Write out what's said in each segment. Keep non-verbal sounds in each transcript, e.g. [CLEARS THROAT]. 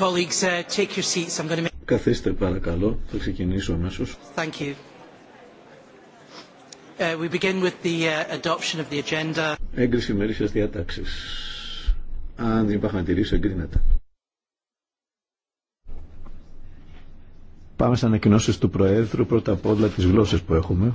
Uh, take your seats. I'm going to make... Καθίστε παρακαλώ, θα ξεκινήσω αμέσως. Thank you. Uh, we begin with the uh, adoption of the agenda. Έγκριση μερίσιας διάταξης. Αν δεν υπάρχουν αντιρρήσεις, εγκρίνεται. Πάμε στα ανακοινώσεις του Προέδρου, πρώτα απ' όλα τις γλώσσες που έχουμε.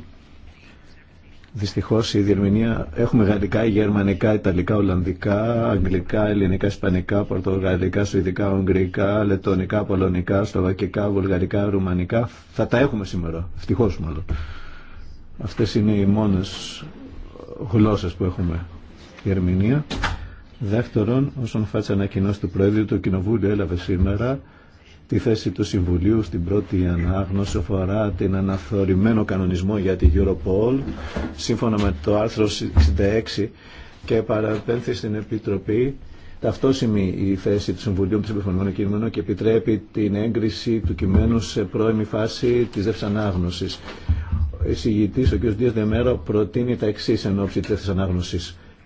Δυστυχώς η διερμηνία έχουμε γαλλικά, γερμανικά, ιταλικά, ολλανδικά, αγγλικά, ελληνικά, ισπανικά, πορτογαλικά, σουηδικά, Ογγρικά, λετωνικά, πολωνικά, σλοβακικά, βουλγαρικά, ρουμανικά. Θα τα έχουμε σήμερα, Ευτυχώ μάλλον. Αυτές είναι οι μόνες γλώσσες που έχουμε διερμηνία. Δεύτερον, όσον φάτσε ανακοινώσει του Προέδρου, το Κοινοβούλιο έλαβε σήμερα η θέση του Συμβουλίου στην πρώτη ανάγνωση αφορά την αναθεωρημένο κανονισμό για την Europol σύμφωνα με το άρθρο 66 και παραπέμφθη στην Επιτροπή ταυτόσιμη η θέση του Συμβουλίου του Συμπεφωνημένου κείμενο και επιτρέπει την έγκριση του κειμένου σε πρώιμη φάση τη δεύτερη ανάγνωση. Ο εισηγητή, ο κ. Δία Δεμέρο, προτείνει τα εξή εν ώψη τη δεύτερη ανάγνωση.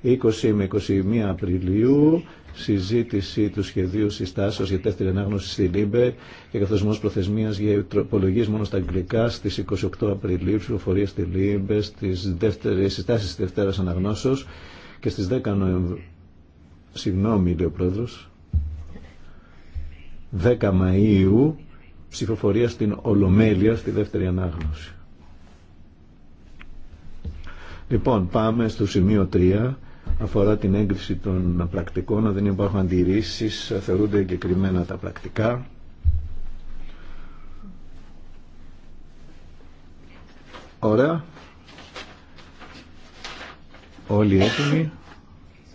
20 με 21 Απριλίου συζήτηση του σχεδίου συστάσεω για δεύτερη ανάγνωση στη ΛΥΜΠΕ και καθορισμό προθεσμία για τροπολογίε μόνο στα αγγλικά στι 28 Απριλίου, ψηφοφορία στη ΛΥΜΠΕ, στι συστάσει τη Δευτέρα Αναγνώσεω και στι 10 Νοεμβρίου. Συγγνώμη, λέει ο πρόεδρο. 10 Μαΐου ψηφοφορία στην Ολομέλεια στη δεύτερη ανάγνωση. Λοιπόν, πάμε στο σημείο 3 αφορά την έγκριση των πρακτικών. δεν υπάρχουν αντιρρήσει, θεωρούνται εγκεκριμένα τα πρακτικά. Ωραία. Όλοι έτοιμοι.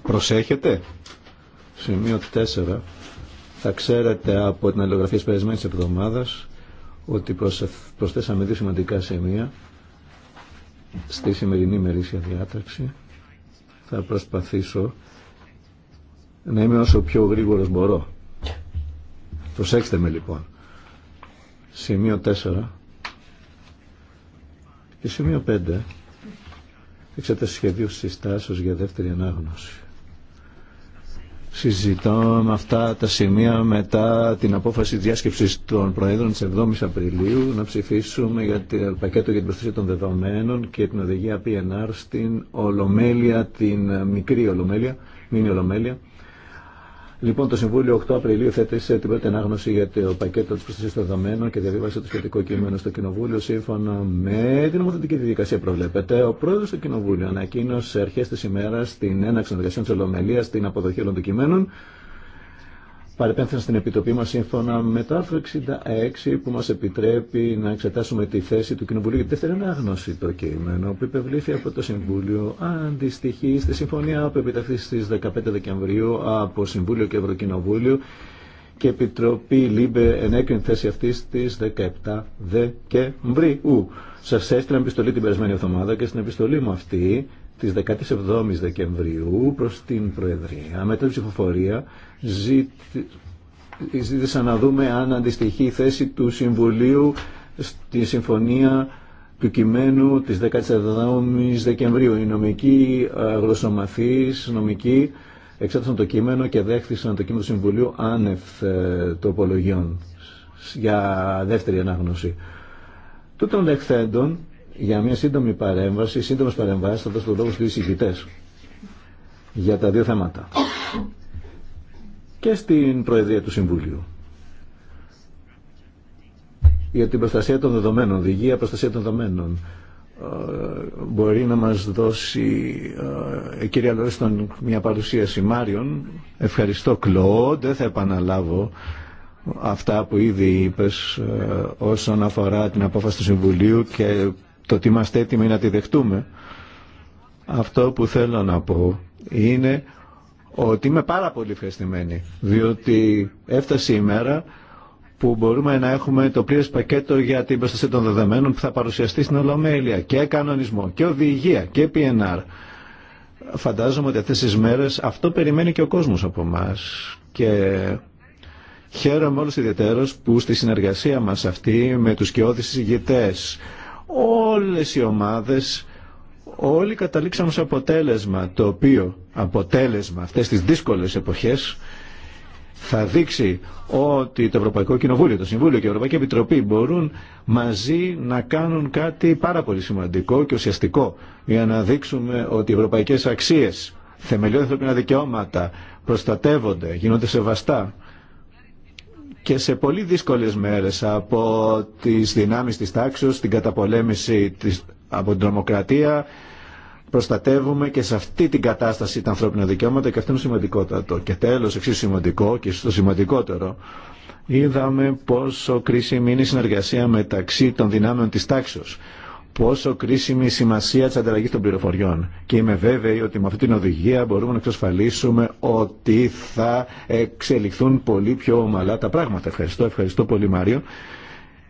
Προσέχετε. Σημείο 4. Θα ξέρετε από την αλληλογραφία της περισμένης εβδομάδας ότι προσθέσαμε δύο σημαντικά σημεία στη σημερινή μερίσια διάταξη. Θα προσπαθήσω να είμαι όσο πιο γρήγορος μπορώ. Προσέξτε με λοιπόν. Σημείο 4 και σημείο 5 έξατε σχεδίου συστάσεως για δεύτερη ανάγνωση. Συζητώ με αυτά τα σημεία μετά την απόφαση διάσκεψης των Προέδρων της 7ης Απριλίου να ψηφίσουμε για το πακέτο για την προστασία των δεδομένων και την οδηγία PNR στην Ολομέλεια, την μικρή Ολομέλεια, μήνυ Ολομέλεια Λοιπόν, το Συμβούλιο 8 Απριλίου θέτησε την πρώτη ανάγνωση για το πακέτο τη προστασία των δεδομένων και διαβίβασε το σχετικό κείμενο στο Κοινοβούλιο σύμφωνα με την νομοθετική διαδικασία που προβλέπεται. Ο πρόεδρο του κοινοβουλίου ανακοίνωσε αρχέ τη ημέρα την έναξη των εργασιών τη Ολομελία, στην αποδοχή όλων των κειμένων παρεπέμφθησαν στην Επιτροπή μα σύμφωνα με το άρθρο 66 που μας επιτρέπει να εξετάσουμε τη θέση του Κοινοβουλίου για τη δεύτερη ανάγνωση το κείμενο που υπευλήθη από το Συμβούλιο αντιστοιχεί στη συμφωνία που επιταχθεί στις 15 Δεκεμβρίου από Συμβούλιο και Ευρωκοινοβούλιο και Επιτροπή ΛΥΜΠΕ ενέκρινε τη θέση αυτή στι 17 Δεκεμβρίου. Σα έστειλα επιστολή την περασμένη εβδομάδα και στην επιστολή μου αυτή τη 17η Δεκεμβρίου προ την Προεδρία με την ψηφοφορία Ζήτησα να δούμε αν αντιστοιχεί η θέση του Συμβουλίου στη συμφωνία του κειμένου της 17ης Δεκεμβρίου. Οι νομικοί ε, γλωσσομαθείς, νομικοί, εξέτασαν το κείμενο και δέχθησαν το κείμενο του Συμβουλίου άνευ ε, τοπολογιών για δεύτερη ανάγνωση. Τούτων λεχθέντων, για μια σύντομη παρέμβαση, σύντομες παρεμβάσεις θα δώσω το λόγο στους για τα δύο θέματα και στην Προεδρία του Συμβουλίου για την προστασία των δεδομένων, οδηγία προστασία των δεδομένων. Ε, μπορεί να μας δώσει ε, η κυρία Λόριστον μια παρουσίαση Μάριον. Ευχαριστώ Κλώ, δεν θα επαναλάβω αυτά που ήδη είπες ε, όσον αφορά την απόφαση του Συμβουλίου και το ότι είμαστε έτοιμοι να τη δεχτούμε. Αυτό που θέλω να πω είναι ότι είμαι πάρα πολύ ευχαριστημένη, διότι έφτασε η μέρα που μπορούμε να έχουμε το πλήρες πακέτο για την προστασία των δεδομένων που θα παρουσιαστεί στην Ολομέλεια και κανονισμό και οδηγία και PNR. Φαντάζομαι ότι αυτές τις μέρες αυτό περιμένει και ο κόσμος από εμά. και χαίρομαι όλους ιδιαίτερος που στη συνεργασία μας αυτή με τους κοιόδης συζητητές όλες οι ομάδες όλοι καταλήξαμε σε αποτέλεσμα το οποίο αποτέλεσμα αυτές τις δύσκολες εποχές θα δείξει ότι το Ευρωπαϊκό Κοινοβούλιο, το Συμβούλιο και η Ευρωπαϊκή Επιτροπή μπορούν μαζί να κάνουν κάτι πάρα πολύ σημαντικό και ουσιαστικό για να δείξουμε ότι οι ευρωπαϊκές αξίες, θεμελιώδη ανθρωπινά δικαιώματα προστατεύονται, γίνονται σεβαστά και σε πολύ δύσκολες μέρες από τις δυνάμεις της τάξης, την καταπολέμηση της από την τρομοκρατία. Προστατεύουμε και σε αυτή την κατάσταση τα ανθρώπινα δικαιώματα και αυτό είναι σημαντικότατο. Και τέλος, εξίσου σημαντικό και στο σημαντικότερο, είδαμε πόσο κρίσιμη είναι η συνεργασία μεταξύ των δυνάμεων της τάξης, Πόσο κρίσιμη η σημασία της ανταλλαγής των πληροφοριών. Και είμαι βέβαιη ότι με αυτή την οδηγία μπορούμε να εξασφαλίσουμε ότι θα εξελιχθούν πολύ πιο ομαλά τα πράγματα. Ευχαριστώ, ευχαριστώ πολύ Μάριο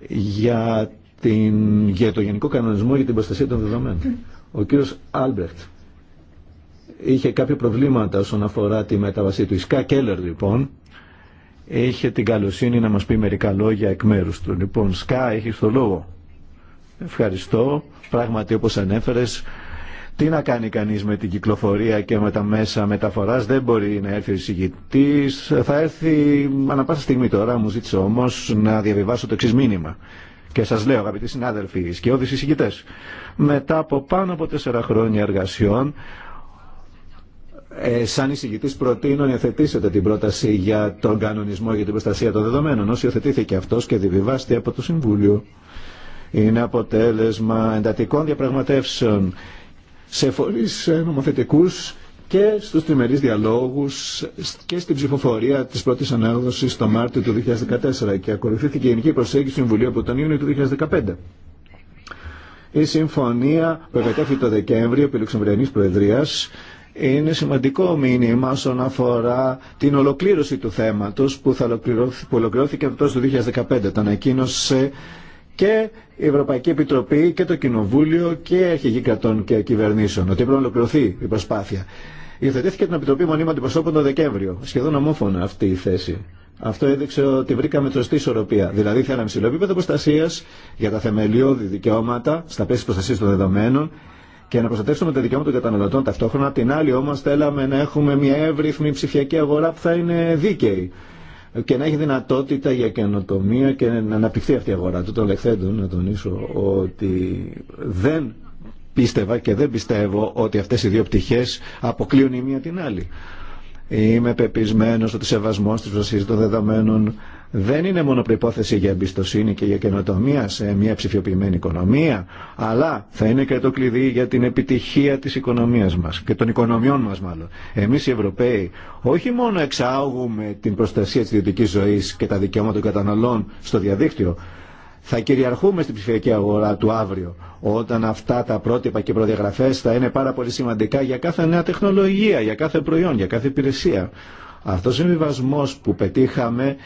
για την, για το Γενικό Κανονισμό για την Προστασία των Δεδομένων. Ο κύριος Άλμπερτ είχε κάποια προβλήματα όσον αφορά τη μεταβασή του. Η Σκά Κέλλερ λοιπόν είχε την καλοσύνη να μας πει μερικά λόγια εκ μέρους του. Λοιπόν, Σκά, έχεις το λόγο. Ευχαριστώ. Πράγματι, όπως ανέφερες, τι να κάνει κανείς με την κυκλοφορία και με τα μέσα μεταφοράς. Δεν μπορεί να έρθει ο εισηγητής. Θα έρθει ανα πάσα στιγμή τώρα. Μου ζήτησε όμως να διαβιβάσω το εξή μήνυμα. Και σας λέω αγαπητοί συνάδελφοι, σκιώδεις εισηγητές, μετά από πάνω από τέσσερα χρόνια εργασιών, ε, σαν εισηγητή προτείνω να υιοθετήσετε την πρόταση για τον κανονισμό για την προστασία των δεδομένων. Όσοι υιοθετήθηκε αυτό και διβιβάστηκε από το Συμβούλιο, είναι αποτέλεσμα εντατικών διαπραγματεύσεων σε φορεί ε, νομοθετικού και στους τριμερείς διαλόγους και στην ψηφοφορία της πρώτης ανάδοσης το Μάρτιο του 2014 και ακολουθήθηκε η γενική προσέγγιση Συμβουλίου από τον Ιούνιο του 2015. Η συμφωνία που εγκατέφθη το Δεκέμβριο επί Λουξεμβριανής Προεδρίας είναι σημαντικό μήνυμα όσον αφορά την ολοκλήρωση του θέματος που, θα που ολοκληρώθηκε από το 2015. Το ανακοίνωσε και η Ευρωπαϊκή Επιτροπή και το Κοινοβούλιο και η αρχηγοί κρατών και κυβερνήσεων ότι πρέπει να ολοκληρωθεί η προσπάθεια. Υιοθετήθηκε την Επιτροπή Μονίμων Αντιπροσώπων τον Δεκέμβριο. Σχεδόν ομόφωνα αυτή η θέση. Αυτό έδειξε ότι βρήκαμε τροστή σωστή ισορροπία. Δηλαδή, θέλαμε υψηλό επίπεδο προστασία για τα θεμελιώδη δικαιώματα στα πλαίσια προστασία των δεδομένων και να προστατεύσουμε τα δικαιώματα των καταναλωτών ταυτόχρονα. την άλλη, όμω, θέλαμε να έχουμε μια εύρυθμη ψηφιακή αγορά που θα είναι δίκαιη και να έχει δυνατότητα για καινοτομία και να αναπτυχθεί αυτή η αγορά. Του το να τονίσω ότι δεν πίστευα και δεν πιστεύω ότι αυτές οι δύο πτυχές αποκλείουν η μία την άλλη. Είμαι πεπισμένο ότι σεβασμό τη προσοχή των δεδομένων δεν είναι μόνο προπόθεση για εμπιστοσύνη και για καινοτομία σε μια ψηφιοποιημένη οικονομία, αλλά θα είναι και το κλειδί για την επιτυχία τη οικονομία μα και των οικονομιών μα, μάλλον. Εμεί οι Ευρωπαίοι όχι μόνο εξάγουμε την προστασία τη ιδιωτική ζωή και τα δικαιώματα των καταναλών στο διαδίκτυο, θα κυριαρχούμε στην ψηφιακή αγορά του αύριο, όταν αυτά τα πρότυπα και προδιαγραφέ θα είναι πάρα πολύ σημαντικά για κάθε νέα τεχνολογία, για κάθε προϊόν, για κάθε υπηρεσία. Αυτό ο συμβιβασμό που πετύχαμε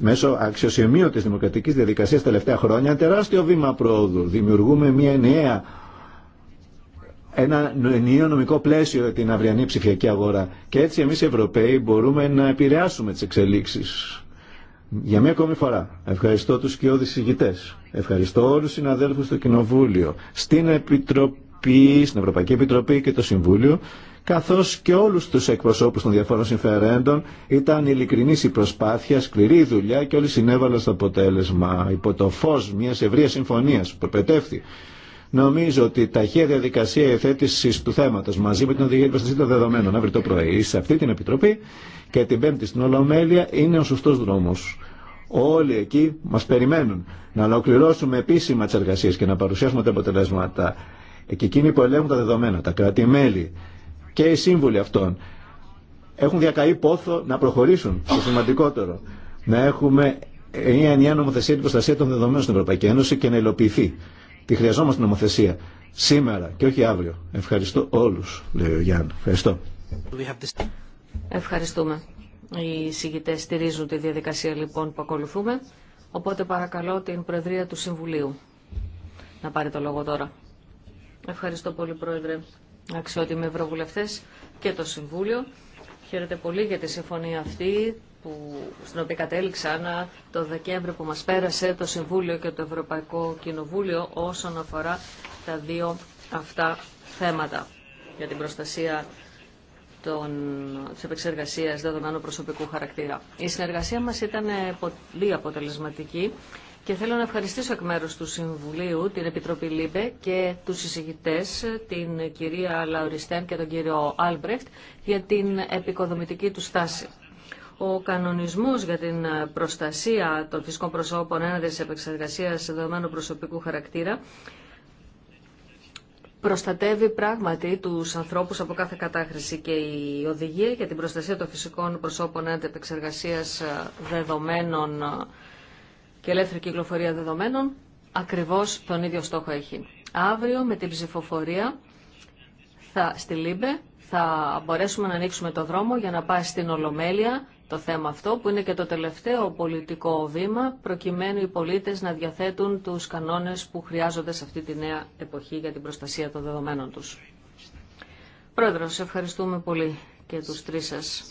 μέσω αξιοσημείωτη δημοκρατική διαδικασία τα τελευταία χρόνια, τεράστιο βήμα πρόοδου. Δημιουργούμε μια ενιαία ένα ενιαίο νομικό πλαίσιο για την αυριανή ψηφιακή αγορά. Και έτσι εμείς οι Ευρωπαίοι μπορούμε να επηρεάσουμε τις εξελίξεις. Για μία ακόμη φορά, ευχαριστώ τους και ηγητές. Ευχαριστώ όλους τους συναδέλφους στο Κοινοβούλιο, στην Επιτροπή, στην Ευρωπαϊκή Επιτροπή και το Συμβούλιο, καθώς και όλους τους εκπροσώπους των διαφόρων συμφερέντων. Ήταν ειλικρινής η προσπάθεια, σκληρή η δουλειά και όλοι συνέβαλαν στο αποτέλεσμα υπό το φως μιας ευρείας συμφωνίας που πετεύθη. Νομίζω ότι η ταχεία διαδικασία εθέτηση του θέματο μαζί με την οδηγία προστασία των δεδομένων αύριο το πρωί σε αυτή την επιτροπή και την Πέμπτη στην Ολομέλεια είναι ο σωστό δρόμο. Όλοι εκεί μα περιμένουν να ολοκληρώσουμε επίσημα τι εργασίε και να παρουσιάσουμε τα αποτελέσματα. Και εκείνοι που ελέγχουν τα δεδομένα, τα κράτη-μέλη και οι σύμβουλοι αυτών έχουν διακαεί πόθο να προχωρήσουν. Το σημαντικότερο, να έχουμε μια ενιαία νομοθεσία την προστασία των δεδομένων στην Ευρωπαϊκή και να υλοποιηθεί. Τη χρειαζόμαστε νομοθεσία. Σήμερα και όχι αύριο. Ευχαριστώ όλους, λέει ο Γιάννη. Ευχαριστώ. Ευχαριστούμε. Οι συγητές στηρίζουν τη διαδικασία λοιπόν που ακολουθούμε. Οπότε παρακαλώ την Προεδρία του Συμβουλίου να πάρει το λόγο τώρα. Ευχαριστώ πολύ Πρόεδρε, αξιότιμοι Ευρωβουλευτές και το Συμβούλιο. Χαίρετε πολύ για τη συμφωνία αυτή, που, στην οποία να το Δεκέμβριο που μας πέρασε το Συμβούλιο και το Ευρωπαϊκό Κοινοβούλιο όσον αφορά τα δύο αυτά θέματα για την προστασία των, της επεξεργασίας δεδομένου προσωπικού χαρακτήρα. Η συνεργασία μας ήταν πολύ αποτελεσματική και θέλω να ευχαριστήσω εκ μέρους του Συμβουλίου, την Επιτροπή ΛΥΜΠΕ και τους συζητητές, την κυρία Λαουριστέν και τον κύριο Άλμπρεχτ, για την επικοδομητική του στάση. Ο κανονισμός για την ε, προστασία των φυσικών προσώπων έναντι της επεξεργασίας δεδομένου προσωπικού χαρακτήρα προστατεύει πράγματι τους ανθρώπους από κάθε κατάχρηση και η οδηγία για την προστασία των φυσικών προσώπων έναντι επεξεργασίας ε, δεδομένων ε, και ελεύθερη κυκλοφορία δεδομένων ακριβώς τον ίδιο στόχο έχει. Αύριο με την ψηφοφορία θα, στη Λίμπε θα μπορέσουμε να ανοίξουμε το δρόμο για να πάει στην Ολομέλεια το θέμα αυτό που είναι και το τελευταίο πολιτικό βήμα προκειμένου οι πολίτες να διαθέτουν τους κανόνες που χρειάζονται σε αυτή τη νέα εποχή για την προστασία των δεδομένων τους. Πρόεδρος, ευχαριστούμε πολύ και τους τρεις σας.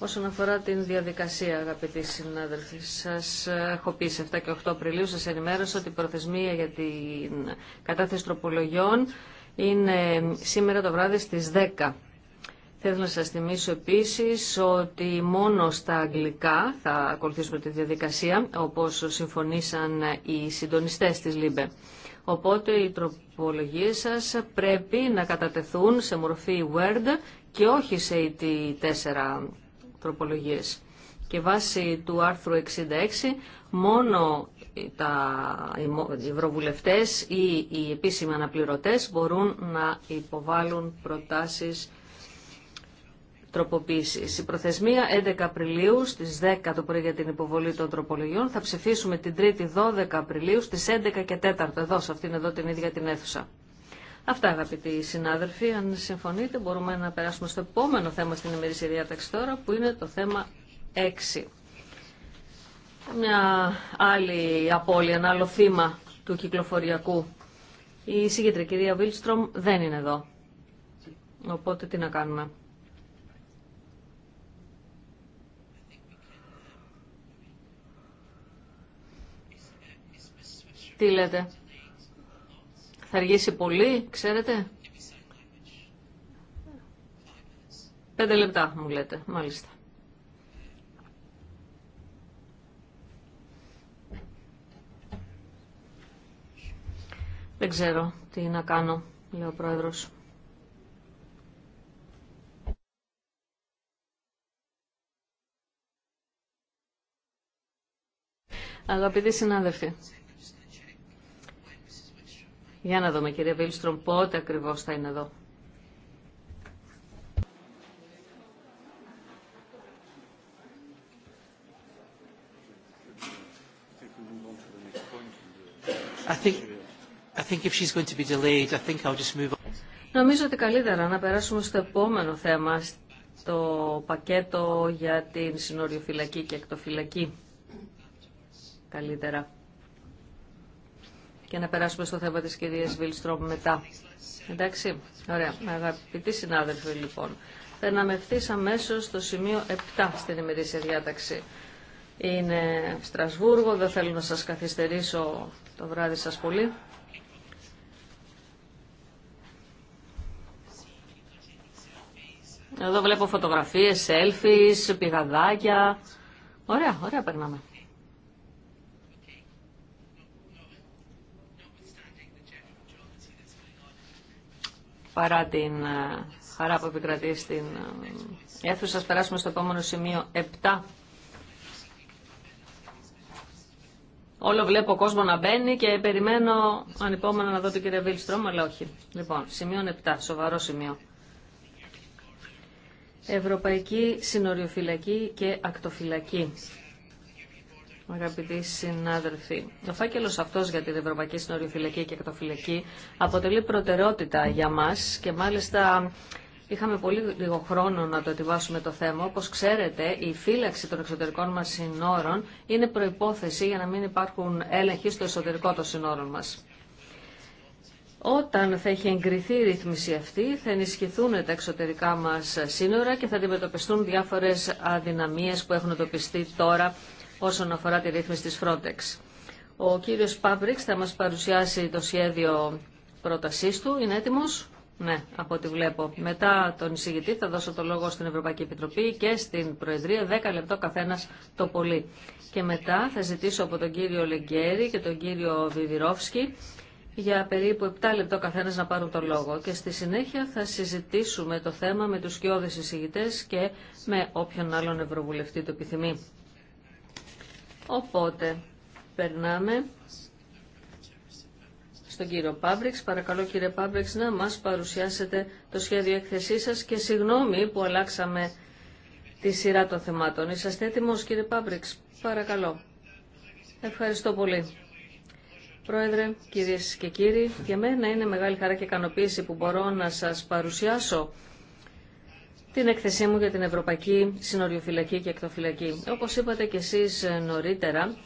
Όσον αφορά την διαδικασία, αγαπητοί συνάδελφοι, σα έχω πει σε 7 και 8 Απριλίου, σα ενημέρωσα ότι η προθεσμία για την κατάθεση τροπολογιών είναι σήμερα το βράδυ στι 10. Θέλω να σας θυμίσω επίσης ότι μόνο στα αγγλικά θα ακολουθήσουμε τη διαδικασία, όπως συμφωνήσαν οι συντονιστές της ΛΥΜΠΕ. Οπότε οι τροπολογίες σας πρέπει να κατατεθούν σε μορφή Word και όχι σε e τι 4 τροπολογίες. Και βάσει του άρθρου 66, μόνο τα, οι ευρωβουλευτές ή οι επίσημοι αναπληρωτές μπορούν να υποβάλουν προτάσεις η προθεσμία 11 Απριλίου στι 10 το πρωί για την υποβολή των τροπολογιών. Θα ψηφίσουμε την 3η 12 Απριλίου στι 11 και 4 εδώ σε αυτήν εδώ την ίδια την αίθουσα. Αυτά αγαπητοί συνάδελφοι, αν συμφωνείτε μπορούμε να περάσουμε στο επόμενο θέμα στην ημερήσια διάταξη τώρα που είναι το θέμα 6. Μια άλλη απώλεια, ένα άλλο θύμα του κυκλοφοριακού. Η συγκεντρική κυρία Βίλστρομ δεν είναι εδώ. Οπότε τι να κάνουμε. Τι λέτε. Θα αργήσει πολύ, ξέρετε. Πέντε λεπτά μου λέτε, μάλιστα. Δεν ξέρω τι να κάνω, λέει ο πρόεδρος. Αγαπητοί συνάδελφοι, για να δούμε κυρία Βίλστρομ πότε ακριβώς θα είναι εδώ. Νομίζω ότι καλύτερα να περάσουμε στο επόμενο θέμα, στο πακέτο για την συνοριοφυλακή και εκτοφυλακή. Καλύτερα και να περάσουμε στο θέμα της κυρίας Βίλστρομ μετά. Εντάξει, ωραία. Αγαπητοί συνάδελφοι, λοιπόν, περνάμε ευθύ αμέσω στο σημείο 7 στην ημερήσια διάταξη. Είναι Στρασβούργο, δεν θέλω να σας καθυστερήσω το βράδυ σας πολύ. Εδώ βλέπω φωτογραφίες, selfies, πηγαδάκια. Ωραία, ωραία περνάμε. παρά την ε, χαρά που επικρατεί στην ε, αίθουσα. Σας περάσουμε στο επόμενο σημείο 7. Όλο βλέπω κόσμο να μπαίνει και περιμένω ανυπόμονα να δω την κυρία Βίλστρομ, αλλά όχι. Λοιπόν, σημείο 7, σοβαρό σημείο. Ευρωπαϊκή Συνοριοφυλακή και Ακτοφυλακή. Αγαπητοί συνάδελφοι, ο φάκελο αυτό για την Ευρωπαϊκή Συνοριοφυλακή και Εκτοφυλακή αποτελεί προτεραιότητα για μα και μάλιστα είχαμε πολύ λίγο χρόνο να το ετοιμάσουμε το θέμα. Όπω ξέρετε, η φύλαξη των εξωτερικών μα συνόρων είναι προπόθεση για να μην υπάρχουν έλεγχοι στο εσωτερικό των συνόρων μα. Όταν θα έχει εγκριθεί η ρύθμιση αυτή, θα ενισχυθούν τα εξωτερικά μα σύνορα και θα αντιμετωπιστούν διάφορε αδυναμίε που έχουν εντοπιστεί τώρα όσον αφορά τη ρύθμιση της Frontex. Ο κύριος Πάπριξ θα μας παρουσιάσει το σχέδιο πρότασής του. Είναι έτοιμος? Ναι, από ό,τι βλέπω. Μετά τον εισηγητή θα δώσω το λόγο στην Ευρωπαϊκή Επιτροπή και στην Προεδρία 10 λεπτό καθένας το πολύ. Και μετά θα ζητήσω από τον κύριο Λεγκέρη και τον κύριο Βιβυρόφσκι για περίπου 7 λεπτό καθένας να πάρουν το λόγο. Και στη συνέχεια θα συζητήσουμε το θέμα με τους σκιώδες εισηγητές και με όποιον άλλον Ευρωβουλευτή το επιθυμεί. Οπότε, περνάμε στον κύριο Πάμπριξ. Παρακαλώ κύριε Πάμπριξ να μας παρουσιάσετε το σχέδιο έκθεσή σας και συγγνώμη που αλλάξαμε τη σειρά των θεμάτων. Είσαστε έτοιμος κύριε Πάμπριξ. Παρακαλώ. Ευχαριστώ πολύ. Πρόεδρε, κυρίες και κύριοι, για μένα είναι μεγάλη χαρά και ικανοποίηση που μπορώ να σας παρουσιάσω την έκθεσή μου για την Ευρωπαϊκή Συνοριοφυλακή και Εκτοφυλακή. Όπως είπατε και εσείς ε, νωρίτερα,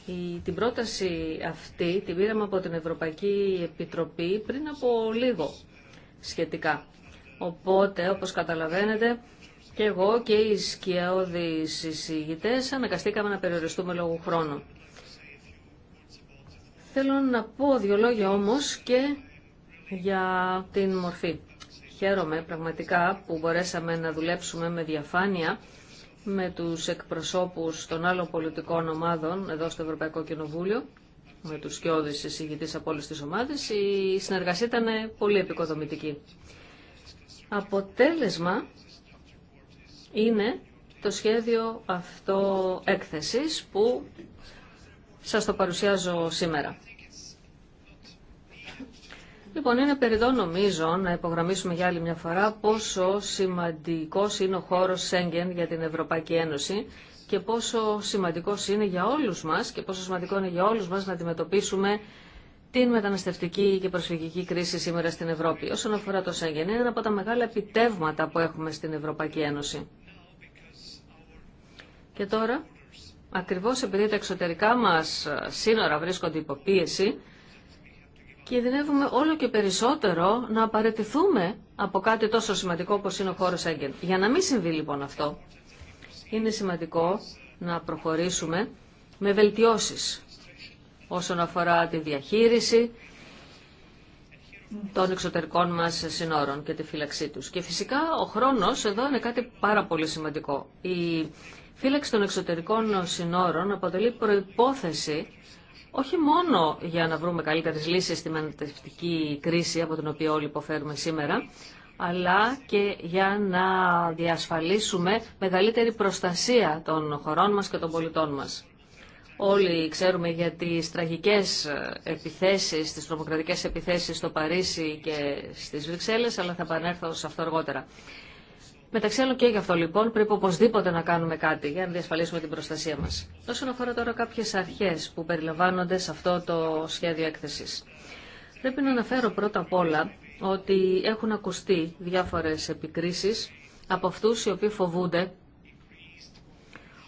την πρόταση αυτή την πήραμε από την Ευρωπαϊκή Επιτροπή πριν από λίγο σχετικά. Οπότε, όπως καταλαβαίνετε, και εγώ και οι σκιαώδεις εισηγητές αναγκαστήκαμε να περιοριστούμε λόγω χρόνου. Θέλω να πω δύο λόγια όμως και για την μορφή χαίρομαι πραγματικά που μπορέσαμε να δουλέψουμε με διαφάνεια με τους εκπροσώπους των άλλων πολιτικών ομάδων εδώ στο Ευρωπαϊκό Κοινοβούλιο, με τους σκιώδεις εισηγητής από όλες τις ομάδες. Η συνεργασία ήταν πολύ επικοδομητική. Αποτέλεσμα είναι το σχέδιο αυτό έκθεσης που σας το παρουσιάζω σήμερα. Λοιπόν, είναι περιδό νομίζω να υπογραμμίσουμε για άλλη μια φορά πόσο σημαντικός είναι ο χώρος Σέγγεν για την Ευρωπαϊκή Ένωση και πόσο σημαντικός είναι για όλους μας και πόσο σημαντικό είναι για όλους μας να αντιμετωπίσουμε την μεταναστευτική και προσφυγική κρίση σήμερα στην Ευρώπη. Όσον αφορά το Σέγγεν, είναι ένα από τα μεγάλα επιτεύγματα που έχουμε στην Ευρωπαϊκή Ένωση. Και τώρα, ακριβώς επειδή τα εξωτερικά μας σύνορα βρίσκονται υποπίεση, κινδυνεύουμε όλο και περισσότερο να απαρατηθούμε από κάτι τόσο σημαντικό όπως είναι ο χώρος έγκεν. Για να μην συμβεί λοιπόν αυτό, είναι σημαντικό να προχωρήσουμε με βελτιώσεις όσον αφορά τη διαχείριση των εξωτερικών μας συνόρων και τη φύλαξή τους. Και φυσικά ο χρόνος εδώ είναι κάτι πάρα πολύ σημαντικό. Η φύλαξη των εξωτερικών συνόρων αποτελεί προϋπόθεση όχι μόνο για να βρούμε καλύτερες λύσεις στη μεταναστευτική κρίση από την οποία όλοι υποφέρουμε σήμερα, αλλά και για να διασφαλίσουμε μεγαλύτερη προστασία των χωρών μας και των πολιτών μας. Όλοι ξέρουμε για τις τραγικές επιθέσεις, τις τρομοκρατικές επιθέσεις στο Παρίσι και στις Βρυξέλλες, αλλά θα επανέλθω σε αυτό αργότερα. Μεταξύ άλλων και γι' αυτό λοιπόν πρέπει οπωσδήποτε να κάνουμε κάτι για να διασφαλίσουμε την προστασία μας. Όσον αφορά τώρα κάποιες αρχές που περιλαμβάνονται σε αυτό το σχέδιο έκθεσης. Πρέπει να αναφέρω πρώτα απ' όλα ότι έχουν ακουστεί διάφορες επικρίσεις από αυτούς οι οποίοι φοβούνται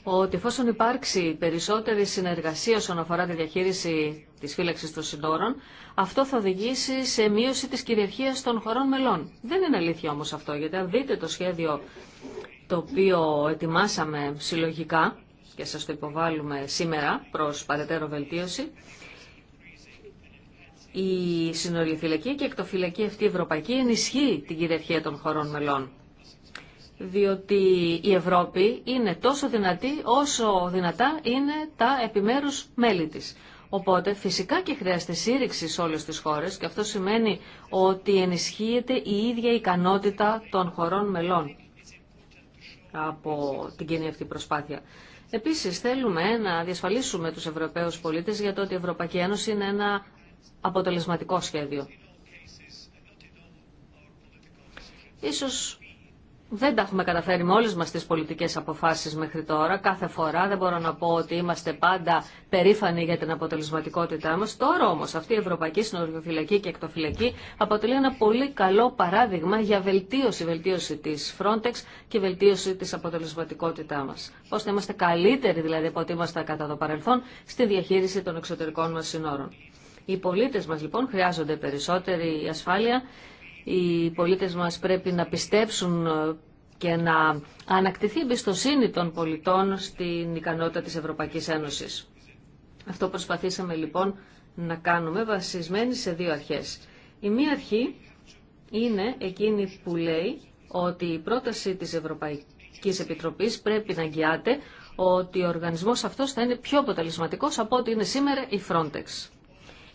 ότι εφόσον υπάρξει περισσότερη συνεργασία όσον αφορά τη διαχείριση της φύλαξη των συνόρων, αυτό θα οδηγήσει σε μείωση της κυριαρχία των χωρών μελών. Δεν είναι αλήθεια όμως αυτό, γιατί αν δείτε το σχέδιο το οποίο ετοιμάσαμε συλλογικά και σας το υποβάλλουμε σήμερα προς παρετέρω βελτίωση, η συνοριοφυλακή και εκτοφυλακή αυτή ευρωπαϊκή ενισχύει την κυριαρχία των χωρών μελών διότι η Ευρώπη είναι τόσο δυνατή όσο δυνατά είναι τα επιμέρους μέλη της. Οπότε φυσικά και χρειάζεται σύρρηξη σε όλες τις χώρες και αυτό σημαίνει ότι ενισχύεται η ίδια ικανότητα των χωρών μελών από την κοινή αυτή προσπάθεια. Επίσης θέλουμε να διασφαλίσουμε τους Ευρωπαίους πολίτες για το ότι η Ευρωπαϊκή Ένωση είναι ένα αποτελεσματικό σχέδιο. Ίσως δεν τα έχουμε καταφέρει με όλες μας τις πολιτικές αποφάσεις μέχρι τώρα. Κάθε φορά δεν μπορώ να πω ότι είμαστε πάντα περήφανοι για την αποτελεσματικότητά μας. Τώρα όμως αυτή η Ευρωπαϊκή Συνοριοφυλακή και Εκτοφυλακή αποτελεί ένα πολύ καλό παράδειγμα για βελτίωση, βελτίωση της Frontex και βελτίωση της αποτελεσματικότητά μας. Ώστε είμαστε καλύτεροι δηλαδή από ό,τι είμαστε κατά το παρελθόν στη διαχείριση των εξωτερικών μας συνόρων. Οι πολίτες μας λοιπόν χρειάζονται περισσότερη ασφάλεια οι πολίτες μας πρέπει να πιστέψουν ε, και να ανακτηθεί η εμπιστοσύνη των πολιτών στην ικανότητα της Ευρωπαϊκής Ένωσης. Αυτό προσπαθήσαμε λοιπόν να κάνουμε βασισμένοι σε δύο αρχές. Η μία αρχή είναι εκείνη που λέει ότι η πρόταση της Ευρωπαϊκής Επιτροπής πρέπει να αγκιάται ότι ο οργανισμός αυτός θα είναι πιο αποτελεσματικός από ό,τι είναι σήμερα η Frontex.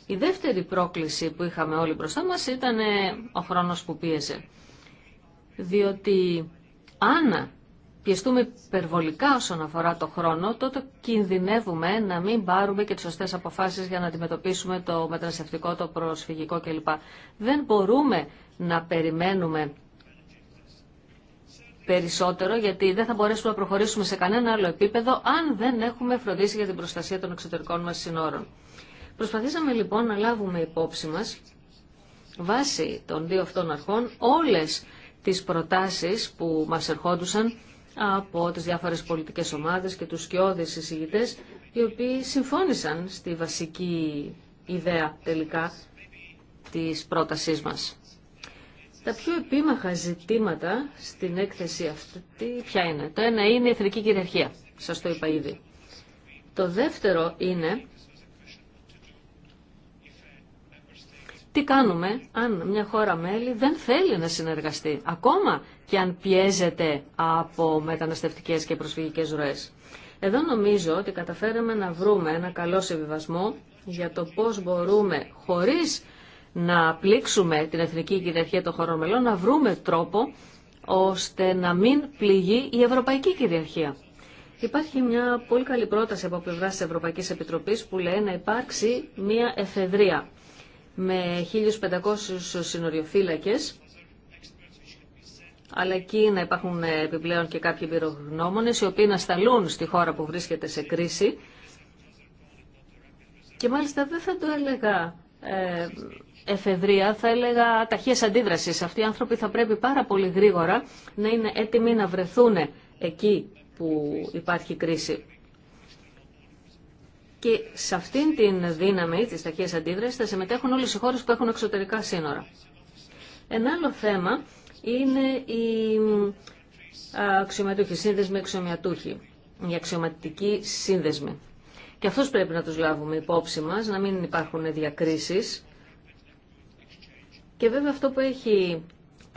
Η δεύτερη πρόκληση που είχαμε όλοι μπροστά μας ήταν ε, ο χρόνος που πίεζε. Διότι αν πιεστούμε υπερβολικά όσον αφορά το χρόνο, τότε κινδυνεύουμε να μην πάρουμε και τις σωστές αποφάσεις για να αντιμετωπίσουμε το μεταναστευτικό, το προσφυγικό κλπ. Δεν μπορούμε να περιμένουμε περισσότερο, γιατί δεν θα μπορέσουμε να προχωρήσουμε σε κανένα άλλο επίπεδο αν δεν έχουμε φροντίσει για την προστασία των εξωτερικών μας συνόρων. Προσπαθήσαμε λοιπόν να λάβουμε υπόψη μας, βάσει των δύο αυτών αρχών, όλες τις προτάσεις που μας ερχόντουσαν από τις διάφορες πολιτικές ομάδες και τους σκιώδες εισηγητές, οι οποίοι συμφώνησαν στη βασική ιδέα τελικά της πρότασής μας. Τα πιο επίμαχα ζητήματα στην έκθεση αυτή ποια είναι. Το ένα είναι η εθνική κυριαρχία. Σας το είπα ήδη. Το δεύτερο είναι Τι κάνουμε αν μια χώρα μέλη δεν θέλει να συνεργαστεί, ακόμα και αν πιέζεται από μεταναστευτικές και προσφυγικές ροές. Εδώ νομίζω ότι καταφέραμε να βρούμε ένα καλό συμβιβασμό για το πώς μπορούμε χωρίς να πλήξουμε την εθνική κυριαρχία των χωρών μελών, να βρούμε τρόπο ώστε να μην πληγεί η ευρωπαϊκή κυριαρχία. Υπάρχει μια πολύ καλή πρόταση από πλευρά τη Ευρωπαϊκή Επιτροπή που λέει να υπάρξει μια εφεδρεία με 1.500 συνοριοφύλακες, αλλά εκεί να υπάρχουν επιπλέον και κάποιοι πυρογνώμονες, οι οποίοι να σταλούν στη χώρα που βρίσκεται σε κρίση. Και μάλιστα δεν θα το έλεγα ε, εφεδρεία, θα έλεγα ταχείας αντίδρασης. Αυτοί οι άνθρωποι θα πρέπει πάρα πολύ γρήγορα να είναι έτοιμοι να βρεθούν εκεί που υπάρχει κρίση. Και σε αυτήν την δύναμη τη ταχείας αντίδραση θα συμμετέχουν όλε οι χώρε που έχουν εξωτερικά σύνορα. Ένα άλλο θέμα είναι οι αξιωματούχοι, σύνδεσμοι αξιωματούχοι, οι αξιωματικοί σύνδεσμοι. Και αυτούς πρέπει να τους λάβουμε υπόψη μας, να μην υπάρχουν διακρίσεις. Και βέβαια αυτό που έχει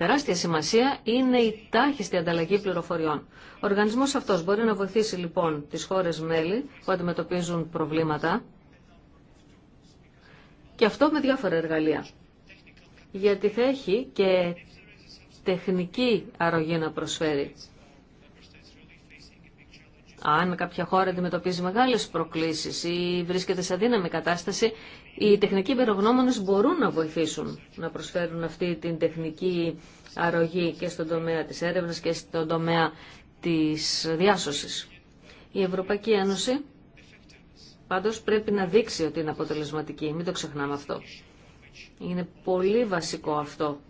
τεράστια σημασία είναι η τάχιστη ανταλλαγή πληροφοριών. Ο οργανισμός αυτός μπορεί να βοηθήσει λοιπόν τις χώρες μέλη που αντιμετωπίζουν προβλήματα και αυτό με διάφορα εργαλεία. Γιατί θα έχει και τεχνική αρρωγή να προσφέρει. Αν κάποια χώρα αντιμετωπίζει μεγάλες προκλήσεις ή βρίσκεται σε αδύναμη κατάσταση, οι τεχνικοί υπερογνώμονες μπορούν να βοηθήσουν να προσφέρουν αυτή την τεχνική αρρωγή και στον τομέα της έρευνας και στον τομέα της διάσωσης. Η Ευρωπαϊκή Ένωση πάντως πρέπει να δείξει ότι είναι αποτελεσματική. Μην το ξεχνάμε αυτό. Είναι πολύ βασικό αυτό.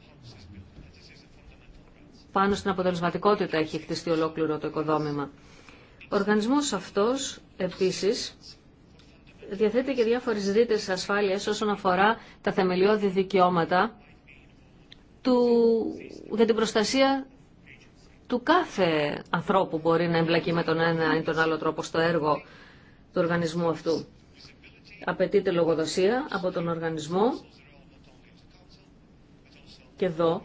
Πάνω στην αποτελεσματικότητα έχει χτιστεί ολόκληρο το οικοδόμημα. Ο οργανισμός αυτός επίσης διαθέτει και διάφορες ρήτες ασφάλειας όσον αφορά τα θεμελιώδη δικαιώματα του, για την προστασία του κάθε ανθρώπου που μπορεί να εμπλακεί με τον ένα ή τον άλλο τρόπο στο έργο του οργανισμού αυτού. Απαιτείται λογοδοσία από τον οργανισμό και εδώ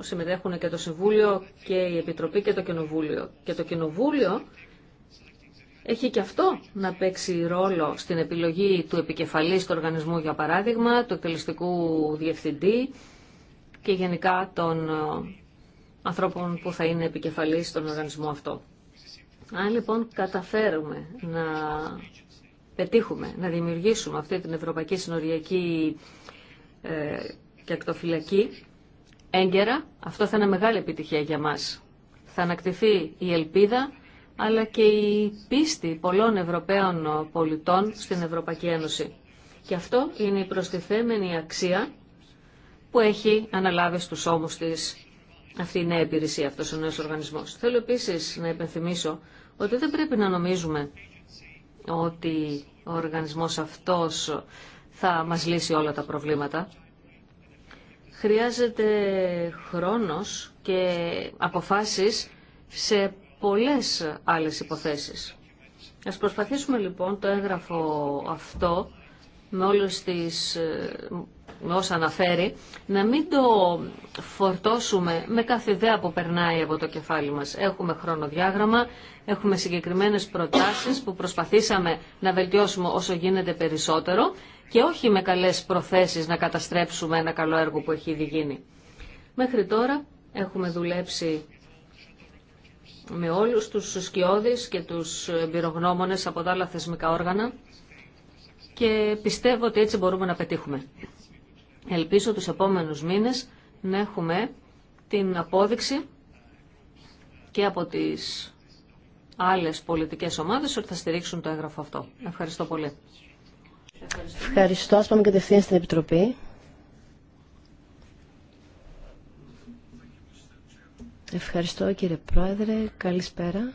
συμμετέχουν και το Συμβούλιο και η Επιτροπή και το Κοινοβούλιο. Και το Κοινοβούλιο έχει και αυτό να παίξει ρόλο στην επιλογή του επικεφαλής του οργανισμού, για παράδειγμα, του εκτελεστικού διευθυντή και γενικά των ε, ανθρώπων που θα είναι επικεφαλής στον οργανισμό αυτό. Αν λοιπόν καταφέρουμε να πετύχουμε, να δημιουργήσουμε αυτή την Ευρωπαϊκή Συνοριακή ε, και Ακτοφυλακή, έγκαιρα, αυτό θα είναι μεγάλη επιτυχία για μας. Θα ανακτηθεί η ελπίδα, αλλά και η πίστη πολλών Ευρωπαίων πολιτών στην Ευρωπαϊκή Ένωση. Και αυτό είναι η προστιθέμενη αξία που έχει αναλάβει στους ώμους της αυτή η νέα υπηρεσία, αυτός ο νέος οργανισμός. Θέλω επίσης να υπενθυμίσω ότι δεν πρέπει να νομίζουμε ότι ο οργανισμός αυτός θα μας λύσει όλα τα προβλήματα χρειάζεται χρόνος και αποφάσεις σε πολλές άλλες υποθέσεις. Ας προσπαθήσουμε λοιπόν το έγγραφο αυτό με όλες τις με όσα αναφέρει, να μην το φορτώσουμε με κάθε ιδέα που περνάει από το κεφάλι μας. Έχουμε χρονοδιάγραμμα, έχουμε συγκεκριμένες προτάσεις που προσπαθήσαμε να βελτιώσουμε όσο γίνεται περισσότερο και όχι με καλές προθέσεις να καταστρέψουμε ένα καλό έργο που έχει ήδη γίνει. Μέχρι τώρα έχουμε δουλέψει με όλους τους σκιώδεις και τους εμπειρογνώμονες από τα άλλα θεσμικά όργανα και πιστεύω ότι έτσι μπορούμε να πετύχουμε. Ελπίζω τους επόμενους μήνες να έχουμε την απόδειξη και από τις άλλες πολιτικές ομάδες ότι θα στηρίξουν το έγγραφο αυτό. Ευχαριστώ πολύ. Ευχαριστώ. Ας πάμε κατευθείαν στην Επιτροπή. Ευχαριστώ κύριε Πρόεδρε. Καλησπέρα.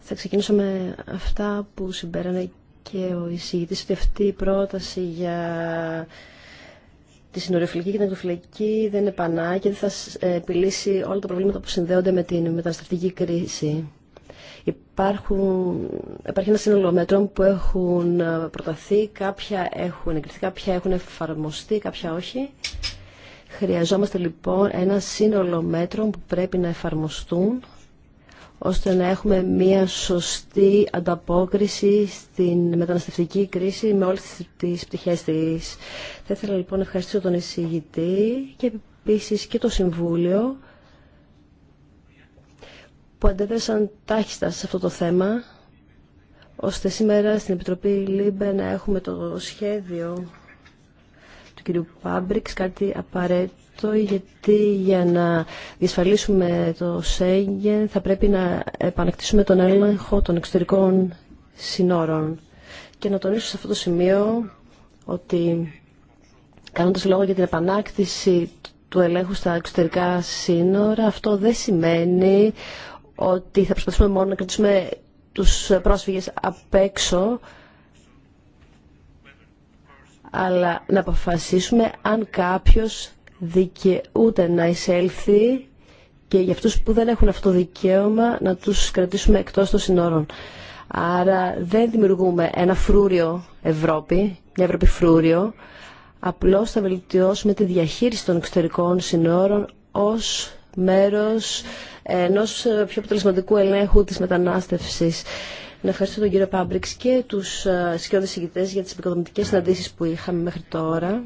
Θα ξεκινήσω με αυτά που συμπέρανε και ο εισηγητής ότι αυτή η πρόταση για τη συνοριοφυλική και την αγροφυλακή δεν είναι πανά και δεν θα ε, επιλύσει όλα τα προβλήματα που συνδέονται με την μεταναστευτική κρίση υπάρχει ένα σύνολο μέτρων που έχουν ε, προταθεί, κάποια έχουν εγκριθεί, κάποια έχουν εφαρμοστεί, κάποια όχι. Χρειαζόμαστε λοιπόν ένα σύνολο μέτρων που πρέπει να εφαρμοστούν ώστε να έχουμε μία σωστή ανταπόκριση στην μεταναστευτική κρίση με όλες τις πτυχές της. Θα ήθελα λοιπόν να ευχαριστήσω τον εισηγητή και επίσης και το Συμβούλιο που αντέδρασαν τάχιστα σε αυτό το θέμα, ώστε σήμερα στην Επιτροπή ΛΥΜΠΕ να έχουμε το σχέδιο του κυρίου Πάμπριξ, κάτι απαραίτητο, γιατί για να διασφαλίσουμε το Σέγγεν θα πρέπει να επανακτήσουμε τον έλεγχο των εξωτερικών συνόρων. Και να τονίσω σε αυτό το σημείο ότι κάνοντας λόγο για την επανάκτηση του ελέγχου στα εξωτερικά σύνορα, αυτό δεν σημαίνει ότι θα προσπαθήσουμε μόνο να κρατήσουμε τους πρόσφυγες απ' έξω, αλλά να αποφασίσουμε αν κάποιος δικαιούται να εισέλθει και για αυτούς που δεν έχουν αυτό το δικαίωμα να τους κρατήσουμε εκτός των συνόρων. Άρα δεν δημιουργούμε ένα φρούριο Ευρώπη, μια Ευρώπη φρούριο, απλώς θα βελτιώσουμε τη διαχείριση των εξωτερικών συνόρων ως μέρος ενός πιο αποτελεσματικού ελέγχου της μετανάστευσης. Να ευχαριστώ τον κύριο Πάμπριξ και τους ε, σκιώδες ηγητέ για τις επικοδομητικές συναντήσεις που είχαμε μέχρι τώρα.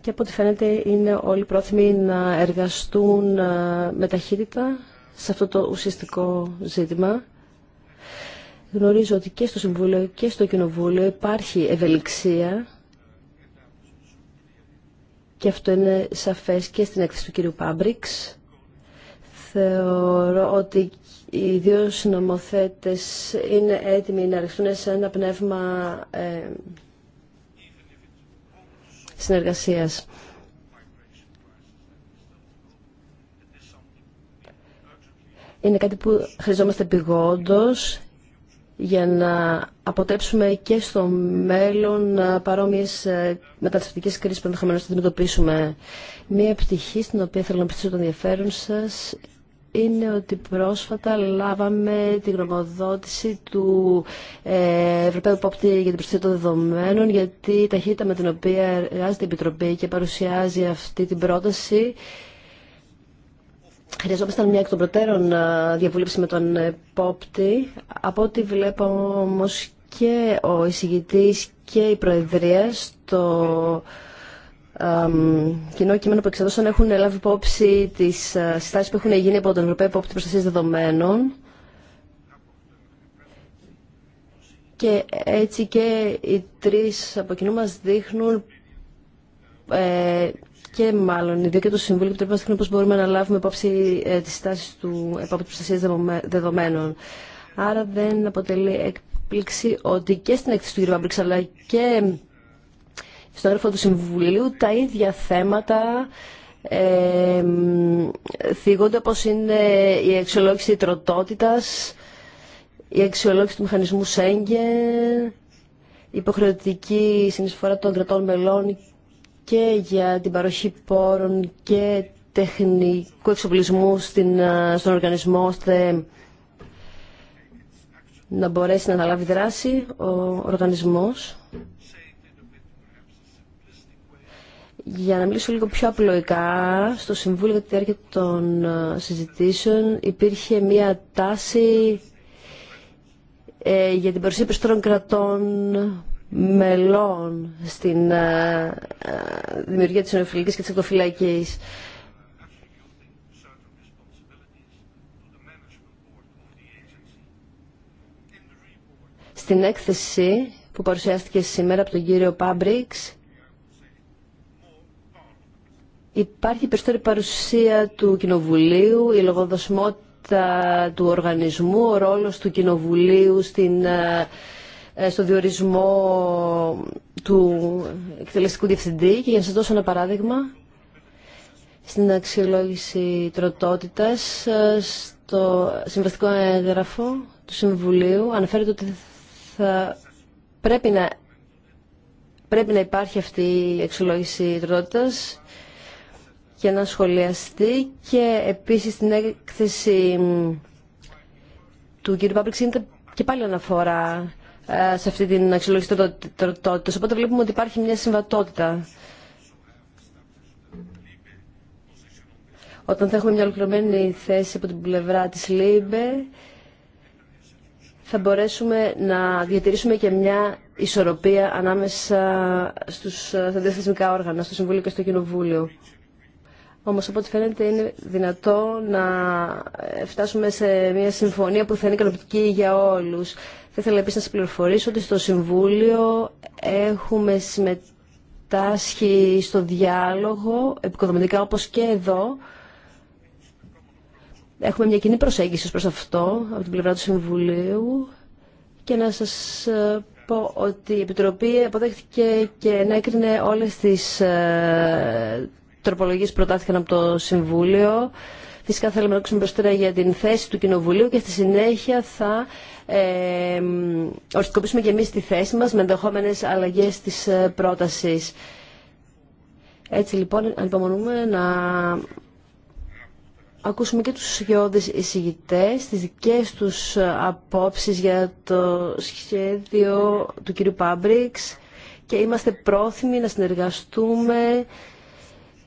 Και από ό,τι φαίνεται είναι όλοι πρόθυμοι να εργαστούν ε, με ταχύτητα σε αυτό το ουσιαστικό ζήτημα. Γνωρίζω ότι και στο Συμβούλιο και στο Κοινοβούλιο υπάρχει ευελιξία και αυτό είναι σαφές και στην έκθεση του κύριου Πάμπριξ. Θεωρώ ότι οι δύο συνομοθέτες είναι έτοιμοι να ρεχθούν σε ένα πνεύμα ε, συνεργασίας. Είναι κάτι που χρειαζόμαστε πηγόντως για να αποτέψουμε και στο μέλλον ε, παρόμοιε μεταναστευτικέ κρίσει που ενδεχομένω θα αντιμετωπίσουμε. Μία πτυχή στην οποία θέλω να πιστήσω το ενδιαφέρον σα είναι ότι πρόσφατα λάβαμε την γνωμοδότηση του ε, Ευρωπαίου Πόπτη για την Προστασία των Δεδομένων, γιατί η ταχύτητα με την οποία εργάζεται η Επιτροπή και παρουσιάζει αυτή την πρόταση Χρειαζόμασταν μια εκ των προτέρων διαβούλευση με τον επόπτη. Από ό,τι βλέπω όμω και ο εισηγητής και η Προεδρία στο κοινό κείμενο που εξεδόσαν έχουν λάβει υπόψη τις συστάσεις που έχουν γίνει από τον Ευρωπαίο Πόπτη Προστασίας Δεδομένων και έτσι και οι τρεις από κοινού μας δείχνουν ε, και μάλλον δύο και Συμβουλίο πρέπει Επιτροπή δείχνουν πώ μπορούμε να λάβουμε υπόψη ε, τι τάσει του επόπτη προστασία δεδομένων. Άρα δεν αποτελεί έκπληξη ότι και στην έκθεση του κ. Βαμπρίξ αλλά και στον έγραφο του Συμβουλίου τα ίδια θέματα ε, θίγονται όπως είναι η αξιολόγηση τροτότητας, η αξιολόγηση του μηχανισμού Σέγγεν, η υποχρεωτική συνεισφορά των κρατών μελών και για την παροχή πόρων και τεχνικού εξοπλισμού στην, στον οργανισμό ώστε να μπορέσει να αναλάβει δράση ο οργανισμός. Για να μιλήσω λίγο πιο απλοϊκά, στο Συμβούλιο για τη διάρκεια των συζητήσεων υπήρχε μία τάση ε, για την παρουσία περισσότερων κρατών μελών στην ε, ε, δημιουργία της νεοφιλικής και της εκτοφυλακής. Στην έκθεση που παρουσιάστηκε σήμερα από τον κύριο Πάμπριξ, υπάρχει περισσότερη παρουσία του Κοινοβουλίου, η λογοδοσμότητα του οργανισμού, ο ρόλος του Κοινοβουλίου στην ε, ε, στο διορισμό του εκτελεστικού διευθυντή και για να σας δώσω ένα παράδειγμα στην αξιολόγηση τροτότητας ε, στο συμβαστικό έγγραφο του Συμβουλίου αναφέρεται ότι θα πρέπει να, πρέπει να υπάρχει αυτή η αξιολόγηση τροτότητας και να σχολιαστεί και επίσης στην έκθεση του κ. Πάπληξη είναι και πάλι αναφορά ε, σε αυτή την αξιολόγηση τροτότητας. Οπότε βλέπουμε ότι υπάρχει μια συμβατότητα. Όταν θα έχουμε μια ολοκληρωμένη θέση από την πλευρά της ΛΥΜΠΕ, θα μπορέσουμε να διατηρήσουμε και μια ισορροπία ανάμεσα στους, στα όργανα, στο Συμβούλιο και στο Κοινοβούλιο. Όμως από ό,τι φαίνεται είναι δυνατό να φτάσουμε σε μια συμφωνία που θα είναι ικανοποιητική για όλους. Θα ήθελα επίσης να σας πληροφορήσω ότι στο Συμβούλιο έχουμε συμμετάσχει στο διάλογο, επικοδομητικά όπως και εδώ. Έχουμε μια κοινή προσέγγιση προς αυτό από την πλευρά του Συμβουλίου και να σας ε, πω ότι η Επιτροπή αποδέχθηκε και να έκρινε όλες τις ε, τροπολογίες που προτάθηκαν από το Συμβούλιο. Φυσικά θέλουμε να ακούσουμε για την θέση του Κοινοβουλίου και στη συνέχεια θα ε, οριστικοποιήσουμε και εμείς τη θέση μας με ενδεχόμενες αλλαγές της ε, πρότασης. Έτσι λοιπόν ανυπομονούμε να ακούσουμε και τους γεώδεις εισηγητές, τις δικές τους ε, απόψεις για το σχέδιο του κύριου Πάμπριξ και είμαστε πρόθυμοι να συνεργαστούμε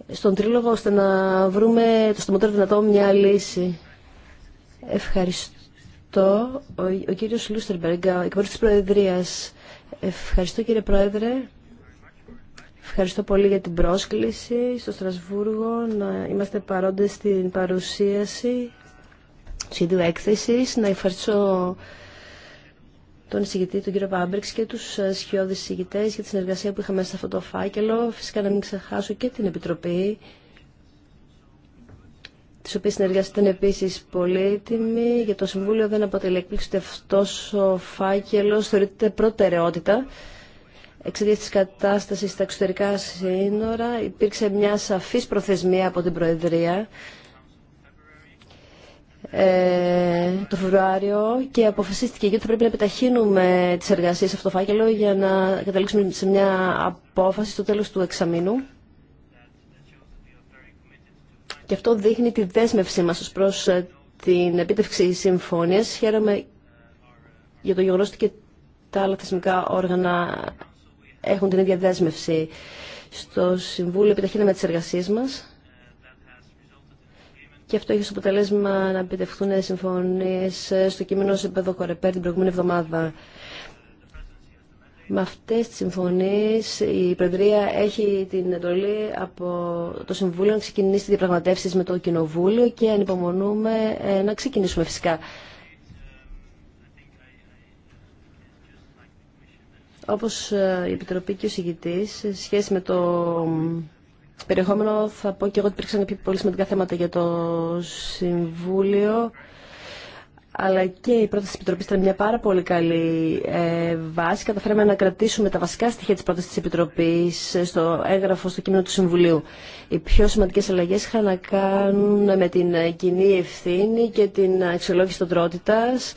στον τρίλογο ώστε να βρούμε το στομότερο δυνατό μια λύση. Ευχαριστώ. Ο, ο κύριος Λούστερμπεργκ, εκπρόσωπος της Προεδρίας. Ευχαριστώ κύριε Πρόεδρε. Ευχαριστώ πολύ για την πρόσκληση στο Στρασβούργο να είμαστε παρόντες στην παρουσίαση σχεδίου έκθεσης. Να ευχαριστώ τον εισηγητή, τον κύριο Πάμπρεξ και τους ε, σχιώδεις εισηγητές για τη συνεργασία που είχαμε σε αυτό το φάκελο. Φυσικά να μην ξεχάσω και την Επιτροπή, τη οποία συνεργασία ήταν επίσης πολύτιμη. Για το Συμβούλιο δεν αποτελεί εκπλήξη ότι αυτό ο φάκελο θεωρείται προτεραιότητα. Εξαιτία τη κατάσταση στα εξωτερικά σύνορα υπήρξε μια σαφή προθεσμία από την Προεδρία ε, το Φεβρουάριο και αποφασίστηκε ότι θα πρέπει να επιταχύνουμε τις εργασίες σε αυτό το φάκελο για να καταλήξουμε σε μια απόφαση στο τέλος του εξαμήνου. Και αυτό δείχνει τη δέσμευσή μας ως προς ε, την επίτευξη συμφωνίας. Χαίρομαι για το γεγονός ότι και τα άλλα θεσμικά όργανα έχουν την ίδια δέσμευση. Στο Συμβούλιο επιταχύναμε τις εργασίες μας και αυτό έχει ως αποτελέσμα να επιτευχθούν συμφωνίες στο κείμενο σε επίπεδο την προηγούμενη εβδομάδα. Με αυτές τις συμφωνίες η Προεδρία έχει την εντολή από το Συμβούλιο να ξεκινήσει τις διαπραγματεύσεις με το Κοινοβούλιο και ανυπομονούμε ε, να ξεκινήσουμε φυσικά. Όπως ε, η Επιτροπή και ο Συγητής, σε σχέση με το περιεχόμενο θα πω και εγώ ότι υπήρξαν πολύ σημαντικά θέματα για το Συμβούλιο αλλά και η πρόταση τη Επιτροπή ήταν μια πάρα πολύ καλή ε, βάση. Καταφέραμε να κρατήσουμε τα βασικά στοιχεία της πρόταση τη Επιτροπής ε, στο έγγραφο, στο κείμενο του Συμβουλίου. Οι πιο σημαντικέ αλλαγέ είχαν να κάνουν με την ε, κοινή ευθύνη και την αξιολόγηση των τρότητας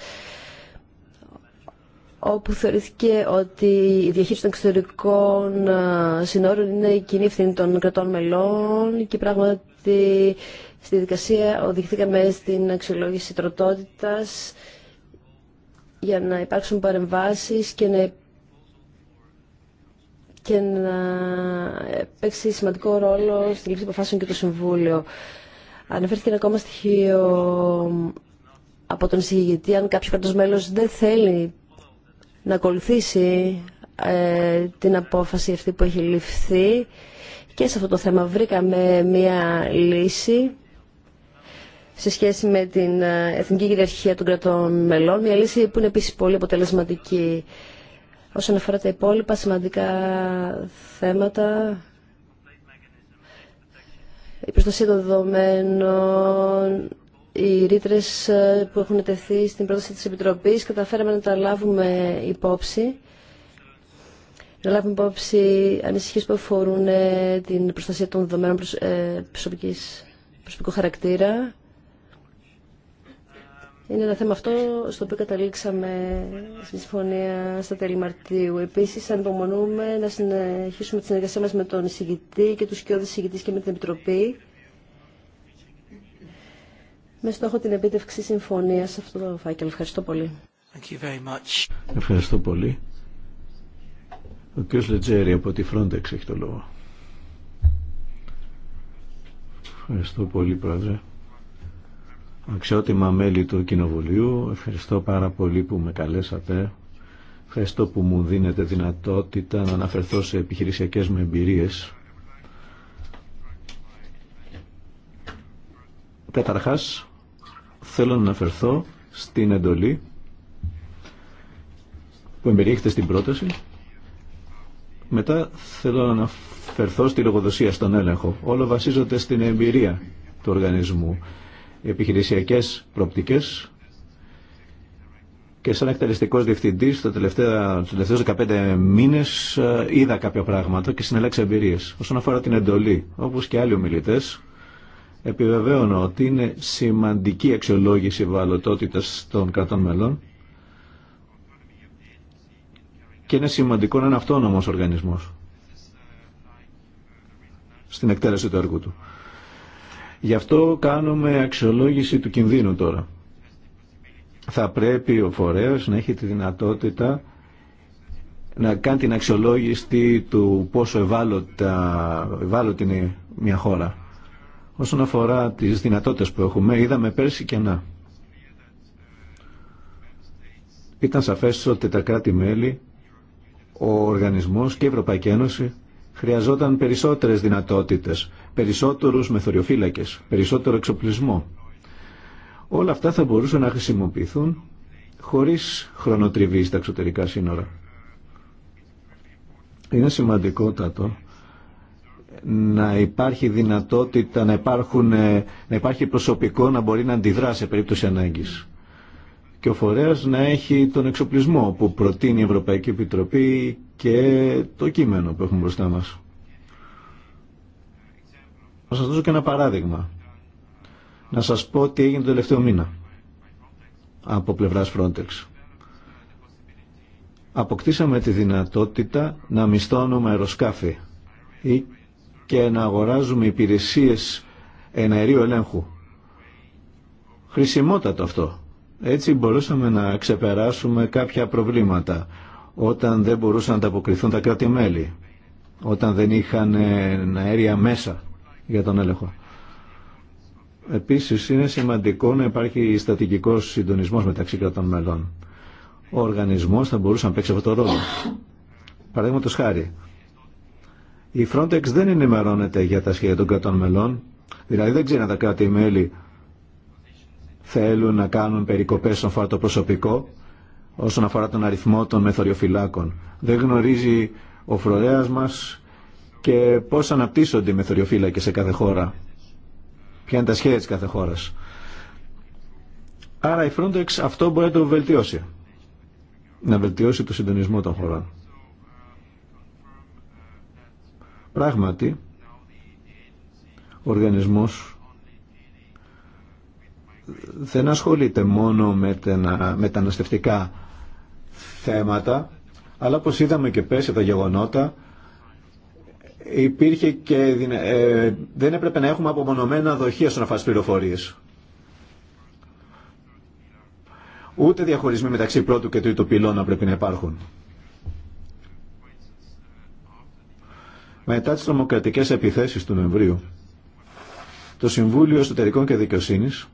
όπου θεωρήθηκε ότι η διαχείριση των εξωτερικών ε, συνόρων είναι η κοινή ευθύνη των κρατών μελών και πράγματι στη δικασία οδηγηθήκαμε στην αξιολόγηση τροτότητας για να υπάρξουν παρεμβάσεις και να και παίξει σημαντικό ρόλο στη λήψη αποφάσεων και το Συμβούλιο. Αναφέρθηκε ένα ακόμα στοιχείο από τον εισηγητή, αν κάποιο δεν θέλει να ακολουθήσει ε, την απόφαση αυτή που έχει ληφθεί και σε αυτό το θέμα βρήκαμε μία λύση σε σχέση με την ε, εθνική κυριαρχία των κρατών μελών, μία λύση που είναι επίσης πολύ αποτελεσματική. Όσον αφορά τα υπόλοιπα σημαντικά θέματα, η προστασία των δεδομένων, οι ρήτρε ε, που έχουν τεθεί στην πρόταση της Επιτροπής καταφέραμε να τα λάβουμε υπόψη να λάβουμε υπόψη ανησυχίε που αφορούν ε, την προστασία των δεδομένων ε, προσωπικής, προσωπικού χαρακτήρα. Είναι ένα θέμα αυτό στο οποίο καταλήξαμε στη συμφωνία στα τέλη Μαρτίου. Επίσης, ανυπομονούμε να συνεχίσουμε τη συνεργασία μα με τον εισηγητή και του κοιόδης εισηγητή και με την Επιτροπή με στόχο την επίτευξη συμφωνίας σε αυτό το φάκελο. Ευχαριστώ πολύ. Thank you very much. Ευχαριστώ πολύ. Ο κ. Λετζέρη από τη Frontex έχει το λόγο. Ευχαριστώ πολύ, Πρόεδρε. Αξιότιμα μέλη του Κοινοβουλίου, ευχαριστώ πάρα πολύ που με καλέσατε. Ευχαριστώ που μου δίνετε δυνατότητα να αναφερθώ σε επιχειρησιακές μου εμπειρίες. Καταρχάς, θέλω να αναφερθώ στην εντολή που εμπεριέχεται στην πρόταση. Μετά θέλω να αναφερθώ στη λογοδοσία, στον έλεγχο. Όλο βασίζονται στην εμπειρία του οργανισμού. Οι επιχειρησιακές προπτικές και σαν εκτελεστικός διευθυντής τα τελευταία, τελευταίους 15 μήνες ε, είδα κάποια πράγματα και συνελέξα εμπειρίες. Όσον αφορά την εντολή, όπως και άλλοι ομιλητές, επιβεβαίωνω ότι είναι σημαντική αξιολόγηση βαλωτότητας των κρατών μελών και είναι σημαντικό να είναι αυτόνομος οργανισμός στην εκτέλεση του έργου του. Γι' αυτό κάνουμε αξιολόγηση του κινδύνου τώρα. Θα πρέπει ο φορέας να έχει τη δυνατότητα να κάνει την αξιολόγηση του πόσο ευάλωτη είναι μια χώρα. Όσον αφορά τις δυνατότητες που έχουμε, είδαμε πέρσι να. Ήταν σαφές ότι τα κράτη-μέλη, ο οργανισμός και η Ευρωπαϊκή Ένωση χρειαζόταν περισσότερες δυνατότητες, περισσότερους μεθοριοφύλακες, περισσότερο εξοπλισμό. Όλα αυτά θα μπορούσαν να χρησιμοποιηθούν χωρίς χρονοτριβή στα εξωτερικά σύνορα. Είναι σημαντικότατο να υπάρχει δυνατότητα να, υπάρχουν, ε, να υπάρχει προσωπικό να μπορεί να αντιδράσει σε περίπτωση ανάγκης. Και ο φορέας να έχει τον εξοπλισμό που προτείνει η Ευρωπαϊκή Επιτροπή και το κείμενο που έχουμε μπροστά μας. Θα σας δώσω και ένα παράδειγμα. Να σας πω τι έγινε το τελευταίο μήνα από πλευράς Frontex. Αποκτήσαμε τη δυνατότητα να μισθώνουμε αεροσκάφη ή και να αγοράζουμε υπηρεσίες εναερίου ελέγχου. Χρησιμότατο αυτό. Έτσι μπορούσαμε να ξεπεράσουμε κάποια προβλήματα όταν δεν μπορούσαν να ανταποκριθούν τα κράτη-μέλη, όταν δεν είχαν ε, αέρια μέσα για τον έλεγχο. Επίσης είναι σημαντικό να υπάρχει στατικικός συντονισμός μεταξύ κρατών μελών. Ο οργανισμός θα μπορούσε να παίξει αυτό το ρόλο. Παραδείγματος χάρη, η Frontex δεν ενημερώνεται για τα σχέδια των κρατών μελών, δηλαδή δεν ξέρει αν τα κράτη-μέλη θέλουν να κάνουν περικοπές στον φάρτο προσωπικό όσον αφορά τον αριθμό των μεθοριοφυλάκων. Δεν γνωρίζει ο φορέας μας και πώς αναπτύσσονται οι μεθοριοφύλακες σε κάθε χώρα. Ποια είναι τα σχέδια της κάθε χώρας. Άρα η Frontex αυτό μπορεί να το βελτιώσει. Να βελτιώσει το συντονισμό των χωρών. Πράγματι, ο οργανισμός δεν ασχολείται μόνο με τα μεταναστευτικά θέματα, αλλά όπως είδαμε και πέρσι από τα γεγονότα, υπήρχε και ε, δεν έπρεπε να έχουμε απομονωμένα δοχεία στον αφάς πληροφορίες. Ούτε διαχωρισμοί μεταξύ πρώτου και τρίτου πυλώνα πρέπει να υπάρχουν. Μετά τις τρομοκρατικές επιθέσεις του Νοεμβρίου, το Συμβούλιο Εσωτερικών και Δικαιοσύνης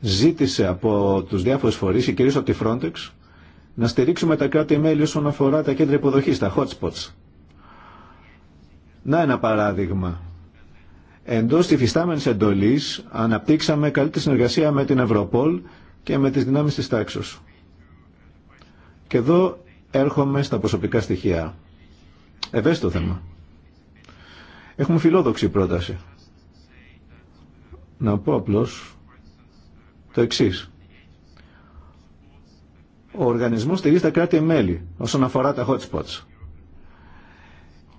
ζήτησε από τους διάφορους φορείς και από τη Frontex να στηρίξουμε τα κράτη-μέλη όσον αφορά τα κέντρα υποδοχής, τα hotspots. Να ένα παράδειγμα. Εντός τη φυστάμενη εντολής αναπτύξαμε καλύτερη συνεργασία με την Ευρωπόλ και με τις δυνάμεις της τάξης. Και εδώ έρχομαι στα προσωπικά στοιχεία. Ευαίσθητο θέμα. Έχουμε φιλόδοξη πρόταση. Να πω απλώς το εξής. Ο οργανισμός στηρίζει τα κράτη-μέλη όσον αφορά τα hot spots.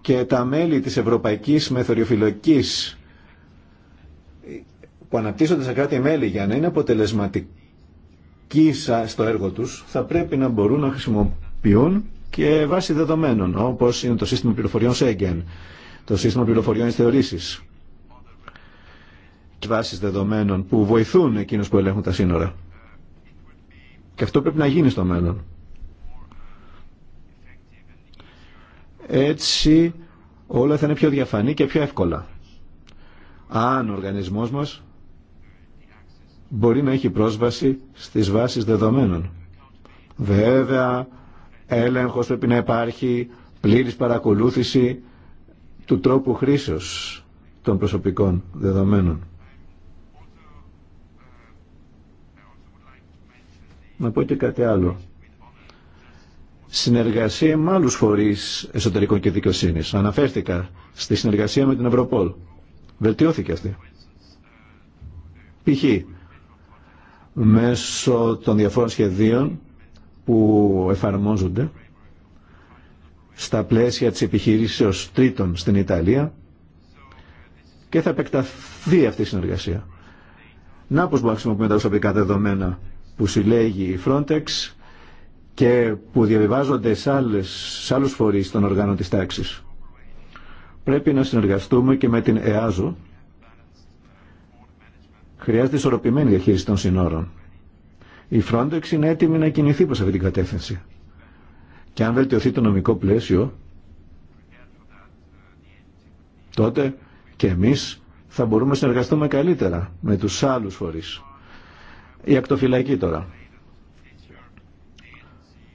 Και τα μέλη της Ευρωπαϊκής Μεθοριοφυλοκής που αναπτύσσονται στα κράτη-μέλη για να είναι αποτελεσματικοί στο έργο τους θα πρέπει να μπορούν να χρησιμοποιούν και βάση δεδομένων όπως είναι το σύστημα πληροφοριών Σέγγεν το σύστημα πληροφοριών θεωρήσει και βάσεις δεδομένων που βοηθούν εκείνους που ελέγχουν τα σύνορα. Και αυτό πρέπει να γίνει στο μέλλον. Έτσι όλα θα είναι πιο διαφανή και πιο εύκολα. Αν ο οργανισμός μας μπορεί να έχει πρόσβαση στις βάσεις δεδομένων. Βέβαια, έλεγχος πρέπει να υπάρχει, πλήρης παρακολούθηση, του τρόπου χρήσεως των προσωπικών δεδομένων. Να πω και κάτι άλλο. Συνεργασία με άλλους φορείς εσωτερικών και δικαιοσύνης. Αναφέρθηκα στη συνεργασία με την Ευρωπόλ. Βελτιώθηκε αυτή. Π.χ. μέσω των διαφόρων σχεδίων που εφαρμόζονται στα πλαίσια της επιχειρήσεως τρίτων στην Ιταλία και θα επεκταθεί αυτή η συνεργασία. Να πώς μπορούμε να χρησιμοποιούμε τα προσωπικά δεδομένα που συλλέγει η Frontex και που διαβιβάζονται σε, άλλες, σε άλλους φορείς των οργάνων της τάξης. Πρέπει να συνεργαστούμε και με την ΕΑΖΟ. Χρειάζεται ισορροπημένη διαχείριση των συνόρων. Η Frontex είναι έτοιμη να κινηθεί προς αυτή την κατεύθυνση και αν βελτιωθεί το νομικό πλαίσιο, τότε και εμείς θα μπορούμε να συνεργαστούμε καλύτερα με τους άλλους φορείς. Η ακτοφυλακή τώρα.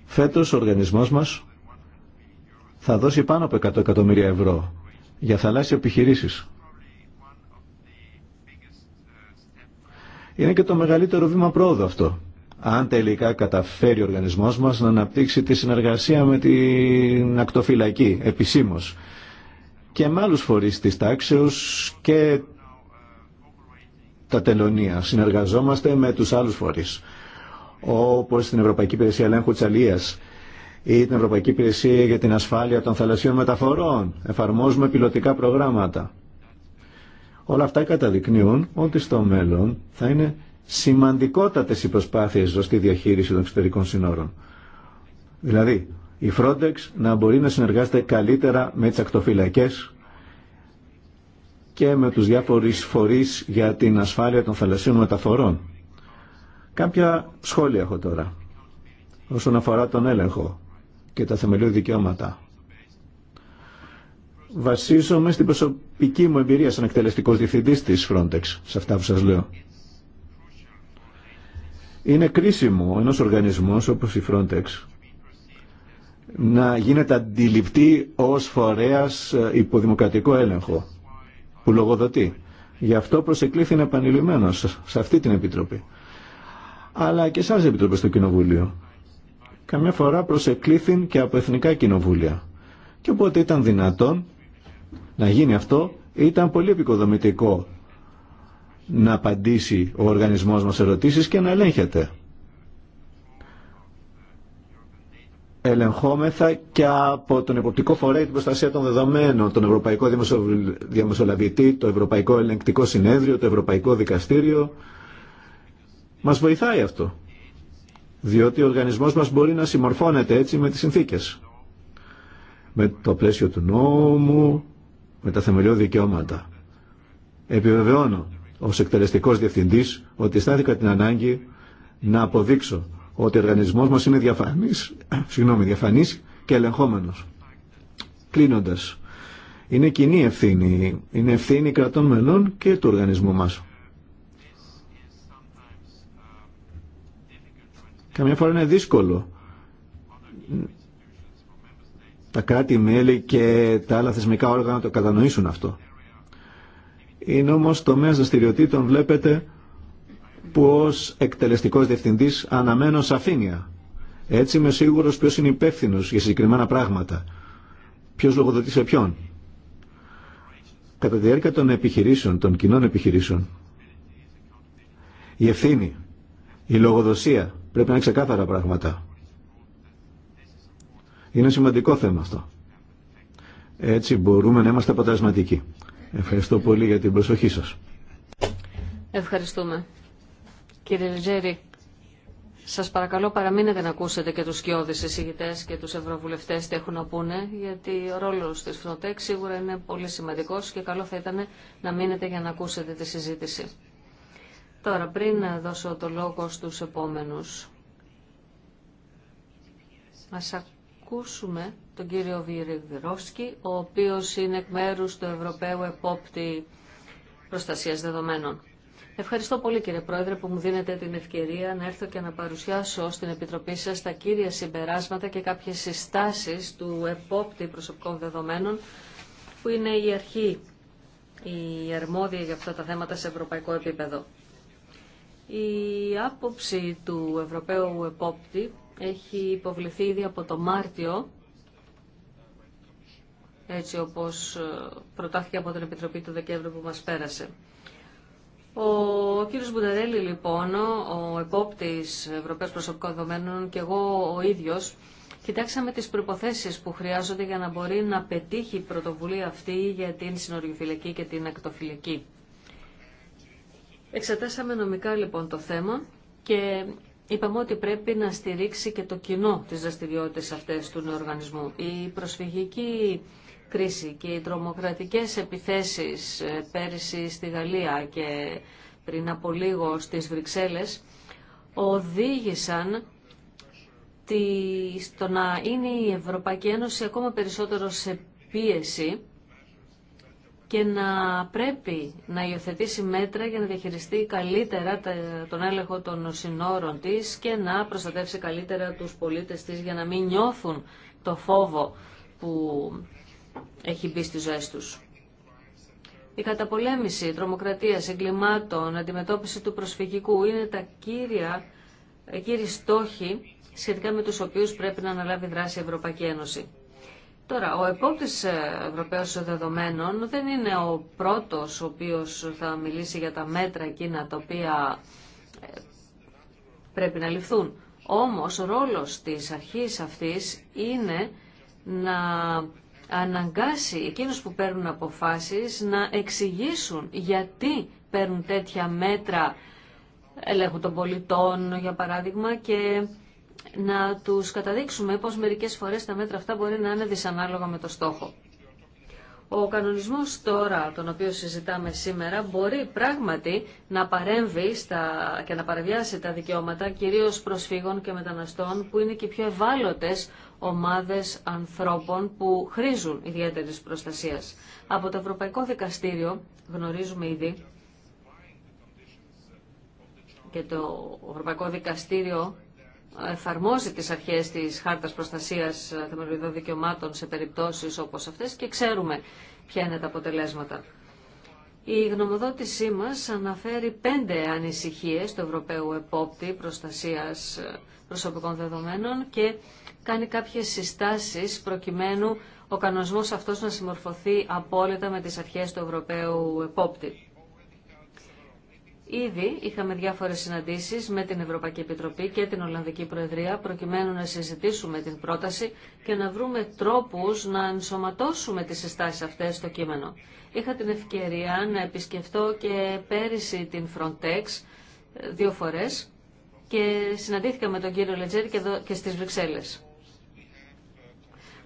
Φέτος ο οργανισμός μας θα δώσει πάνω από 100 εκατομμύρια ευρώ για θαλάσσιες επιχειρήσεις. Είναι και το μεγαλύτερο βήμα πρόοδο αυτό αν τελικά καταφέρει ο οργανισμός μας να αναπτύξει τη συνεργασία με την ακτοφυλακή επισήμως και με άλλους φορείς της τάξεως και τα τελωνία. Συνεργαζόμαστε με τους άλλους φορείς όπως την Ευρωπαϊκή Υπηρεσία Ελέγχου Τσαλίας ή την Ευρωπαϊκή Υπηρεσία για την Ασφάλεια των Θαλασσίων Μεταφορών. Εφαρμόζουμε πιλωτικά προγράμματα. Όλα αυτά καταδεικνύουν ότι στο μέλλον θα είναι Σημαντικότατε οι προσπάθειε στη διαχείριση των εξωτερικών συνόρων. Δηλαδή, η Frontex να μπορεί να συνεργάζεται καλύτερα με τι ακτοφυλακές και με τους διάφορου φορεί για την ασφάλεια των θαλασσίων μεταφορών. Κάποια σχόλια έχω τώρα όσον αφορά τον έλεγχο και τα θεμελιώδη δικαιώματα. Βασίζομαι στην προσωπική μου εμπειρία σαν εκτελεστικός διευθυντής της Frontex, σε αυτά που σας λέω. Είναι κρίσιμο ένας οργανισμός όπως η Frontex να γίνεται αντιληπτή ως φορέας ε, υποδημοκρατικό έλεγχο που λογοδοτεί. Γι' αυτό προσεκλήθη επανειλημμένο σε αυτή την Επιτροπή. Αλλά και σε άλλες Επιτροπές στο Κοινοβούλιο. Καμιά φορά προσεκλήθην και από εθνικά κοινοβούλια. Και οπότε ήταν δυνατόν να γίνει αυτό, ήταν πολύ επικοδομητικό να απαντήσει ο οργανισμός μας ερωτήσεις και να ελέγχεται. ελεγχόμεθα και από τον Εποπτικό Φορέα την προστασία των δεδομένων, τον Ευρωπαϊκό Διαμεσολαβητή, το Ευρωπαϊκό Ελεγκτικό Συνέδριο, το Ευρωπαϊκό Δικαστήριο. Μας βοηθάει αυτό, διότι ο οργανισμός μας μπορεί να συμμορφώνεται έτσι με τις συνθήκες, με το πλαίσιο του νόμου, με τα θεμελιώδη δικαιώματα. Επιβεβαιώνω ως εκτελεστικός διευθυντής ότι αισθάνθηκα την ανάγκη να αποδείξω ότι ο οργανισμός μας είναι διαφανής, [CLEARS THROAT] διαφανής και ελεγχόμενος. Κλείνοντας, είναι κοινή ευθύνη, είναι ευθύνη κρατών μελών και του οργανισμού μας. Καμιά φορά είναι δύσκολο τα κράτη-μέλη και τα άλλα θεσμικά όργανα το κατανοήσουν αυτό. Είναι όμως τομέας δραστηριοτήτων βλέπετε που ως εκτελεστικός διευθυντής αναμένω σαφήνεια. Έτσι είμαι σίγουρος ποιος είναι υπεύθυνο για συγκεκριμένα πράγματα. Ποιος λογοδοτεί σε ποιον. Κατά τη διάρκεια των επιχειρήσεων, των κοινών επιχειρήσεων, η ευθύνη, η λογοδοσία πρέπει να είναι ξεκάθαρα πράγματα. Είναι σημαντικό θέμα αυτό. Έτσι μπορούμε να είμαστε αποτελεσματικοί. Ευχαριστώ πολύ για την προσοχή σας. Ευχαριστούμε. Κύριε Λιτζέρη, σας παρακαλώ παραμείνετε να ακούσετε και τους σκιώδεις εισηγητές και τους ευρωβουλευτές τι έχουν να πούνε, γιατί ο ρόλος της ΦΝΟΤΕΚ σίγουρα είναι πολύ σημαντικός και καλό θα ήταν να μείνετε για να ακούσετε τη συζήτηση. Τώρα, πριν να δώσω το λόγο στους επόμενους, ας ακούσουμε τον κύριο Βιρεγδρόσκι, ο οποίος είναι εκ μέρους του Ευρωπαίου Επόπτη Προστασίας Δεδομένων. Ευχαριστώ πολύ κύριε Πρόεδρε που μου δίνετε την ευκαιρία να έρθω και να παρουσιάσω στην Επιτροπή σας τα κύρια συμπεράσματα και κάποιες συστάσεις του επόπτη προσωπικών δεδομένων που είναι η αρχή, η αρμόδια για αυτά τα θέματα σε ευρωπαϊκό επίπεδο. Η άποψη του Ευρωπαίου επόπτη έχει υποβληθεί ήδη από το Μάρτιο έτσι όπως ε, προτάθηκε από την Επιτροπή του Δεκέμβρη που μας πέρασε. Ο κύριος Μπουταρέλη λοιπόν, ο επόπτης Ευρωπαίος Προσωπικών Δεδομένων και εγώ ο ίδιος, κοιτάξαμε τις προϋποθέσεις που χρειάζονται για να μπορεί να πετύχει η πρωτοβουλία αυτή για την συνοριοφυλακή και την ακτοφυλακή. Εξετάσαμε νομικά λοιπόν το θέμα και Είπαμε ότι πρέπει να στηρίξει και το κοινό τις δραστηριότητες αυτές του νέου οργανισμού. Η προσφυγική κρίση και οι τρομοκρατικές επιθέσεις ε, πέρυσι στη Γαλλία και πριν από λίγο στις Βρυξέλλες οδήγησαν τη, στο να είναι η Ευρωπαϊκή Ένωση ακόμα περισσότερο σε πίεση και να πρέπει να υιοθετήσει μέτρα για να διαχειριστεί καλύτερα τον έλεγχο των συνόρων της και να προστατεύσει καλύτερα τους πολίτες της για να μην νιώθουν το φόβο που έχει μπει στις ζωές τους. Η καταπολέμηση τρομοκρατίας, εγκλημάτων, αντιμετώπιση του προσφυγικού είναι τα κύρια, ε, κύριοι στόχοι σχετικά με τους οποίους πρέπει να αναλάβει δράση η Ευρωπαϊκή Ένωση. Τώρα, ο επόπτης ε, Ευρωπαίος Δεδομένων δεν είναι ο πρώτος ο οποίος θα μιλήσει για τα μέτρα εκείνα τα οποία ε, πρέπει να ληφθούν. Όμως, ο ρόλος της αρχής αυτής είναι να αναγκάσει εκείνους που παίρνουν αποφάσεις να εξηγήσουν γιατί παίρνουν τέτοια μέτρα ελέγχου των πολιτών, για παράδειγμα, και να τους καταδείξουμε πως μερικές φορές τα μέτρα αυτά μπορεί να είναι δυσανάλογα με το στόχο. Ο κανονισμός τώρα, τον οποίο συζητάμε σήμερα, μπορεί πράγματι να παρέμβει στα... και να παραβιάσει τα δικαιώματα κυρίως προσφύγων και μεταναστών που είναι και πιο ευάλωτες ομάδες ανθρώπων που χρήζουν ιδιαίτερης προστασίας. Από το Ευρωπαϊκό Δικαστήριο γνωρίζουμε ήδη και το Ευρωπαϊκό Δικαστήριο εφαρμόζει τις αρχές της Χάρτας Προστασίας Θεμελιωδών Δικαιωμάτων σε περιπτώσεις όπως αυτές και ξέρουμε ποια είναι τα αποτελέσματα. Η γνωμοδότησή μας αναφέρει πέντε ανησυχίες του Ευρωπαίου Επόπτη Προστασίας Προσωπικών Δεδομένων και κάνει κάποιες συστάσεις προκειμένου ο κανονισμός αυτός να συμμορφωθεί απόλυτα με τις αρχές του Ευρωπαίου Επόπτη. Ήδη είχαμε διάφορες συναντήσεις με την Ευρωπαϊκή Επιτροπή και την Ολλανδική Προεδρία προκειμένου να συζητήσουμε την πρόταση και να βρούμε τρόπους να ενσωματώσουμε τις συστάσεις αυτές στο κείμενο. Είχα την ευκαιρία να επισκεφτώ και πέρυσι την Frontex ε, δύο φορές και συναντήθηκα με τον κύριο Λετζέρη και στις Βρυξέλλες.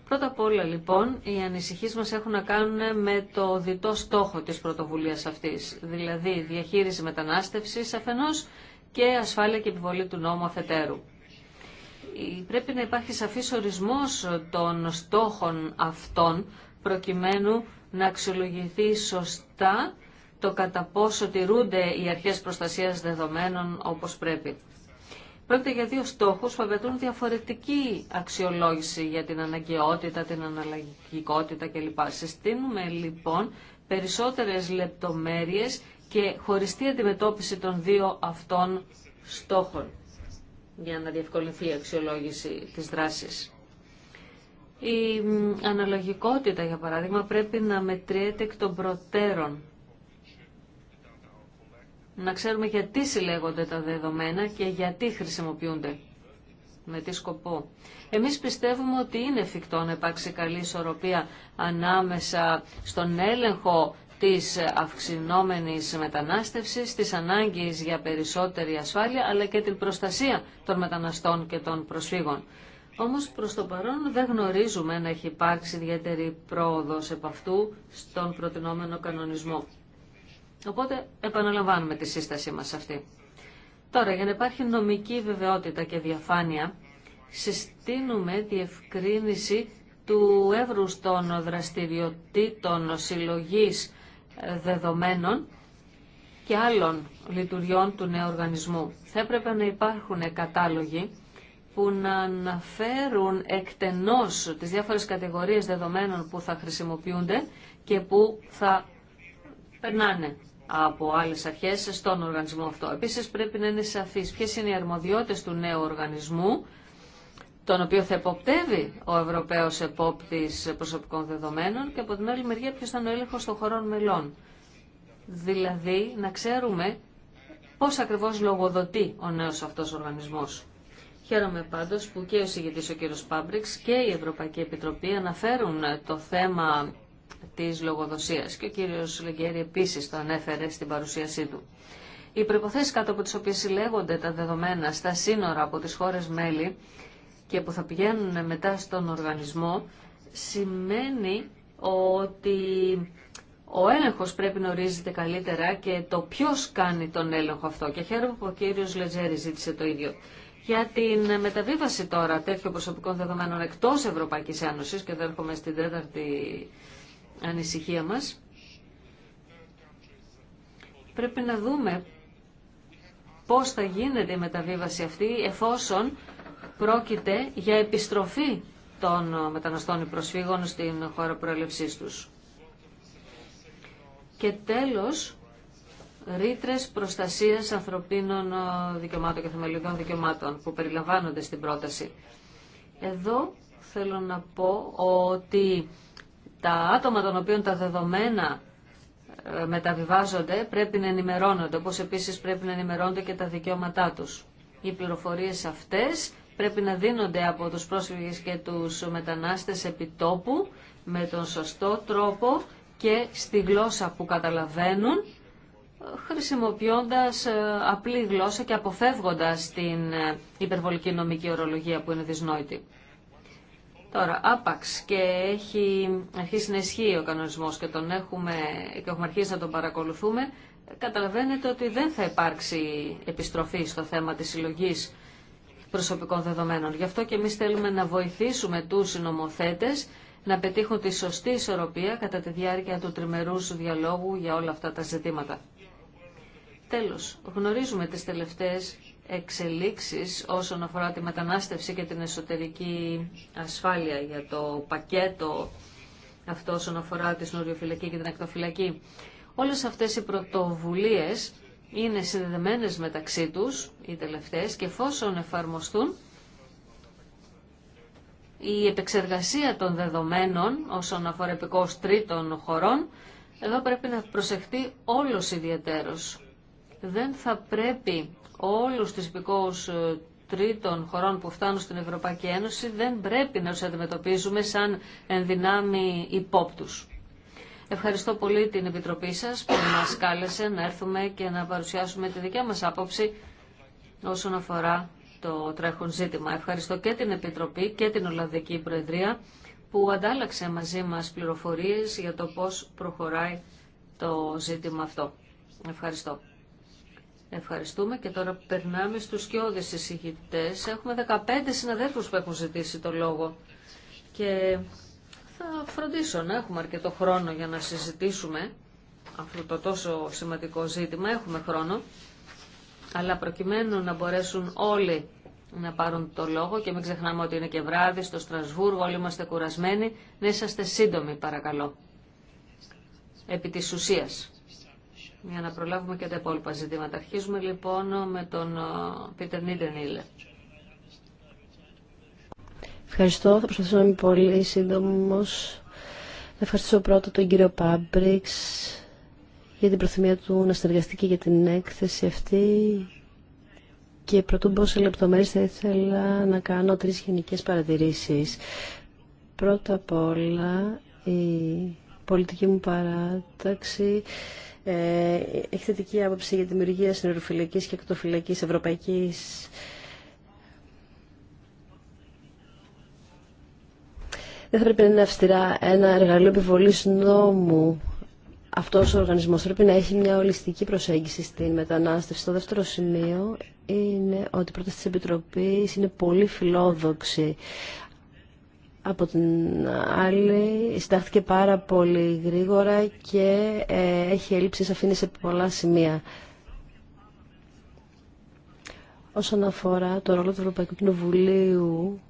Πρώτα απ' όλα λοιπόν, οι ανησυχίες μας έχουν να κάνουν με το διτό στόχο της πρωτοβουλίας αυτής, δηλαδή διαχείριση μετανάστευσης αφενός και ασφάλεια και επιβολή του νόμου αφετέρου. Πρέπει να υπάρχει σαφής ορισμός των στόχων αυτών, προκειμένου να αξιολογηθεί σωστά το κατά πόσο τηρούνται οι αρχές προστασίας δεδομένων όπως πρέπει. Πρόκειται για δύο στόχους που απαιτούν διαφορετική αξιολόγηση για την αναγκαιότητα, την αναλλαγικότητα κλπ. Συστήνουμε λοιπόν περισσότερες λεπτομέρειες και χωριστή αντιμετώπιση των δύο αυτών στόχων για να διευκολυνθεί η αξιολόγηση της δράσης. Η αναλογικότητα, για παράδειγμα, πρέπει να μετριέται εκ των προτέρων να ξέρουμε γιατί συλλέγονται τα δεδομένα και γιατί χρησιμοποιούνται. Με τι σκοπό. Εμείς πιστεύουμε ότι είναι εφικτό να υπάρξει καλή ισορροπία ανάμεσα στον έλεγχο της αυξηνόμενης μετανάστευσης, της ανάγκης για περισσότερη ασφάλεια, αλλά και την προστασία των μεταναστών και των προσφύγων. Όμως προς το παρόν δεν γνωρίζουμε να έχει υπάρξει ιδιαίτερη πρόοδος επ' αυτού στον προτινόμενο κανονισμό. Οπότε επαναλαμβάνουμε τη σύστασή μας αυτή. Τώρα, για να υπάρχει νομική βεβαιότητα και διαφάνεια, συστήνουμε διευκρίνηση του εύρους των δραστηριοτήτων συλλογής ε, δεδομένων και άλλων λειτουργιών του νέου οργανισμού. Θα έπρεπε να υπάρχουν κατάλογοι που να αναφέρουν εκτενώς τις διάφορες κατηγορίες δεδομένων που θα χρησιμοποιούνται και που θα περνάνε από άλλες αρχές στον οργανισμό αυτό. Επίσης πρέπει να είναι σαφής ποιες είναι οι αρμοδιότητες του νέου οργανισμού, τον οποίο θα εποπτεύει ο Ευρωπαίος Επόπτης Προσωπικών Δεδομένων και από την άλλη μεριά ποιος θα είναι ο έλεγχος των χωρών μελών. Δηλαδή να ξέρουμε πώς ακριβώς λογοδοτεί ο νέος αυτός οργανισμός. Χαίρομαι πάντως που και ο συγγετής ο κύριος Πάμπριξ και η Ευρωπαϊκή Επιτροπή αναφέρουν το θέμα της λογοδοσίας και ο κύριος Λεγκέρη επίσης το ανέφερε στην παρουσίασή του. Οι προποθέσει κάτω από τις οποίες συλλέγονται τα δεδομένα στα σύνορα από τις χώρες μέλη και που θα πηγαίνουν μετά στον οργανισμό σημαίνει ότι ο έλεγχος πρέπει να ορίζεται καλύτερα και το ποιος κάνει τον έλεγχο αυτό. Και χαίρομαι που ο κύριος Λετζέρη ζήτησε το ίδιο. Για την μεταβίβαση τώρα τέτοιων προσωπικών δεδομένων εκτό Ευρωπαϊκή Ένωσης και εδώ έρχομαι στην τέταρτη ανησυχία μας. Πρέπει να δούμε πώς θα γίνεται η μεταβίβαση αυτή εφόσον πρόκειται για επιστροφή των μεταναστών ή προσφύγων στην χώρα προέλευσής τους. Και τέλος, ρήτρε προστασίας ανθρωπίνων δικαιωμάτων και θεμελιωδών δικαιωμάτων που περιλαμβάνονται στην πρόταση. Εδώ θέλω να πω ότι τα άτομα των οποίων τα δεδομένα ε, μεταβιβάζονται πρέπει να ενημερώνονται, όπως επίσης πρέπει να ενημερώνονται και τα δικαιώματά τους. Οι πληροφορίες αυτές πρέπει να δίνονται από τους πρόσφυγες και τους μετανάστες τόπου, με τον σωστό τρόπο και στη γλώσσα που καταλαβαίνουν χρησιμοποιώντας ε, απλή γλώσσα και αποφεύγοντας την ε, υπερβολική νομική ορολογία που είναι δυσνόητη. Τώρα, άπαξ και έχει αρχίσει να ισχύει ο κανονισμό και τον έχουμε, και έχουμε αρχίσει να τον παρακολουθούμε, καταλαβαίνετε ότι δεν θα υπάρξει επιστροφή στο θέμα της συλλογή προσωπικών δεδομένων. Γι' αυτό και εμείς θέλουμε να βοηθήσουμε τους συνομοθέτες να πετύχουν τη σωστή ισορροπία κατά τη διάρκεια του τριμερούς διαλόγου για όλα αυτά τα ζητήματα. Τέλος, γνωρίζουμε τις τελευταίες εξελίξεις όσον αφορά τη μετανάστευση και την εσωτερική ασφάλεια για το πακέτο αυτό όσον αφορά τη σνοριοφυλακή και την ακτοφυλακή. Όλες αυτές οι πρωτοβουλίες είναι συνδεδεμένες μεταξύ τους, οι τελευταίες, και εφόσον εφαρμοστούν, η επεξεργασία των δεδομένων όσον αφορά επικό τρίτων χωρών, εδώ πρέπει να προσεχτεί όλος ιδιαίτερος. Δεν θα πρέπει όλους τους υπηκόους ε, τρίτων χωρών που φτάνουν στην Ευρωπαϊκή Ένωση δεν πρέπει να τους αντιμετωπίζουμε σαν ενδυνάμει υπόπτους. Ευχαριστώ πολύ την Επιτροπή σας που μας κάλεσε να έρθουμε και να παρουσιάσουμε τη δικιά μας άποψη όσον αφορά το τρέχον ζήτημα. Ευχαριστώ και την Επιτροπή και την Ολλανδική Προεδρία που αντάλλαξε μαζί μας πληροφορίες για το πώς προχωράει το ζήτημα αυτό. Ευχαριστώ. Ευχαριστούμε και τώρα περνάμε στους σκιώδες συζητητές. Έχουμε 15 συναδέλφους που έχουν ζητήσει το λόγο και θα φροντίσω να έχουμε αρκετό χρόνο για να συζητήσουμε αυτό το τόσο σημαντικό ζήτημα. Έχουμε χρόνο, αλλά προκειμένου να μπορέσουν όλοι να πάρουν το λόγο και μην ξεχνάμε ότι είναι και βράδυ στο Στρασβούργο, όλοι είμαστε κουρασμένοι, να είσαστε σύντομοι παρακαλώ, επί της ουσίας για να προλάβουμε και τα υπόλοιπα ζητήματα. Αρχίζουμε λοιπόν με τον ε, Πίτερ Νίλε. Ευχαριστώ. Θα προσπαθήσω να είμαι πολύ σύντομο. Να ευχαριστήσω πρώτα τον κύριο Πάμπριξ για την προθυμία του να συνεργαστεί και για την έκθεση αυτή. Και πρωτού μπω σε λεπτομέρειε, θα ήθελα να κάνω τρει γενικέ παρατηρήσει. Πρώτα απ' όλα η πολιτική μου παράταξη ε, έχει θετική άποψη για τη δημιουργία συνεροφυλακή και εκτοφυλακής ευρωπαϊκής. Δεν θα πρέπει να είναι αυστηρά ένα εργαλείο επιβολή νόμου αυτός ο οργανισμός πρέπει να έχει μια ολιστική προσέγγιση στην μετανάστευση. Το δεύτερο σημείο είναι ότι η πρόταση τη Επιτροπή είναι πολύ φιλόδοξη. Από την άλλη, συντάχθηκε πάρα πολύ γρήγορα και ε, έχει έλλειψη αφήνει σε πολλά σημεία. Όσον αφορά το ρόλο του Ευρωπαϊκού Κοινοβουλίου,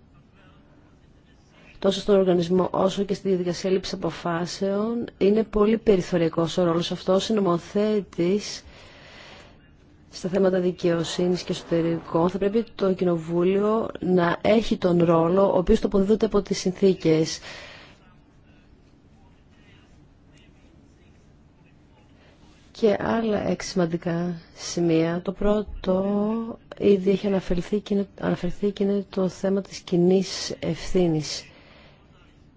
τόσο στον οργανισμό όσο και στη διαδικασία λήψη αποφάσεων, είναι πολύ περιθωριακός ο ρόλος αυτός. Ο στα θέματα δικαιοσύνης και εσωτερικών θα πρέπει το Κοινοβούλιο να έχει τον ρόλο ο οποίος τοποθετούνται από τις συνθήκες. Και άλλα έξι σημεία. Το πρώτο ήδη έχει αναφερθεί και είναι, το θέμα της κοινή ευθύνης.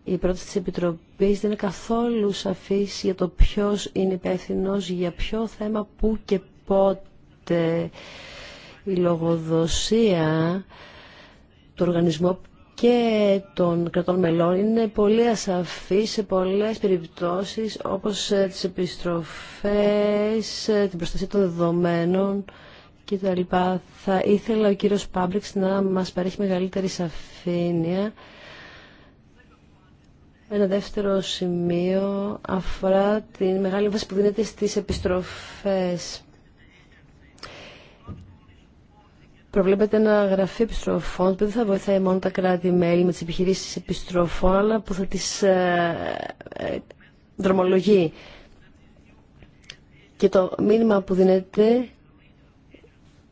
Η πρόταση της Επιτροπής δεν είναι καθόλου σαφής για το ποιος είναι υπεύθυνο για ποιο θέμα, πού και πότε η λογοδοσία του οργανισμού και των κρατών μελών είναι πολύ ασαφή σε πολλές περιπτώσεις όπως ε, τις επιστροφές, ε, την προστασία των δεδομένων κτλ. Θα ήθελα ο κύριος Πάμπριξ να μας παρέχει μεγαλύτερη σαφήνεια. Ένα δεύτερο σημείο αφορά τη μεγάλη βάση που δίνεται στις επιστροφές. Προβλέπεται ένα γραφείο επιστροφών που δεν θα βοηθάει μόνο τα κράτη-μέλη με τι επιχειρήσει επιστροφών, αλλά που θα τις ε, ε, δρομολογεί. Και το μήνυμα που δίνεται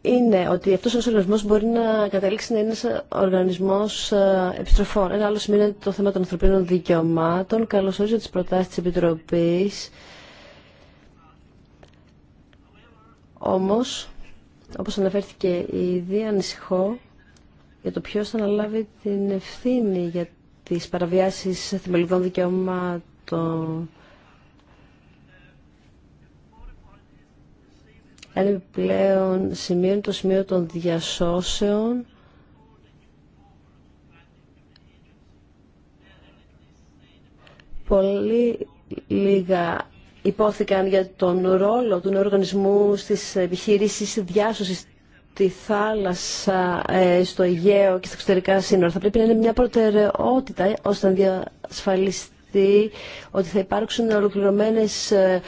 είναι ότι αυτό ο οργανισμό μπορεί να καταλήξει να είναι οργανισμό οργανισμός ε, επιστροφών. Ένα άλλο σημείο είναι το θέμα των ανθρωπίνων δικαιωμάτων. Καλώς όριζα τις προτάσεις της Επιτροπής. Όμως, όπως αναφέρθηκε ήδη, ανησυχώ για το ποιος θα αναλάβει την ευθύνη για τις παραβιάσεις θεμελιδών δικαιωμάτων. Ένα επιπλέον σημείο είναι το σημείο των διασώσεων πολύ λίγα υπόθηκαν για τον ρόλο του νέου οργανισμού στις επιχείρησεις διάσωσης τη θάλασσα, ε, στο Αιγαίο και στα εξωτερικά σύνορα. Θα πρέπει να είναι μια προτεραιότητα ώστε να διασφαλιστεί ότι θα υπάρξουν ολοκληρωμένες ε,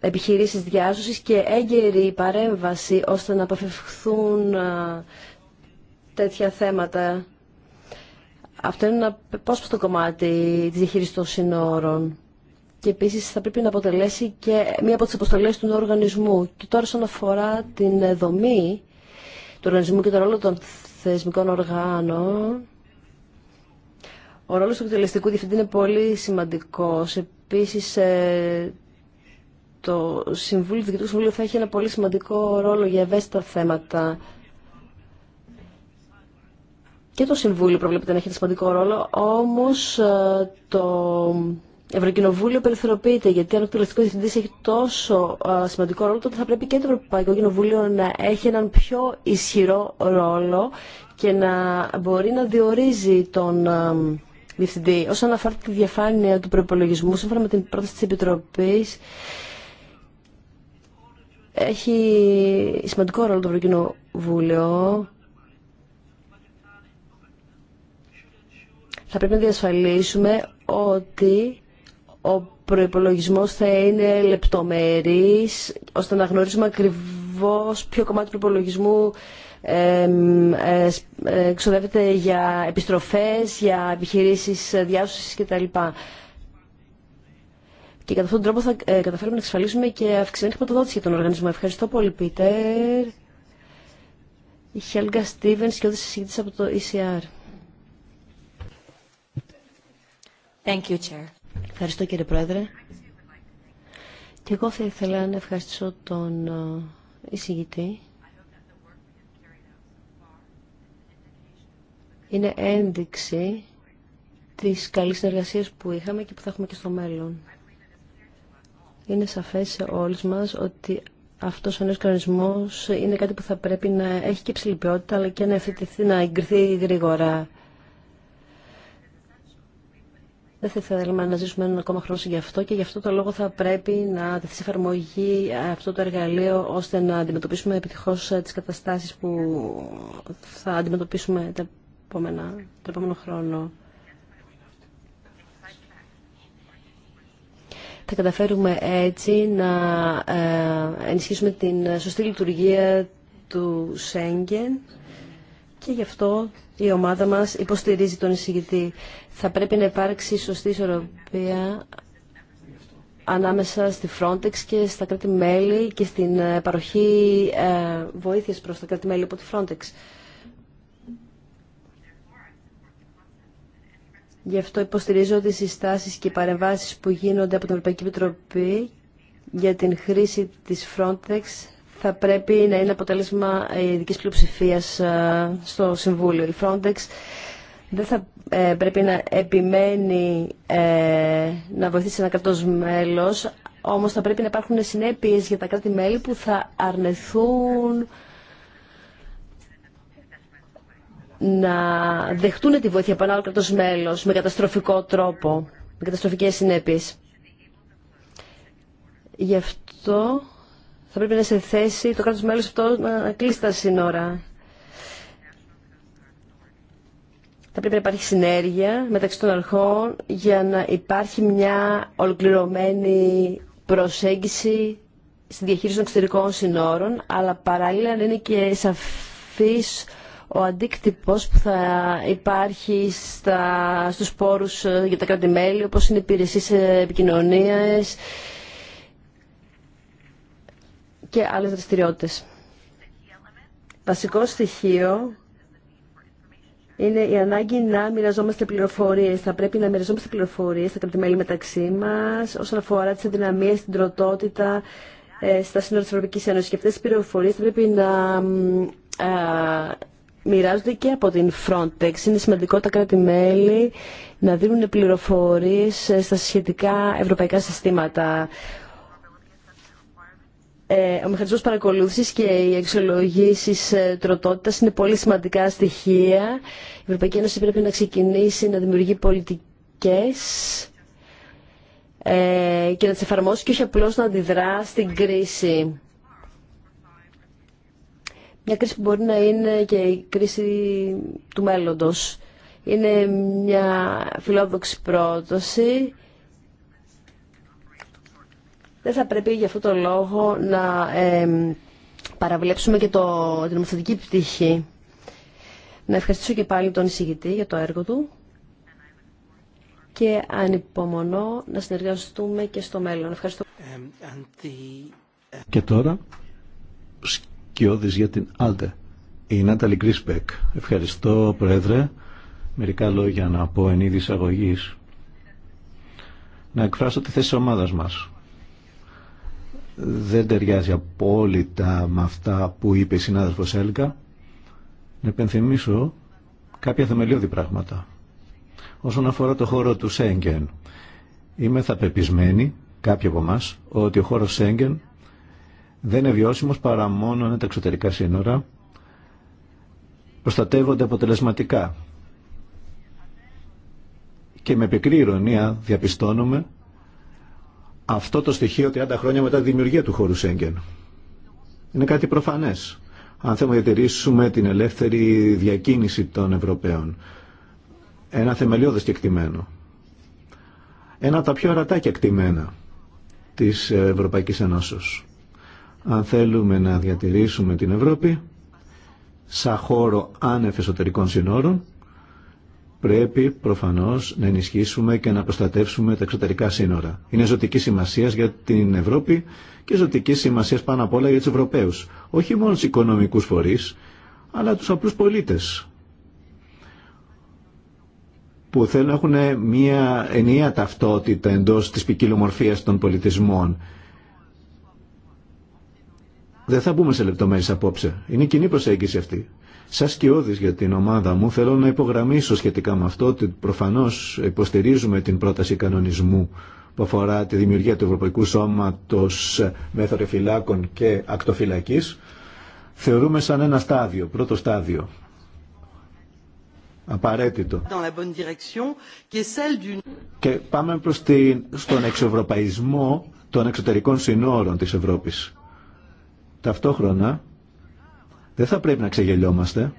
επιχειρήσεις διάσωσης και έγκαιρη παρέμβαση ώστε να αποφευχθούν ε, τέτοια θέματα. Αυτό είναι ένα πόσο στο κομμάτι της διαχείρισης των σύνορων και επίσης θα πρέπει να αποτελέσει και μία από τις αποστολές του οργανισμού. Και τώρα όσον αφορά την δομή του οργανισμού και τον ρόλο των θεσμικών οργάνων, ο ρόλος του εκτελεστικού διευθυντή είναι πολύ σημαντικός. Επίσης, ε, το Συμβούλιο του θα έχει ένα πολύ σημαντικό ρόλο για ευαίσθητα θέματα. Και το Συμβούλιο προβλέπεται να έχει ένα σημαντικό ρόλο, όμως ε, το Ευρωκοινοβούλιο περιθωριοποιείται, γιατί αν ο εκτελεστικό διευθυντή έχει τόσο σημαντικό ρόλο, τότε θα πρέπει και το Ευρωπαϊκό Κοινοβούλιο να έχει έναν πιο ισχυρό ρόλο και να μπορεί να διορίζει τον διευθυντή. Όσον αφορά τη διαφάνεια του προπολογισμού, σύμφωνα με την πρόταση τη Επιτροπή, έχει σημαντικό ρόλο το Ευρωκοινοβούλιο. Θα πρέπει να διασφαλίσουμε ότι ο προϋπολογισμός θα είναι λεπτομερής, ώστε να γνωρίζουμε ακριβώς ποιο κομμάτι του προϋπολογισμού εξοδεύεται για επιστροφές, για επιχειρήσεις διάσωσης κτλ. Και κατά αυτόν τον τρόπο θα ε, καταφέρουμε να εξασφαλίσουμε και αυξημένη χρηματοδότηση για τον οργανισμό. Ευχαριστώ πολύ, Πίτερ. Η Χέλγκα Στίβεν, και από το ECR. Thank you, Chair. Ευχαριστώ κύριε Πρόεδρε. Και εγώ θα ήθελα να ευχαριστήσω τον ε, εισηγητή. Είναι ένδειξη της καλής συνεργασία που είχαμε και που θα έχουμε και στο μέλλον. Είναι σαφές σε όλους μας ότι αυτός ο νέος κανονισμός είναι κάτι που θα πρέπει να έχει και ψηλή αλλά και να, ευθετηθεί, να εγκριθεί γρήγορα. Δεν θα ήθελα να ζήσουμε έναν ακόμα χρόνο γι' αυτό και γι' αυτό το λόγο θα πρέπει να τεθεί σε εφαρμογή ε, αυτό το εργαλείο ώστε να αντιμετωπίσουμε επιτυχώς ε, τις καταστάσεις που θα αντιμετωπίσουμε τα το επόμενο χρόνο. Θα καταφέρουμε έτσι να ε, ενισχύσουμε την σωστή λειτουργία του Σέγγεν και γι' αυτό η ομάδα μας υποστηρίζει τον εισηγητή. Θα πρέπει να υπάρξει σωστή ισορροπία ανάμεσα στη Frontex και στα κράτη-μέλη και στην ε, παροχή ε, βοήθειας προς τα κράτη-μέλη από τη Frontex. Γι' αυτό υποστηρίζω ότι οι συστάσεις και οι παρεμβάσεις που γίνονται από την Ευρωπαϊκή Επιτροπή για την χρήση της Frontex θα πρέπει να είναι αποτέλεσμα ειδική πλειοψηφία ε, στο Συμβούλιο. Η Frontex δεν θα ε, πρέπει να επιμένει ε, να βοηθήσει ένα κρατό μέλος, όμως θα πρέπει να υπάρχουν συνέπειε για τα κράτη-μέλη που θα αρνηθούν να δεχτούν τη βοήθεια από ένα άλλο μέλος με καταστροφικό τρόπο, με καταστροφικές συνέπειες. Γι' αυτό θα πρέπει να σε θέση το κράτος μέλος αυτό να κλείσει τα σύνορα. Θα πρέπει να υπάρχει συνέργεια μεταξύ των αρχών για να υπάρχει μια ολοκληρωμένη προσέγγιση στη διαχείριση των εξωτερικών συνόρων, αλλά παράλληλα να είναι και σαφής ο αντίκτυπος που θα υπάρχει στα, στους πόρους ε, για τα κράτη-μέλη, όπως είναι υπηρεσίες ε, επικοινωνίας, και άλλες δραστηριότητες. Βασικό στοιχείο είναι η ανάγκη να μοιραζόμαστε πληροφορίε. Θα πρέπει να μοιραζόμαστε πληροφορίε στα κρατημέλη μεταξύ μα όσον αφορά τι αδυναμίε, την τροτότητα ε, στα σύνορα τη Ευρωπαϊκή Ένωση. Και αυτέ τι πληροφορίε θα πρέπει να μοιράζονται και από την Frontex. Είναι σημαντικό τα κράτη-μέλη να δίνουν πληροφορίε ε, στα σχετικά ευρωπαϊκά συστήματα. Ε, ο μηχανισμός παρακολούθησης και οι αξιολογήσεις ε, τροτότητας είναι πολύ σημαντικά στοιχεία. Η Ευρωπαϊκή Ένωση πρέπει να ξεκινήσει να δημιουργεί πολιτικές ε, και να τις εφαρμόσει και όχι απλώς να αντιδρά στην κρίση. Μια κρίση που μπορεί να είναι και η κρίση του μέλλοντος. Είναι μια φιλόδοξη πρόταση δεν θα πρέπει για αυτόν τον λόγο να ε, παραβλέψουμε και το, την ομοθετική πτυχή. Να ευχαριστήσω και πάλι τον εισηγητή για το έργο του και ανυπομονώ να συνεργαστούμε και στο μέλλον. Ευχαριστώ. Ε, και τώρα, σκιώδης για την Άλτε, η Νάταλη Γκρίσπεκ. Ευχαριστώ, Πρόεδρε. Μερικά λόγια να πω εν είδη εισαγωγής. Να εκφράσω τη θέση ομάδας μας δεν ταιριάζει απόλυτα με αυτά που είπε η συνάδελφος Έλκα. Να επενθυμίσω κάποια θεμελιώδη πράγματα. Όσον αφορά το χώρο του Σέγγεν, είμαι θα πεπισμένη, κάποιοι από μας ότι ο χώρος Σέγγεν δεν είναι βιώσιμος παρά μόνο αν τα εξωτερικά σύνορα προστατεύονται αποτελεσματικά. Και με πικρή ηρωνία διαπιστώνουμε αυτό το στοιχείο 30 χρόνια μετά τη δημιουργία του χώρου Σέγγεν. Είναι κάτι προφανές. Αν θέλουμε να διατηρήσουμε την ελεύθερη διακίνηση των Ευρωπαίων. Ένα θεμελιώδες κεκτημένο. Ένα από τα πιο αρατά κεκτημένα της Ευρωπαϊκής Ενώσεως. Αν θέλουμε να διατηρήσουμε την Ευρώπη σαν χώρο άνευ εσωτερικών συνόρων, πρέπει προφανώς να ενισχύσουμε και να προστατεύσουμε τα εξωτερικά σύνορα. Είναι ζωτική σημασία για την Ευρώπη και ζωτική σημασία πάνω απ' όλα για τους Ευρωπαίους. Όχι μόνο του οικονομικούς φορείς, αλλά του απλούς πολίτες που θέλουν να έχουν μια ενιαία ταυτότητα εντός της ποικιλομορφία των πολιτισμών. Δεν θα μπούμε σε λεπτομέρειε απόψε. Είναι κοινή προσέγγιση αυτή. Σας σκιώδη για την ομάδα μου θέλω να υπογραμμίσω σχετικά με αυτό ότι προφανώς υποστηρίζουμε την πρόταση κανονισμού που αφορά τη δημιουργία του Ευρωπαϊκού Σώματος φυλάκων και ακτοφυλακή. θεωρούμε σαν ένα στάδιο, πρώτο στάδιο. Απαραίτητο. Και πάμε προς τον εξευρωπαϊσμό των εξωτερικών συνόρων της Ευρώπης. Ταυτόχρονα δεν θα πρέπει να ξεγελιόμαστε.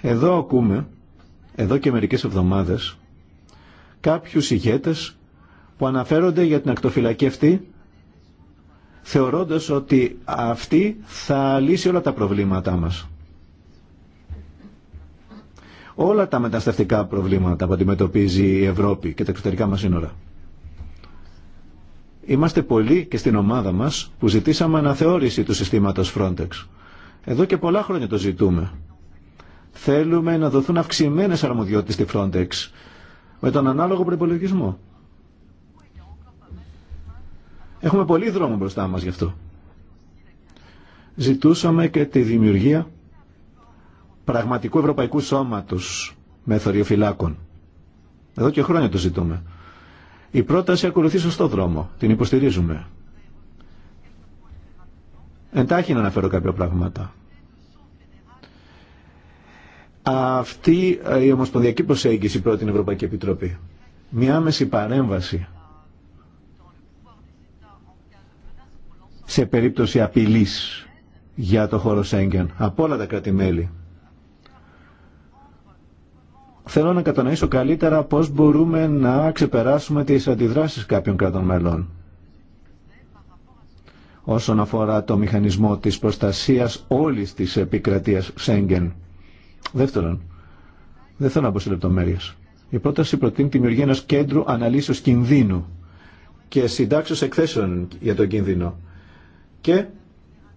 Εδώ ακούμε, εδώ και μερικές εβδομάδες, κάποιους ηγέτες που αναφέρονται για την ακτοφυλακή αυτή, θεωρώντας ότι αυτή θα λύσει όλα τα προβλήματά μας όλα τα μεταναστευτικά προβλήματα που αντιμετωπίζει η Ευρώπη και τα εξωτερικά μας σύνορα. Είμαστε πολλοί και στην ομάδα μας που ζητήσαμε αναθεώρηση του συστήματος Frontex. Εδώ και πολλά χρόνια το ζητούμε. Θέλουμε να δοθούν αυξημένε αρμοδιότητες στη Frontex με τον ανάλογο προπολογισμό. Έχουμε πολύ δρόμο μπροστά μας γι' αυτό. Ζητούσαμε και τη δημιουργία πραγματικού ευρωπαϊκού σώματος θωριοφυλάκων. Εδώ και χρόνια το ζητούμε. Η πρόταση ακολουθεί σωστό δρόμο. Την υποστηρίζουμε. Εντάχει να αναφέρω κάποια πράγματα. Αυτή ε, η ομοσπονδιακή προσέγγιση πρώτη την Ευρωπαϊκή Επιτροπή. Μια άμεση παρέμβαση σε περίπτωση απειλής για το χώρο Σέγγεν από όλα τα κράτη-μέλη θέλω να κατανοήσω καλύτερα πώς μπορούμε να ξεπεράσουμε τις αντιδράσεις κάποιων κρατών μελών όσον αφορά το μηχανισμό της προστασίας όλης της επικρατείας Σέγγεν. Δεύτερον, δεν θέλω να πω σε λεπτομέρειες. Η πρόταση προτείνει τη δημιουργία ενός κέντρου αναλύσεως κινδύνου και συντάξεως εκθέσεων για τον κίνδυνο και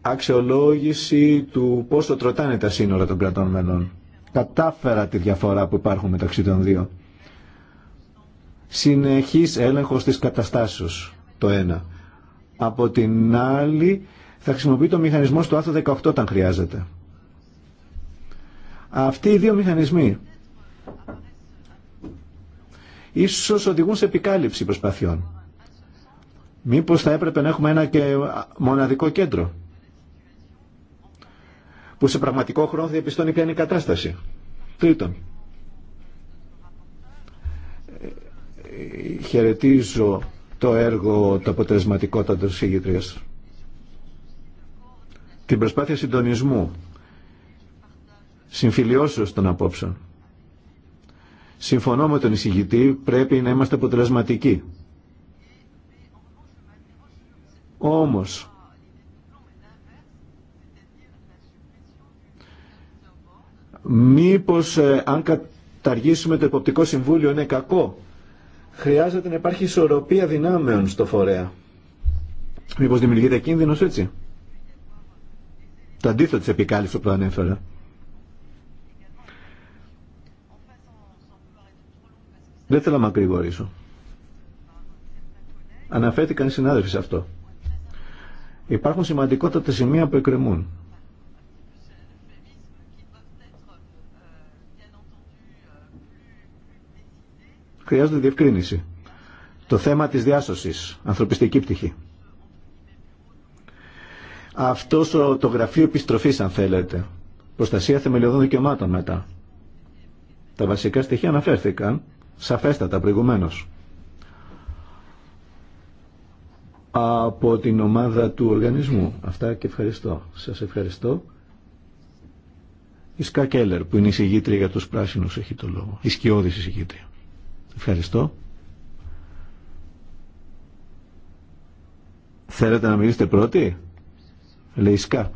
αξιολόγηση του πόσο τροτάνε τα σύνορα των κρατών μελών κατάφερα τη διαφορά που υπάρχουν μεταξύ των δύο. Συνεχής έλεγχος της καταστάσεως, το ένα. Από την άλλη, θα χρησιμοποιεί το μηχανισμό στο άθρο 18 όταν χρειάζεται. Αυτοί οι δύο μηχανισμοί ίσως οδηγούν σε επικάλυψη προσπαθειών. Μήπως θα έπρεπε να έχουμε ένα και μοναδικό κέντρο που σε πραγματικό χρόνο θα διαπιστώνει ποια είναι η κατάσταση. Τρίτον, ε, χαιρετίζω το έργο το αποτελεσματικότατο της Την προσπάθεια συντονισμού, συμφιλιώσεως των απόψεων. Συμφωνώ με τον εισηγητή, πρέπει να είμαστε αποτελεσματικοί. Όμως, Μήπως ε, αν καταργήσουμε το Εποπτικό Συμβούλιο είναι κακό. Χρειάζεται να υπάρχει ισορροπία δυνάμεων στο φορέα. Μήπως δημιουργείται κίνδυνος έτσι. Το αντίθετο της επικάλυψης που ανέφερα. Δεν θέλω να μακρηγορήσω. Αναφέρθηκαν οι συνάδελφοι σε αυτό. Υπάρχουν σημαντικότατα σημεία που εκκρεμούν. χρειάζονται διευκρίνηση. Το θέμα της διάσωσης, ανθρωπιστική πτυχή. Αυτό το γραφείο επιστροφή, αν θέλετε, προστασία θεμελιωδών δικαιωμάτων μετά. Τα βασικά στοιχεία αναφέρθηκαν σαφέστατα προηγουμένω. από την ομάδα του οργανισμού. Αυτά και ευχαριστώ. Σας ευχαριστώ. Η Σκά Κέλλερ που είναι η συγγήτρια για τους πράσινους έχει το λόγο. Η σκιώδη συγγήτρια. Ευχαριστώ. Θέλετε να μιλήσετε πρώτοι? Λέει Σκά.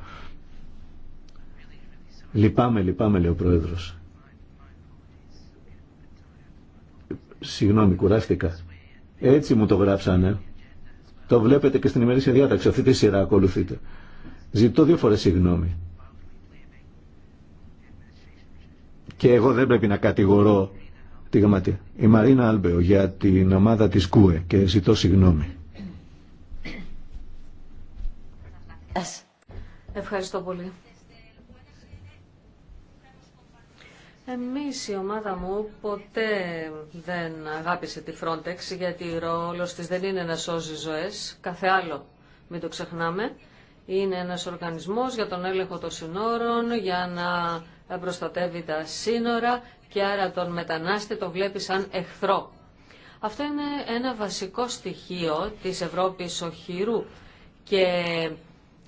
Λυπάμαι, λυπάμαι, λέει ο Πρόεδρος. Συγγνώμη, κουράστηκα. Έτσι μου το γράψανε. Το βλέπετε και στην ημερήσια διάταξη. Αυτή τη σειρά ακολουθείτε. Ζητώ δύο φορές συγγνώμη. Και εγώ δεν πρέπει να κατηγορώ τη Η Μαρίνα Άλμπεο για την ομάδα της ΚΟΕ και ζητώ συγγνώμη. Ευχαριστώ πολύ. Εμείς η ομάδα μου ποτέ δεν αγάπησε τη Frontex γιατί ο ρόλος της δεν είναι να σώζει ζωές, κάθε άλλο μην το ξεχνάμε. Είναι ένας οργανισμός για τον έλεγχο των συνόρων, για να προστατεύει τα σύνορα, και άρα τον μετανάστη τον βλέπει σαν εχθρό. Αυτό είναι ένα βασικό στοιχείο της Ευρώπης οχυρού και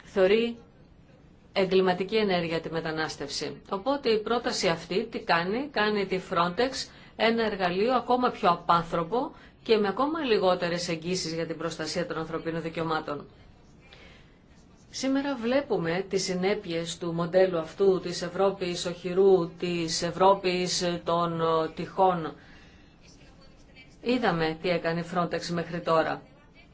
θεωρεί εγκληματική ενέργεια τη μετανάστευση. Οπότε η πρόταση αυτή τι κάνει, κάνει τη Frontex ένα εργαλείο ακόμα πιο απάνθρωπο και με ακόμα λιγότερες εγγύσεις για την προστασία των ανθρωπίνων δικαιωμάτων. Σήμερα βλέπουμε τις συνέπειες του μοντέλου αυτού της Ευρώπης οχυρού, της Ευρώπης των ε, τυχών. Είδαμε τι έκανε η Frontex μέχρι τώρα.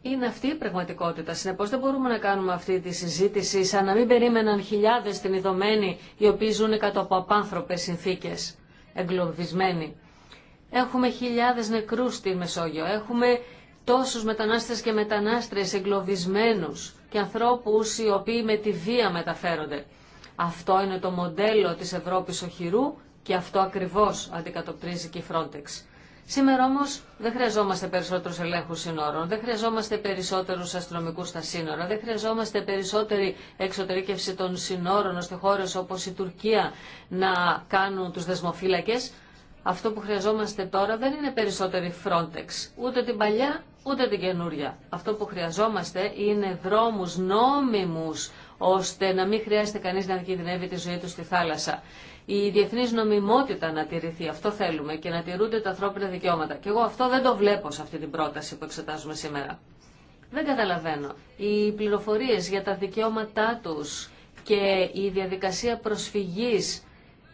Είναι αυτή η πραγματικότητα. Συνεπώς δεν μπορούμε να κάνουμε αυτή τη συζήτηση σαν να μην περίμεναν χιλιάδες την ειδωμένη οι οποίοι ζουν κάτω από απάνθρωπες συνθήκες, εγκλωβισμένοι. Έχουμε χιλιάδες νεκρούς στη Μεσόγειο. Έχουμε τόσους μετανάστες και μετανάστρες εγκλωβισμένους και ανθρώπους οι οποίοι με τη βία μεταφέρονται. Αυτό είναι το μοντέλο της Ευρώπης οχυρού και αυτό ακριβώς αντικατοπτρίζει και η Frontex. Σήμερα όμω δεν χρειαζόμαστε περισσότερου ελέγχου σύνορων, δεν χρειαζόμαστε περισσότερου αστυνομικού στα σύνορα, δεν χρειαζόμαστε περισσότερη εξωτερήκευση των σύνορων ώστε χώρε όπω η Τουρκία να κάνουν του δεσμοφύλακε. Αυτό που χρειαζόμαστε τώρα δεν είναι περισσότερη Frontex, ούτε την παλιά ούτε την καινούρια. Αυτό που χρειαζόμαστε είναι δρόμους νόμιμους, ώστε να μην χρειάζεται κανείς να κινδυνεύει τη ζωή του στη θάλασσα. Η διεθνής νομιμότητα να τηρηθεί, αυτό θέλουμε, και να τηρούνται τα ανθρώπινα δικαιώματα. Και εγώ αυτό δεν το βλέπω σε αυτή την πρόταση που εξετάζουμε σήμερα. Δεν καταλαβαίνω. Οι πληροφορίες για τα δικαιώματά τους και η διαδικασία προσφυγής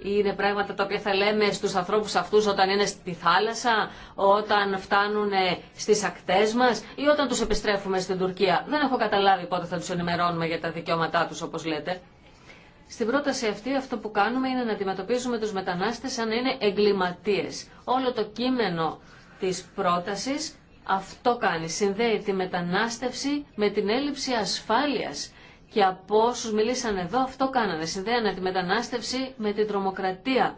είναι πράγματα τα οποία θα λέμε στους ανθρώπους αυτούς όταν είναι στη θάλασσα, όταν φτάνουν ε, στις ακτές μας ή όταν τους επιστρέφουμε στην Τουρκία. Δεν έχω καταλάβει πότε θα τους ενημερώνουμε για τα δικαιώματά τους όπως λέτε. Στην πρόταση αυτή αυτό που κάνουμε είναι να αντιμετωπίζουμε τους μετανάστες σαν να είναι εγκληματίες. Όλο το κείμενο της πρότασης αυτό κάνει. Συνδέει τη μετανάστευση με την έλλειψη ασφάλειας και από όσου μιλήσαν εδώ αυτό κάνανε. Συνδέανε τη μετανάστευση με την τρομοκρατία.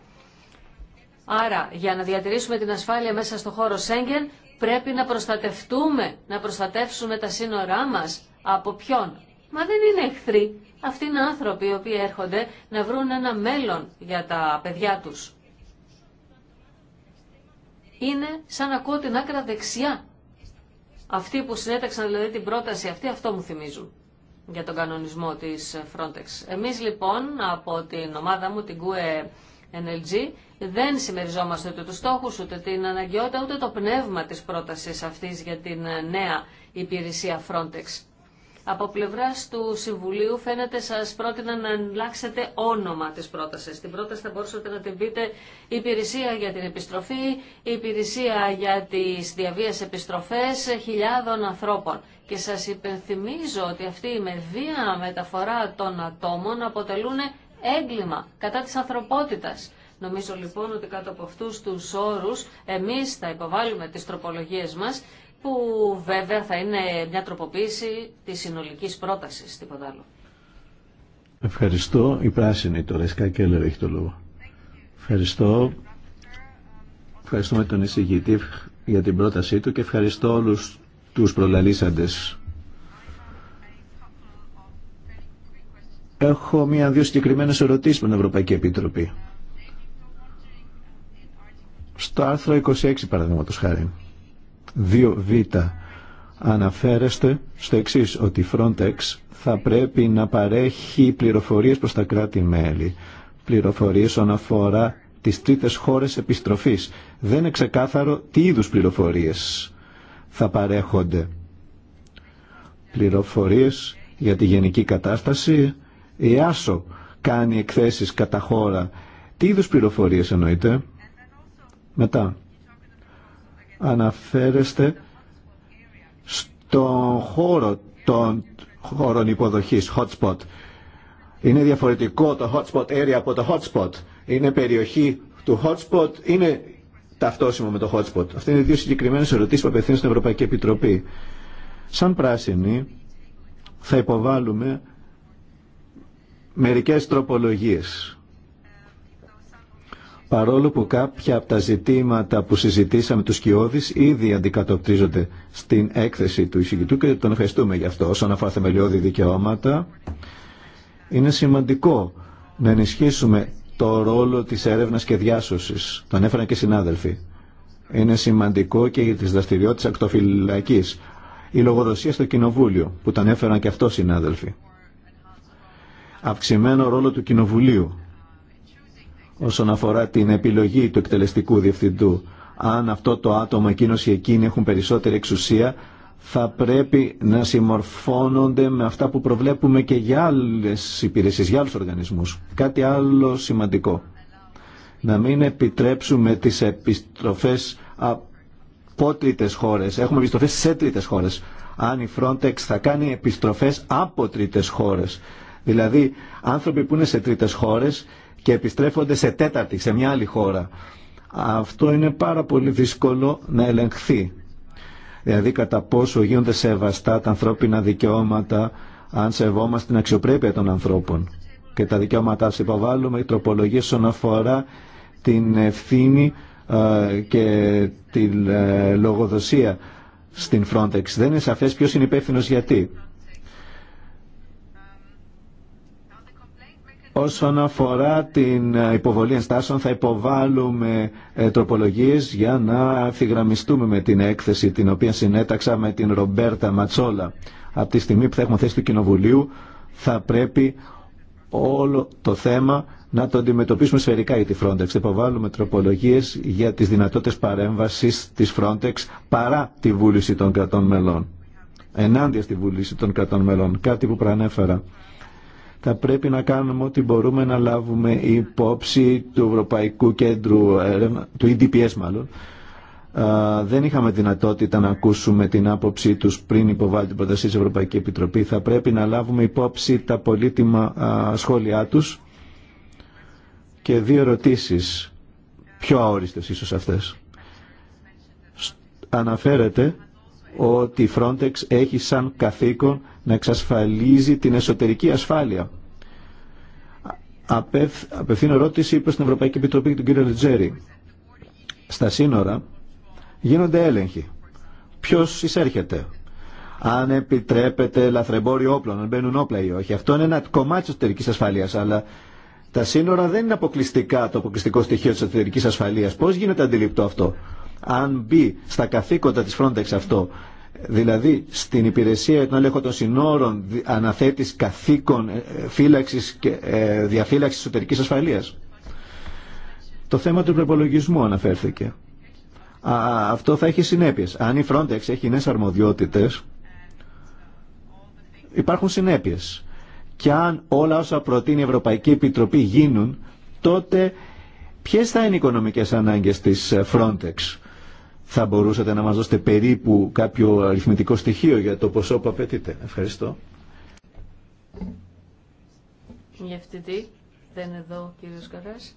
Άρα για να διατηρήσουμε την ασφάλεια μέσα στο χώρο Σέγγεν πρέπει να προστατευτούμε, να προστατεύσουμε τα σύνορά μας. Από ποιον. Μα δεν είναι εχθροί. Αυτοί είναι άνθρωποι οι οποίοι έρχονται να βρουν ένα μέλλον για τα παιδιά τους. Είναι σαν να ακούω την άκρα δεξιά. Αυτοί που συνέταξαν δηλαδή την πρόταση αυτή, αυτό μου θυμίζουν για τον κανονισμό της Frontex. Εμείς λοιπόν από την ομάδα μου, την QE NLG, δεν συμμεριζόμαστε ούτε τους στόχους, ούτε την αναγκαιότητα, ούτε το πνεύμα της πρότασης αυτής για την νέα υπηρεσία Frontex. Από πλευρά του Συμβουλίου φαίνεται σα πρότεινα να αλλάξετε όνομα της πρότασης. Την πρόταση θα μπορούσατε να την πείτε υπηρεσία για την επιστροφή, υπηρεσία για τις διαβίες επιστροφέ, χιλιάδων ανθρώπων. Και σα υπενθυμίζω ότι αυτή η με μεταφορά των ατόμων αποτελούν έγκλημα κατά της ανθρωπότητα. Νομίζω λοιπόν ότι κάτω από αυτούς τους όρους εμείς θα υποβάλουμε τις τροπολογίες μας που βέβαια θα είναι μια τροποποίηση της συνολικής πρότασης, τίποτα άλλο. Ευχαριστώ. Η πράσινη τώρα, Σκά έχει το λόγο. Ευχαριστώ. Ευχαριστούμε τον εισηγητή για την πρότασή του και ευχαριστώ όλους τους προλαλήσαντες. Έχω μία-δύο συγκεκριμένες ερωτήσεις με την Ευρωπαϊκή Επιτροπή. Στο άρθρο 26 παραδείγματος χάρη 2β αναφέρεστε στο εξή ότι η Frontex θα πρέπει να παρέχει πληροφορίες προς τα κράτη-μέλη πληροφορίες όσον αφορά τις τρίτες χώρες επιστροφής δεν είναι ξεκάθαρο τι είδους πληροφορίες θα παρέχονται πληροφορίες για τη γενική κατάσταση η ΆΣΟ κάνει εκθέσεις κατά χώρα τι είδους πληροφορίες εννοείται μετά αναφέρεστε στον χώρο των χώρων υποδοχής, hotspot. Είναι διαφορετικό το hotspot area από το hotspot. Είναι περιοχή του hotspot, είναι ταυτόσιμο με το hotspot. αυτή είναι δύο συγκεκριμένε ερωτήσει που απευθύνουν στην Ευρωπαϊκή Επιτροπή. Σαν πράσινοι θα υποβάλουμε μερικές τροπολογίες παρόλο που κάποια από τα ζητήματα που συζητήσαμε του Σκιώδης ήδη αντικατοπτρίζονται στην έκθεση του εισηγητού και τον ευχαριστούμε γι' αυτό. Όσον αφορά θεμελιώδη δικαιώματα, είναι σημαντικό να ενισχύσουμε το ρόλο της έρευνας και διάσωσης. Τον ανέφεραν και συνάδελφοι. Είναι σημαντικό και για τις δραστηριότητες ακτοφυλακής. Η λογοδοσία στο Κοινοβούλιο, που τον έφεραν και αυτό συνάδελφοι. Αυξημένο ρόλο του Κοινοβουλίου όσον αφορά την επιλογή του εκτελεστικού διευθυντού. Αν αυτό το άτομο, εκείνο ή εκείνη έχουν περισσότερη εξουσία, θα πρέπει να συμμορφώνονται με αυτά που προβλέπουμε και για άλλες υπηρεσίες, για άλλους οργανισμούς. Κάτι άλλο σημαντικό. Να μην επιτρέψουμε τις επιστροφές από τρίτες χώρες. Έχουμε επιστροφές σε τρίτε χώρε. Αν η Frontex θα κάνει επιστροφέ από τρίτε χώρε. Δηλαδή άνθρωποι που είναι σε τρίτες χώρες και επιστρέφονται σε τέταρτη, σε μια άλλη χώρα. Αυτό είναι πάρα πολύ δύσκολο να ελεγχθεί. Δηλαδή κατά πόσο γίνονται σεβαστά τα ανθρώπινα δικαιώματα αν σεβόμαστε την αξιοπρέπεια των ανθρώπων. Και τα δικαιώματά του υποβάλλουμε, η τροπολογία όσον αφορά την ευθύνη και τη ε, λογοδοσία στην Frontex. Δεν είναι σαφές ποιος είναι υπεύθυνο γιατί. Όσον αφορά την ε, υποβολή ενστάσεων θα υποβάλουμε ε, τροπολογίες για να αφιγραμμιστούμε με την έκθεση την οποία συνέταξα με την Ρομπέρτα Ματσόλα. Από τη στιγμή που θα έχουμε θέση του Κοινοβουλίου θα πρέπει όλο το θέμα να το αντιμετωπίσουμε σφαιρικά για τη Frontex. Θα υποβάλουμε τροπολογίες για τις δυνατότητες παρέμβασης της Frontex παρά τη βούληση των κρατών μελών. Ενάντια στη βούληση των κρατών μελών. Κάτι που προανέφερα θα πρέπει να κάνουμε ό,τι μπορούμε να λάβουμε υπόψη του Ευρωπαϊκού Κέντρου, του EDPS μάλλον. δεν είχαμε δυνατότητα να ακούσουμε την άποψή τους πριν υποβάλει την Προτασία της Ευρωπαϊκή Επιτροπή. Θα πρέπει να λάβουμε υπόψη τα πολύτιμα σχόλιά τους και δύο ερωτήσεις, πιο αόριστες ίσως αυτές. Αναφέρεται ότι η Frontex έχει σαν καθήκον να εξασφαλίζει την εσωτερική ασφάλεια. απευθύνω ερώτηση προς την Ευρωπαϊκή Επιτροπή και τον κύριο Λετζέρη. Στα σύνορα γίνονται έλεγχοι. Ποιος εισέρχεται. Αν επιτρέπεται λαθρεμπόριο όπλων, αν μπαίνουν όπλα ή όχι. Αυτό είναι ένα κομμάτι της εσωτερικής ασφαλείας, αλλά τα σύνορα δεν είναι αποκλειστικά το αποκλειστικό στοιχείο της εσωτερικής ασφαλείας. Πώς γίνεται αντιληπτό αυτό αν μπει στα καθήκοντα της Frontex αυτό, δηλαδή στην υπηρεσία των έλεγχων των συνόρων αναθέτης καθήκων ε, φύλαξης και ε, διαφύλαξης εσωτερικής ασφαλείας. Το θέμα του προπολογισμού αναφέρθηκε. αυτό θα έχει συνέπειες. Αν η Frontex έχει νέες αρμοδιότητες, υπάρχουν συνέπειες. Και αν όλα όσα προτείνει η Ευρωπαϊκή Επιτροπή γίνουν, τότε ποιες θα είναι οι οικονομικές ανάγκες της ε, Frontex θα μπορούσατε να μας δώσετε περίπου κάποιο αριθμητικό στοιχείο για το ποσό που απαιτείτε. Ευχαριστώ. Η ευθυντή δεν είναι εδώ ο κύριος Καράς.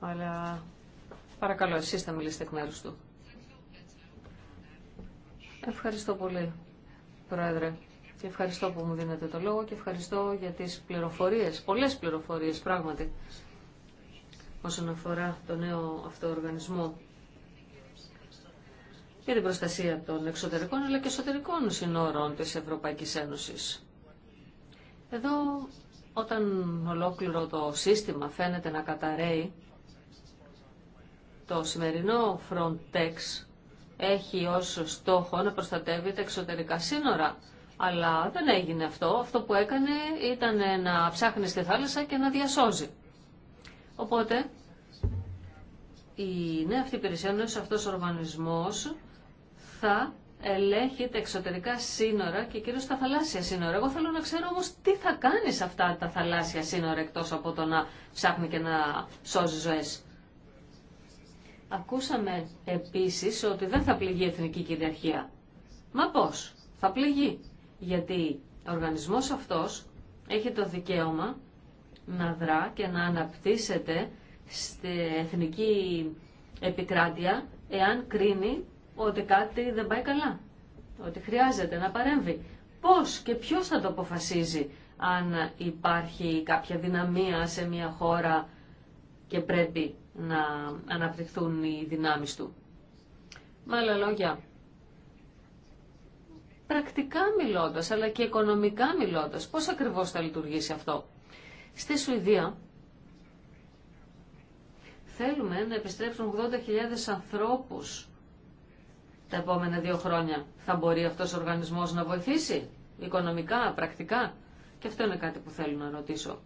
Αλλά παρακαλώ εσείς θα μιλήσετε εκ μέρους του. Ευχαριστώ πολύ, Πρόεδρε. Και ευχαριστώ που μου δίνετε το λόγο και ευχαριστώ για τις πληροφορίες, πολλές πληροφορίες πράγματι όσον αφορά το νέο αυτό οργανισμό για την προστασία των εξωτερικών αλλά και εσωτερικών συνόρων της Ευρωπαϊκής Ένωσης. Εδώ όταν ολόκληρο το σύστημα φαίνεται να καταραίει, το σημερινό Frontex έχει ως στόχο να προστατεύει τα εξωτερικά σύνορα. Αλλά δεν έγινε αυτό. Αυτό που έκανε ήταν να ψάχνει στη θάλασσα και να διασώζει. Οπότε, η νέα αυτή υπηρεσία, αυτός ο οργανισμός θα ελέγχει τα εξωτερικά σύνορα και κυρίως τα θαλάσσια σύνορα. Εγώ θέλω να ξέρω όμως τι θα κάνει αυτά τα θαλάσσια σύνορα εκτός από το να ψάχνει και να σώζει ζωές. Ακούσαμε επίσης ότι δεν θα πληγεί η εθνική κυριαρχία. Μα πώς, θα πληγεί. Γιατί ο οργανισμός αυτός έχει το δικαίωμα να δρά και να αναπτύσσεται στη εθνική επικράτεια εάν κρίνει ότι κάτι δεν πάει καλά, ότι χρειάζεται να παρέμβει. Πώς και ποιος θα το αποφασίζει αν υπάρχει κάποια δυναμία σε μια χώρα και πρέπει να αναπτυχθούν οι δυνάμεις του. Με άλλα λόγια, πρακτικά μιλώντας αλλά και οικονομικά μιλώντας, πώς ακριβώς θα λειτουργήσει αυτό. Στη Σουηδία θέλουμε να επιστρέψουν 80.000 ανθρώπους τα επόμενα δύο χρόνια. Θα μπορεί αυτός ο οργανισμός να βοηθήσει οικονομικά, πρακτικά. Και αυτό είναι κάτι που θέλω να ρωτήσω.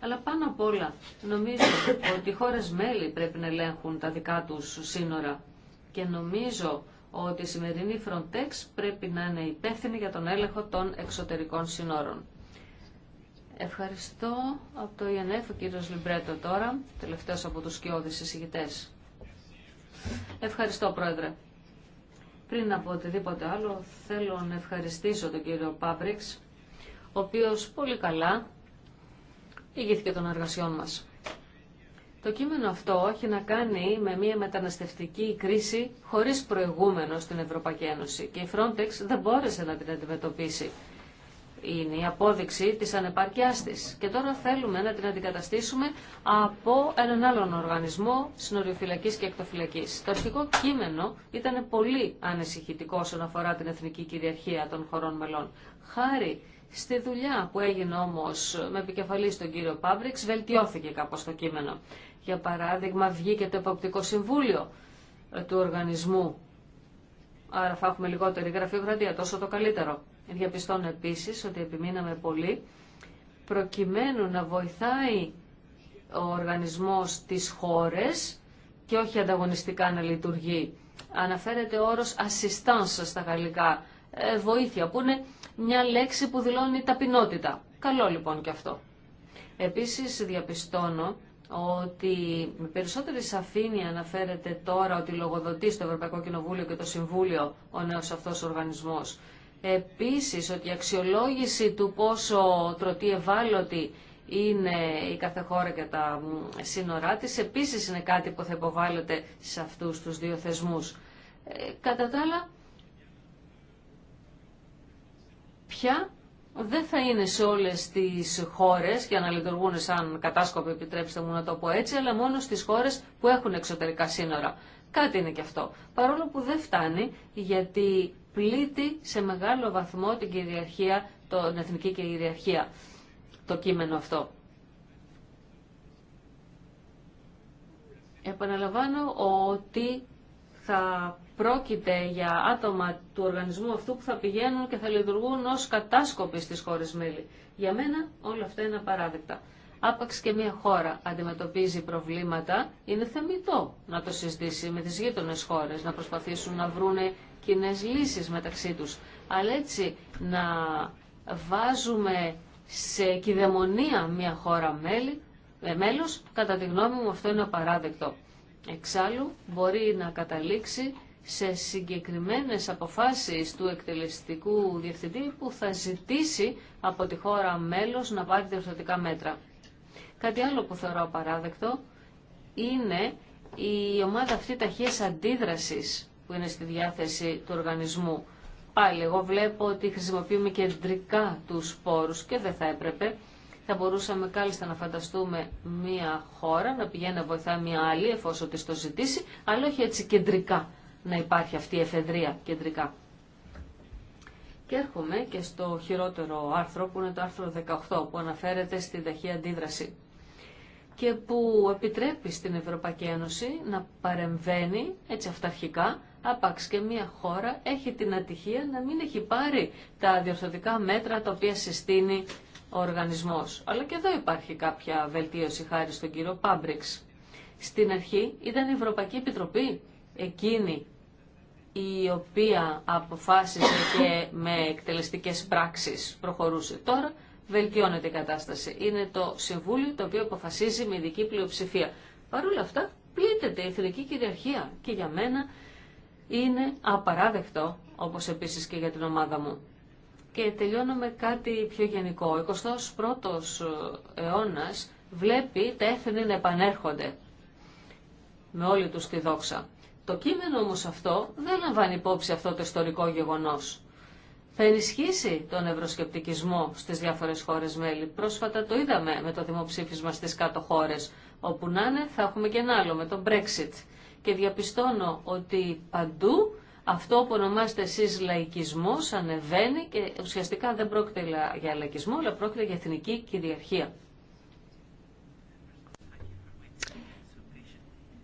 Αλλά πάνω απ' όλα νομίζω [COUGHS] ότι οι χώρες μέλη πρέπει να ελέγχουν τα δικά τους σύνορα και νομίζω ότι η σημερινή Frontex πρέπει να είναι υπεύθυνη για τον έλεγχο των εξωτερικών σύνορων. Ευχαριστώ από το ΙΕΝΕΦ, ο κύριος Λιμπρέτο τώρα, τελευταίος από τους σκιώδεις εισηγητές. Ευχαριστώ, Πρόεδρε. Πριν από οτιδήποτε άλλο, θέλω να ευχαριστήσω τον κύριο Πάπριξ, ο οποίος πολύ καλά ηγήθηκε των εργασιών μας. Το κείμενο αυτό έχει να κάνει με μια μεταναστευτική κρίση χωρίς προηγούμενο στην Ευρωπαϊκή Ένωση και η Frontex δεν μπόρεσε να την αντιμετωπίσει είναι η απόδειξη της ανεπάρκειάς της. Και τώρα θέλουμε να την αντικαταστήσουμε από έναν άλλον οργανισμό συνοριοφυλακής και εκτοφυλακής. Το αρχικό κείμενο ήταν πολύ ανησυχητικό όσον αφορά την εθνική κυριαρχία των χωρών μελών. Χάρη στη δουλειά που έγινε όμως με επικεφαλή στον κύριο Πάμπριξ βελτιώθηκε κάπως το κείμενο. Για παράδειγμα βγήκε το Εποπτικό Συμβούλιο ε, του οργανισμού. Άρα θα έχουμε λιγότερη γραφειοκρατία, τόσο το καλύτερο. Διαπιστώνω επίσης ότι επιμείναμε πολύ προκειμένου να βοηθάει ο οργανισμός της χώρες και όχι ανταγωνιστικά να λειτουργεί. Αναφέρεται όρος assistance στα γαλλικά, ε, βοήθεια, που είναι μια λέξη που δηλώνει ταπεινότητα. Καλό λοιπόν και αυτό. Επίσης διαπιστώνω ότι με περισσότερη σαφήνεια αναφέρεται τώρα ότι λογοδοτεί στο Ευρωπαϊκό Κοινοβούλιο και το Συμβούλιο ο νέος αυτός οργανισμός. Επίσης ότι η αξιολόγηση του πόσο τροτή ευάλωτη είναι η κάθε χώρα και τα σύνορά της, επίσης είναι κάτι που θα υποβάλλεται σε αυτούς τους δύο θεσμούς. Ε, κατά τα άλλα, πια δεν θα είναι σε όλες τις χώρες για να λειτουργούν σαν κατάσκοποι, επιτρέψτε μου να το πω έτσι, αλλά μόνο στις χώρες που έχουν εξωτερικά σύνορα. Κάτι είναι και αυτό. Παρόλο που δεν φτάνει, γιατί πλήττει σε μεγάλο βαθμό την κυριαρχία, την εθνική κυριαρχία, το κείμενο αυτό. Επαναλαμβάνω ότι θα πρόκειται για άτομα του οργανισμού αυτού που θα πηγαίνουν και θα λειτουργούν ως κατάσκοποι στις χώρες μέλη. Για μένα όλα αυτά είναι απαράδεκτα. Άπαξ και μια χώρα αντιμετωπίζει προβλήματα, είναι θεμητό να το συζητήσει με τις γείτονες χώρες, να προσπαθήσουν να βρούνε κοινέ λύσεις μεταξύ τους. Αλλά έτσι να βάζουμε σε κυδαιμονία μια χώρα μέλη, ε, μέλος, κατά τη γνώμη μου αυτό είναι απαράδεκτο. Εξάλλου μπορεί να καταλήξει σε συγκεκριμένες αποφάσεις του εκτελεστικού διευθυντή που θα ζητήσει από τη χώρα μέλος να πάρει διορθωτικά μέτρα. Κάτι άλλο που θεωρώ απαράδεκτο είναι η ομάδα αυτή ταχείας αντίδρασης που είναι στη διάθεση του οργανισμού. Πάλι εγώ βλέπω ότι χρησιμοποιούμε κεντρικά τους σπόρους και δεν θα έπρεπε. Θα μπορούσαμε κάλλιστα να φανταστούμε μία χώρα να πηγαίνει να βοηθά μία άλλη εφόσον τη το ζητήσει, αλλά όχι έτσι κεντρικά να υπάρχει αυτή η εφεδρεία κεντρικά. Και έρχομαι και στο χειρότερο άρθρο που είναι το άρθρο 18 που αναφέρεται στη ταχεία αντίδραση και που επιτρέπει στην Ευρωπαϊκή Ένωση να παρεμβαίνει έτσι αυταρχικά άπαξ και μια χώρα έχει την ατυχία να μην έχει πάρει τα διορθωτικά μέτρα τα οποία συστήνει ο οργανισμός. Αλλά και εδώ υπάρχει κάποια βελτίωση χάρη στον κύριο Πάμπριξ. Στην αρχή ήταν η Ευρωπαϊκή Επιτροπή εκείνη η οποία αποφάσισε και με εκτελεστικές πράξεις προχωρούσε. Τώρα βελτιώνεται η κατάσταση. Είναι το Συμβούλιο το οποίο αποφασίζει με ειδική πλειοψηφία. Παρ' όλα αυτά πλήττεται η εθνική κυριαρχία και για μένα είναι απαράδεκτο, όπως επίσης και για την ομάδα μου. Και τελειώνω με κάτι πιο γενικό. Ο 21ος ε, αιώνας βλέπει τα έθνη να επανέρχονται με όλη τους τη δόξα. Το κείμενο όμως αυτό δεν λαμβάνει υπόψη αυτό το ιστορικό γεγονός θα ενισχύσει τον ευρωσκεπτικισμό στις διάφορες χώρες μέλη. Πρόσφατα το είδαμε με το δημοψήφισμα στις κάτω χώρες. Όπου να είναι θα έχουμε και ένα άλλο με το Brexit. Και διαπιστώνω ότι παντού αυτό που ονομάζετε εσείς λαϊκισμός ανεβαίνει και ουσιαστικά δεν πρόκειται για λαϊκισμό, αλλά πρόκειται για εθνική κυριαρχία.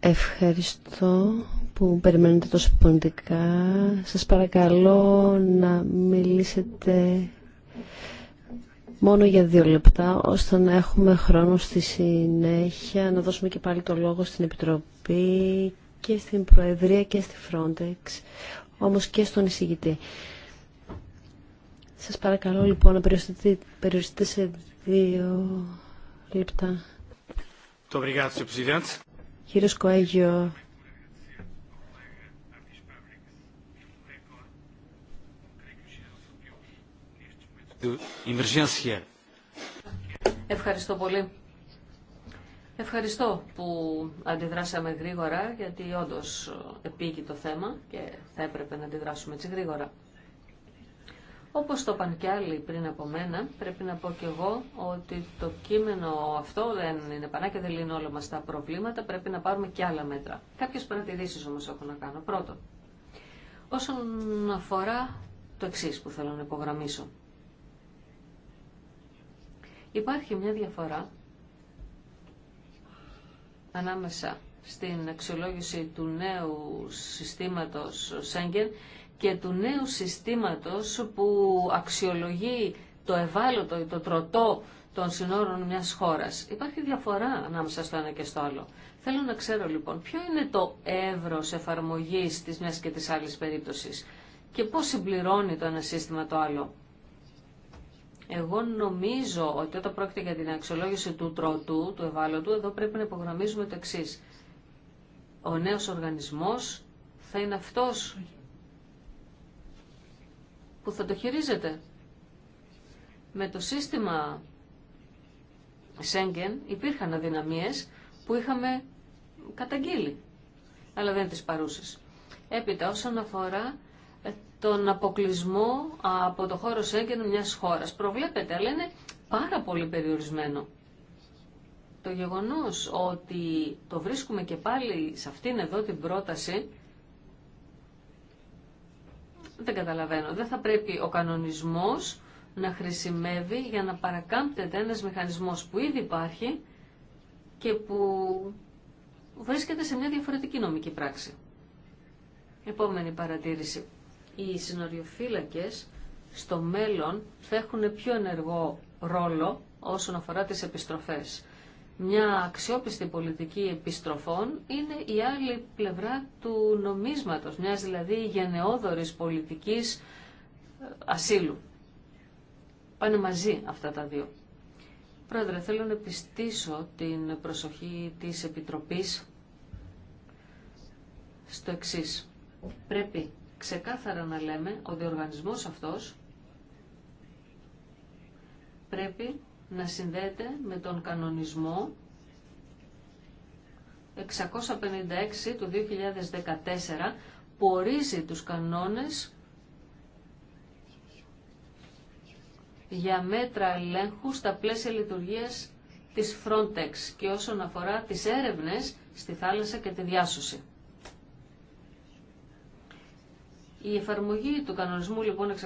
Ευχαριστώ που περιμένετε τόσο πονητικά. Σας παρακαλώ να μιλήσετε μόνο για δύο λεπτά, ώστε να έχουμε χρόνο στη συνέχεια να δώσουμε και πάλι το λόγο στην Επιτροπή και στην Προεδρία και στη Frontex, όμως και στον εισηγητή. Σας παρακαλώ λοιπόν να περιοριστείτε, σε δύο λεπτά. Κύριε Κοέγιο, Ευχαριστώ πολύ. Ευχαριστώ που αντιδράσαμε γρήγορα, γιατί όντω επήγει το θέμα και θα έπρεπε να αντιδράσουμε έτσι γρήγορα. Όπως το είπαν και άλλοι πριν από μένα, πρέπει να πω και εγώ ότι το κείμενο αυτό δεν είναι πανά και δεν λύνει όλα μας τα προβλήματα, πρέπει να πάρουμε και άλλα μέτρα. Κάποιες παρατηρήσεις όμως έχω να κάνω. Πρώτον, όσον αφορά το εξή που θέλω να υπογραμμίσω. Υπάρχει μια διαφορά ανάμεσα στην αξιολόγηση του νέου συστήματος Σέγγεν και του νέου συστήματος που αξιολογεί το ευάλωτο ή το τροτό των συνόρων μιας χώρας. Υπάρχει διαφορά ανάμεσα στο ένα και στο άλλο. Θέλω να ξέρω λοιπόν ποιο είναι το εύρος εφαρμογής της μιας και της άλλης περίπτωσης και πώς συμπληρώνει το ένα σύστημα το άλλο. Εγώ νομίζω ότι όταν πρόκειται για την αξιολόγηση του τρότου, του ευάλωτου, εδώ πρέπει να υπογραμμίζουμε το εξή. Ο νέος οργανισμός θα είναι αυτός που θα το χειρίζεται. Με το σύστημα Σέγγεν υπήρχαν αδυναμίες που είχαμε καταγγείλει, αλλά δεν τις παρούσε. Έπειτα όσον αφορά τον αποκλεισμό από το χώρο Σέγγεν μιας χώρας. Προβλέπεται, αλλά είναι πάρα πολύ περιορισμένο. Το γεγονός ότι το βρίσκουμε και πάλι σε αυτήν εδώ την πρόταση, δεν καταλαβαίνω. Δεν θα πρέπει ο κανονισμός να χρησιμεύει για να παρακάμπτεται ένας μηχανισμός που ήδη υπάρχει και που βρίσκεται σε μια διαφορετική νομική πράξη. Επόμενη παρατήρηση οι συνοριοφύλακες στο μέλλον θα έχουν πιο ενεργό ρόλο όσον αφορά τις επιστροφές. Μια αξιόπιστη πολιτική επιστροφών είναι η άλλη πλευρά του νομίσματος, μια δηλαδή γενναιόδορης πολιτικής ε, ασύλου. Πάνε μαζί αυτά τα δύο. Πρόεδρε, θέλω να επιστήσω την προσοχή της Επιτροπής στο εξής. Πρέπει ξεκάθαρα να λέμε ο διοργανισμός αυτός πρέπει να συνδέεται με τον κανονισμό 656 του 2014 που ορίζει τους κανόνες για μέτρα ελέγχου στα πλαίσια λειτουργίας της Frontex και όσον αφορά τις έρευνες στη θάλασσα και τη διάσωση. Η εφαρμογή του κανονισμού λοιπόν 656-2014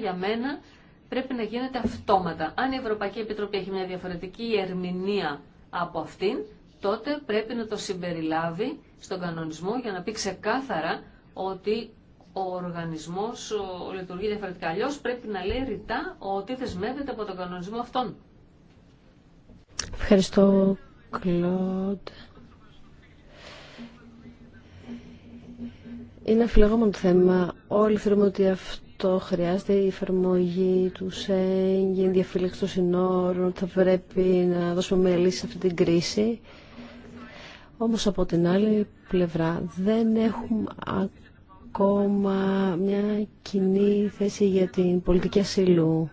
για μένα πρέπει να γίνεται αυτόματα. Αν η Ευρωπαϊκή Επιτροπή έχει μια διαφορετική ερμηνεία από αυτήν, τότε πρέπει να το συμπεριλάβει στον κανονισμό για να πει ξεκάθαρα ότι ο οργανισμός λειτουργεί διαφορετικά. Αλλιώ πρέπει να λέει ρητά ότι δεσμεύεται από τον κανονισμό αυτόν. Ευχαριστώ, Κλοντ. Είναι αφιλεγόμενο το θέμα. Όλοι θεωρούμε ότι αυτό χρειάζεται η εφαρμογή του ΣΕΝ η διαφύλαξη των συνόρων, ότι θα πρέπει να δώσουμε μια λύση σε αυτή την κρίση. Όμως από την άλλη πλευρά δεν έχουμε ακόμα μια κοινή θέση για την πολιτική ασύλου.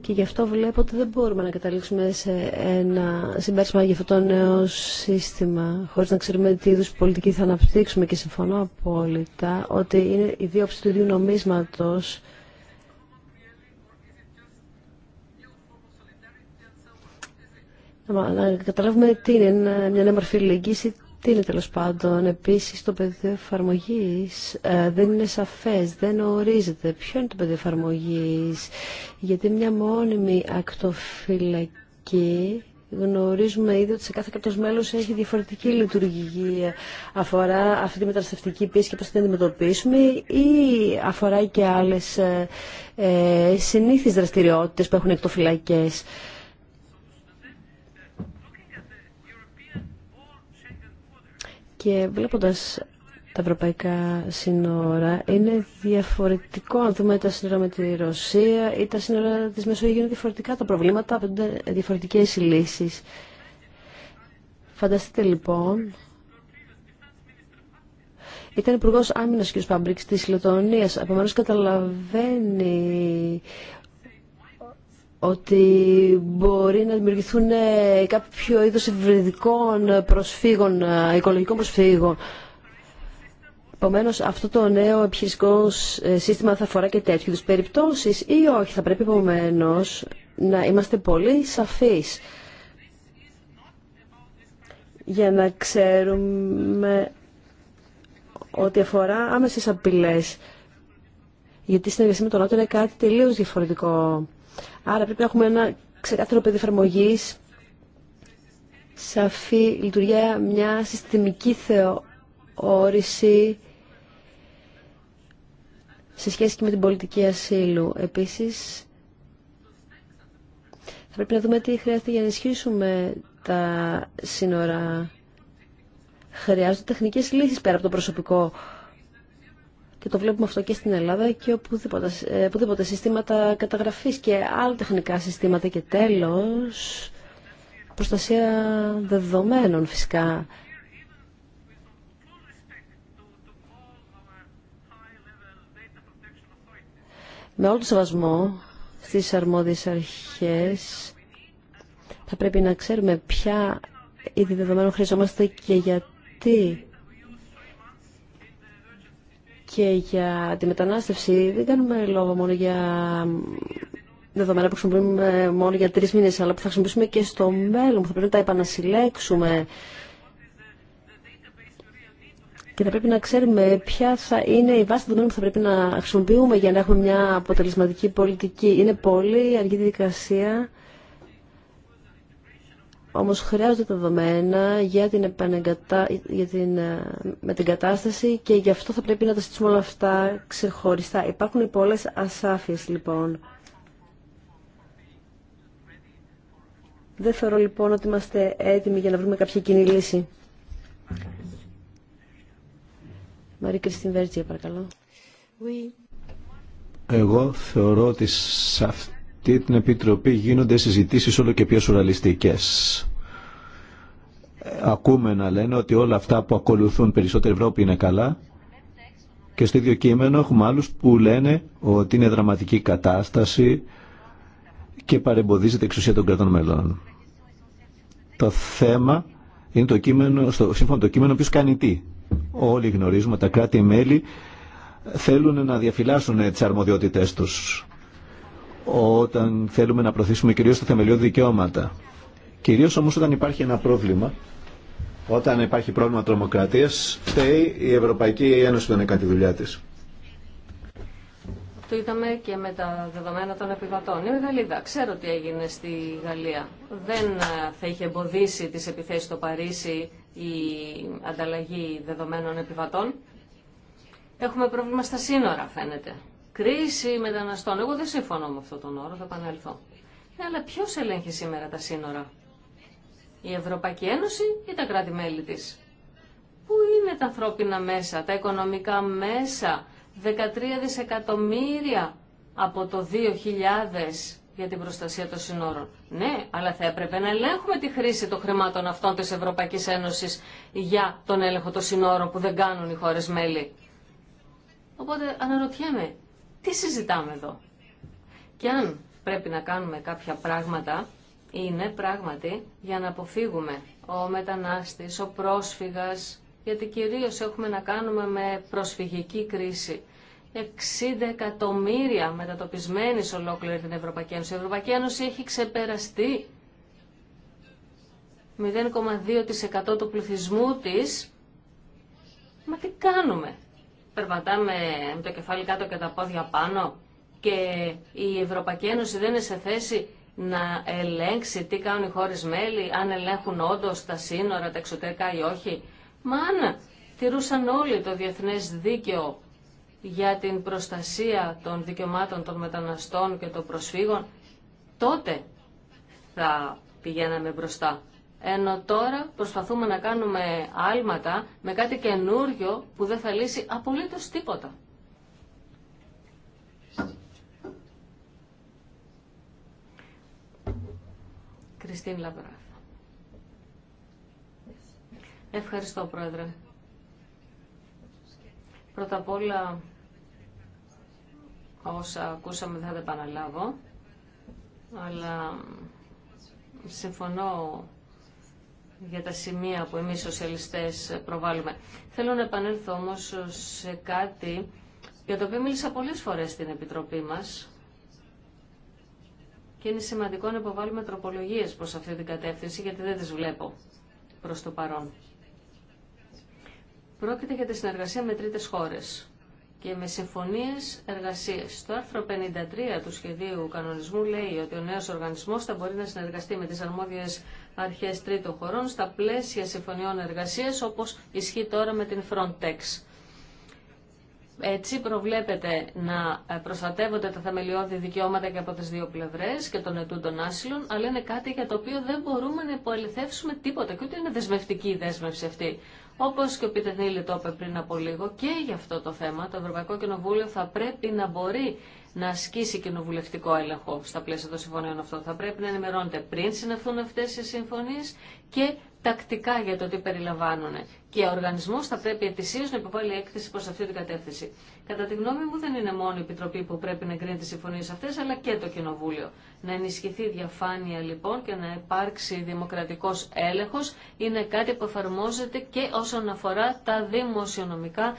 Και γι' αυτό βλέπω ότι δεν μπορούμε να καταλήξουμε σε ένα συμπέρασμα για αυτό το νέο σύστημα, χωρίς να ξέρουμε τι είδου πολιτική θα αναπτύξουμε. Και συμφωνώ απόλυτα ότι είναι η δίωξη του ίδιου νομίσματο. να καταλάβουμε τι είναι μια νέα μορφή τι είναι τέλο πάντων. επίση το πεδίο εφαρμογή ε, δεν είναι σαφές, δεν ορίζεται. Ποιο είναι το πεδίο εφαρμογή, γιατί μια μόνιμη ακτοφυλακή γνωρίζουμε ήδη ότι σε κάθε κάποιος μέλος έχει διαφορετική λειτουργία. Αφορά αυτή τη μεταναστευτική πίεση και πώ την αντιμετωπίσουμε ή αφορά και άλλες ε, ε δραστηριότητες που έχουν εκτοφυλακές. Και βλέποντας τα ευρωπαϊκά σύνορα είναι διαφορετικό αν δούμε τα σύνορα με τη Ρωσία ή τα σύνορα της Μεσογείου είναι διαφορετικά τα προβλήματα από διαφορετικές λύσεις. Φανταστείτε λοιπόν ήταν υπουργό άμυνα κ. Παμπρίξ τη Λετωνία. Επομένω, καταλαβαίνει ότι μπορεί να δημιουργηθούν ε, κάποιο είδος ευρυδικών προσφύγων, ε, οικολογικών προσφύγων. Επομένω, αυτό το νέο επιχειρησικό ε, σύστημα θα αφορά και τέτοιου είδου περιπτώσει ή όχι. Θα πρέπει επομένω να είμαστε πολύ σαφείς για να ξέρουμε ότι αφορά άμεσες απειλές. Γιατί η συνεργασία με τον Νότο είναι κάτι τελείως διαφορετικό. Άρα πρέπει να έχουμε ένα ξεκάθαρο παιδί εφαρμογή, σαφή λειτουργία, μια συστημική θεώρηση σε σχέση και με την πολιτική ασύλου. Επίσης, θα πρέπει να δούμε τι χρειάζεται για να ενισχύσουμε τα σύνορα. Χρειάζονται τεχνικές λύσεις πέρα από το προσωπικό και το βλέπουμε αυτό και στην Ελλάδα και οπουδήποτε, ε, οπουδήποτε συστήματα καταγραφής και άλλα τεχνικά συστήματα και τέλος προστασία δεδομένων φυσικά. Με όλο το σεβασμό στις αρμόδιες αρχές θα πρέπει να ξέρουμε ποια είδη δεδομένων χρειαζόμαστε και γιατί και για τη μετανάστευση δεν κάνουμε λόγο μόνο για δεδομένα που χρησιμοποιούμε μόνο για τρεις μήνες, αλλά που θα χρησιμοποιήσουμε και στο μέλλον, που θα πρέπει να τα επανασυλλέξουμε. Και θα πρέπει να ξέρουμε ποια θα είναι η βάση δεδομένων που θα πρέπει να χρησιμοποιούμε για να έχουμε μια αποτελεσματική πολιτική. Είναι πολύ αργή διαδικασία όμως χρειάζονται τα δεδομένα για την, επανεγκατα... για την ε, μετεγκατάσταση και γι' αυτό θα πρέπει να τα στήσουμε όλα αυτά ξεχωριστά. Υπάρχουν πολλές ασάφειες λοιπόν. Δεν θεωρώ λοιπόν ότι είμαστε έτοιμοι για να βρούμε κάποια κοινή λύση. Μαρή Κριστίν Βέρτζια, παρακαλώ. Εγώ θεωρώ ότι σε αυτό την Επιτροπή γίνονται συζητήσεις όλο και πιο σουραλιστικές. Ακούμε να λένε ότι όλα αυτά που ακολουθούν περισσότερη Ευρώπη είναι καλά και στο ίδιο κείμενο έχουμε άλλους που λένε ότι είναι δραματική κατάσταση και παρεμποδίζεται εξουσία των κρατών μελών. Το θέμα είναι το κείμενο, στο, σύμφωνο το κείμενο ποιος κάνει τι. Όλοι γνωρίζουμε τα κράτη-μέλη θέλουν να διαφυλάσσουν τις αρμοδιότητές τους όταν θέλουμε να προωθήσουμε κυρίως τα θεμελιώδη δικαιώματα. Κυρίως όμως όταν υπάρχει ένα πρόβλημα, όταν υπάρχει πρόβλημα τρομοκρατίας, φταίει η Ευρωπαϊκή Ένωση που δεν έκανε τη δουλειά της. Το είδαμε και με τα δεδομένα των επιβατών. Η Γαλλίδα, ξέρω τι έγινε στη Γαλλία. Δεν ε, θα είχε εμποδίσει τις επιθέσεις στο Παρίσι η ανταλλαγή δεδομένων επιβατών. Έχουμε πρόβλημα στα σύνορα, φαίνεται κρίση μεταναστών. Εγώ δεν συμφωνώ με αυτόν τον όρο, θα επανέλθω. Ναι, αλλά ποιο ελέγχει σήμερα τα σύνορα, η Ευρωπαϊκή Ένωση ή τα κράτη-μέλη τη. Πού είναι τα ανθρώπινα μέσα, τα οικονομικά μέσα, 13 δισεκατομμύρια από το 2000 για την προστασία των συνόρων. Ναι, αλλά θα έπρεπε να ελέγχουμε τη χρήση των χρημάτων αυτών της Ευρωπαϊκής Ένωσης για τον έλεγχο των συνόρων που δεν κάνουν οι χώρες μέλη. Οπότε αναρωτιέμαι, τι συζητάμε εδώ. Και αν πρέπει να κάνουμε κάποια πράγματα, είναι πράγματι για να αποφύγουμε ο μετανάστης, ο πρόσφυγας, γιατί κυρίως έχουμε να κάνουμε με προσφυγική κρίση. 60 εκατομμύρια μετατοπισμένοι σε ολόκληρη την Ευρωπαϊκή Ένωση. Η Ευρωπαϊκή Ένωση έχει ξεπεραστεί 0,2% του πληθυσμού της. Μα τι κάνουμε περπατάμε με το κεφάλι κάτω και τα πόδια πάνω και η Ευρωπαϊκή Ένωση δεν είναι σε θέση να ελέγξει τι κάνουν οι χώρες μέλη, αν ελέγχουν όντως τα σύνορα, τα εξωτερικά ή όχι. Μα αν τηρούσαν όλοι το διεθνές δίκαιο για την προστασία των δικαιωμάτων των μεταναστών και των προσφύγων, τότε θα πηγαίναμε μπροστά ενώ τώρα προσπαθούμε να κάνουμε άλματα με κάτι καινούριο που δεν θα λύσει απολύτως τίποτα. Κριστίν Λαμπρά. Ευχαριστώ, Πρόεδρε. Πρώτα απ' όλα, όσα ακούσαμε δεν θα τα επαναλάβω, αλλά συμφωνώ για τα σημεία που εμείς σοσιαλιστές προβάλλουμε. Θέλω να επανέλθω όμως σε κάτι για το οποίο μίλησα πολλές φορές στην Επιτροπή μας και είναι σημαντικό να υποβάλουμε τροπολογίες προς αυτή την κατεύθυνση γιατί δεν τις βλέπω προς το παρόν. Πρόκειται για τη συνεργασία με τρίτες χώρες και με συμφωνίες εργασίες. Το άρθρο 53 του σχεδίου κανονισμού λέει ότι ο νέος οργανισμός θα μπορεί να συνεργαστεί με τις αρμόδιες αρχές τρίτων χωρών στα πλαίσια συμφωνιών εργασίας όπως ισχύει τώρα με την Frontex. Έτσι προβλέπεται να προστατεύονται τα θεμελιώδη δικαιώματα και από τις δύο πλευρές και των ετούντων άσυλων, αλλά είναι κάτι για το οποίο δεν μπορούμε να υποελευθεύσουμε τίποτα και ούτε είναι δεσμευτική η δέσμευση αυτή. Όπως και ο Πίτερ το είπε πριν από λίγο και για αυτό το θέμα, το Ευρωπαϊκό Κοινοβούλιο θα πρέπει να μπορεί να ασκήσει κοινοβουλευτικό έλεγχο στα πλαίσια των συμφωνίων αυτών. Θα πρέπει να ενημερώνεται πριν συνεχθούν αυτέ οι συμφωνίε και τακτικά για το τι περιλαμβάνουν. Και ο οργανισμό θα πρέπει ετησίω να υποβάλει έκθεση προ αυτή την κατεύθυνση. Κατά τη γνώμη μου, δεν είναι μόνο η Επιτροπή που πρέπει να εγκρίνει τι συμφωνίε αυτέ, αλλά και το Κοινοβούλιο. Να ενισχυθεί διαφάνεια λοιπόν και να υπάρξει δημοκρατικό έλεγχο είναι κάτι που εφαρμόζεται και όσον αφορά τα δημοσιονομικά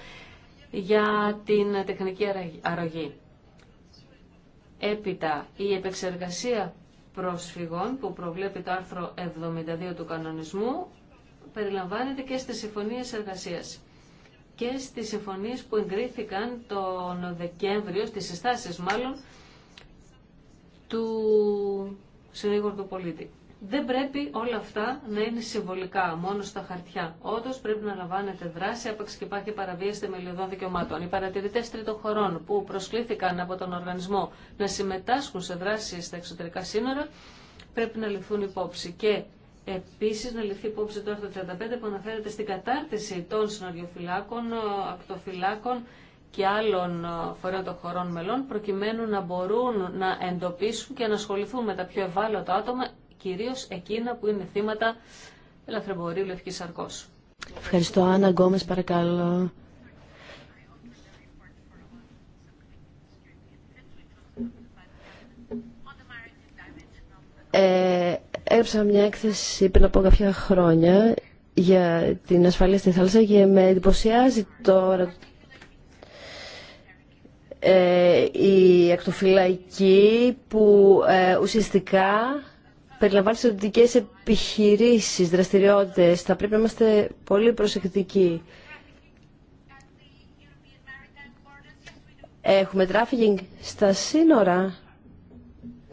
για την τεχνική αρρωγή. Έπειτα, η επεξεργασία πρόσφυγων που προβλέπει το άρθρο 72 του κανονισμού περιλαμβάνεται και στις συμφωνίες εργασίας και στις συμφωνίες που εγκρίθηκαν τον Δεκέμβριο, στις συστάσεις μάλλον, του συνήγορου του πολίτη δεν πρέπει όλα αυτά να είναι συμβολικά, μόνο στα χαρτιά. Όντω πρέπει να λαμβάνετε δράση, άπαξ και υπάρχει παραβίαση θεμελιωδών δικαιωμάτων. Οι παρατηρητέ τρίτων χωρών που προσκλήθηκαν από τον οργανισμό να συμμετάσχουν σε δράσει στα εξωτερικά σύνορα πρέπει να ληφθούν υπόψη. Και επίση να ληφθεί υπόψη το άρθρο 35 που αναφέρεται στην κατάρτιση των συνοριοφυλάκων, ακτοφυλάκων και άλλων ε, φορέων των χωρών μελών προκειμένου να μπορούν να εντοπίσουν και να ασχοληθούν με τα πιο ευάλωτα άτομα κυρίως εκείνα που είναι θύματα ελαφρεμπορίου λευκής σαρκός. Ευχαριστώ. Άννα Γκόμες, παρακαλώ. Ε, έγραψα μια έκθεση πριν από κάποια χρόνια για την ασφαλεία στη θάλασσα και με εντυπωσιάζει τώρα ε, η ακτοφυλακή που ε, ουσιαστικά περιλαμβάνει στρατιωτικέ επιχειρήσει, δραστηριότητε. Θα πρέπει να είμαστε πολύ προσεκτικοί. Έχουμε τράφικινγκ στα σύνορα.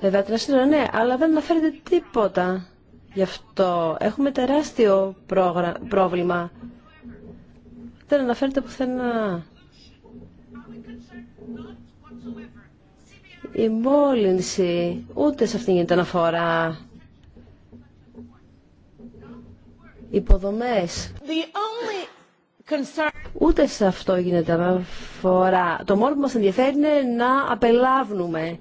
τα σύνορα, ναι, αλλά δεν αναφέρεται τίποτα γι' αυτό. Έχουμε τεράστιο πρόγρα... πρόβλημα. Δεν αναφέρεται πουθενά. Η μόλυνση, ούτε σε αυτήν την αναφορά. υποδομές. Ούτε σε αυτό γίνεται αναφορά. Το μόνο που μας ενδιαφέρει είναι να απελάβνουμε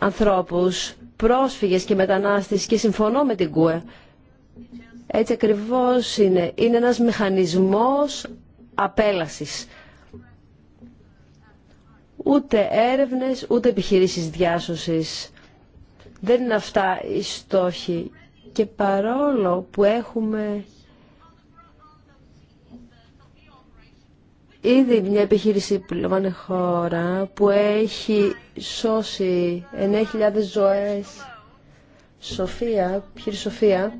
ανθρώπους, πρόσφυγες και μετανάστες και συμφωνώ με την ΚΟΕ. Έτσι ακριβώς είναι. Είναι ένας μηχανισμός απέλασης. Ούτε έρευνες, ούτε επιχειρήσεις διάσωσης. Δεν είναι αυτά οι στόχοι και παρόλο που έχουμε ήδη μια επιχείρηση που λαμβάνει χώρα που έχει σώσει 9.000 ζωές Σοφία, Σοφία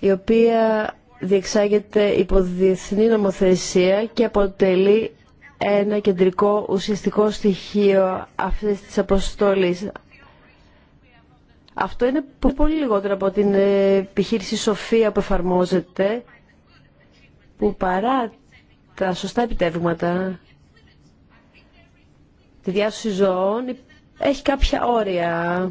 η οποία διεξάγεται υπό διεθνή νομοθεσία και αποτελεί ένα κεντρικό ουσιαστικό στοιχείο αυτής της αποστολής. Αυτό είναι πολύ λιγότερο από την ε, επιχείρηση Σοφία που εφαρμόζεται, που παρά τα σωστά επιτεύγματα, τη διάσωση ζώων, έχει κάποια όρια.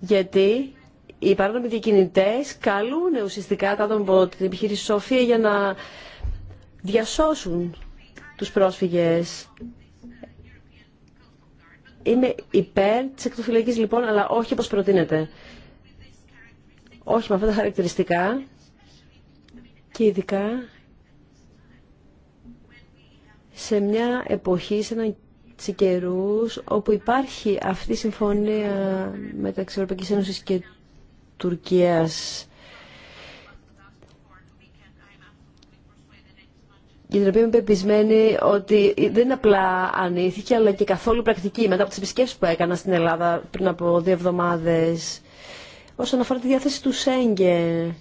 Γιατί οι παράνομοι διακινητές καλούν ουσιαστικά άτομα από την επιχείρηση Σοφία για να διασώσουν τους πρόσφυγες. Είναι υπέρ της εκτοφυλακής λοιπόν, αλλά όχι όπως προτείνεται. Όχι με αυτά τα χαρακτηριστικά και ειδικά σε μια εποχή, σε έναν καιρούς όπου υπάρχει αυτή η συμφωνία μεταξύ Ευρωπαϊκής Ένωσης και Τουρκίας για την οποία είμαι πεπισμένη ότι δεν είναι απλά ανήθικη, αλλά και καθόλου πρακτική μετά από τι επισκέψει που έκανα στην Ελλάδα πριν από δύο εβδομάδε. Όσον αφορά τη διάθεση του Σέγγεν,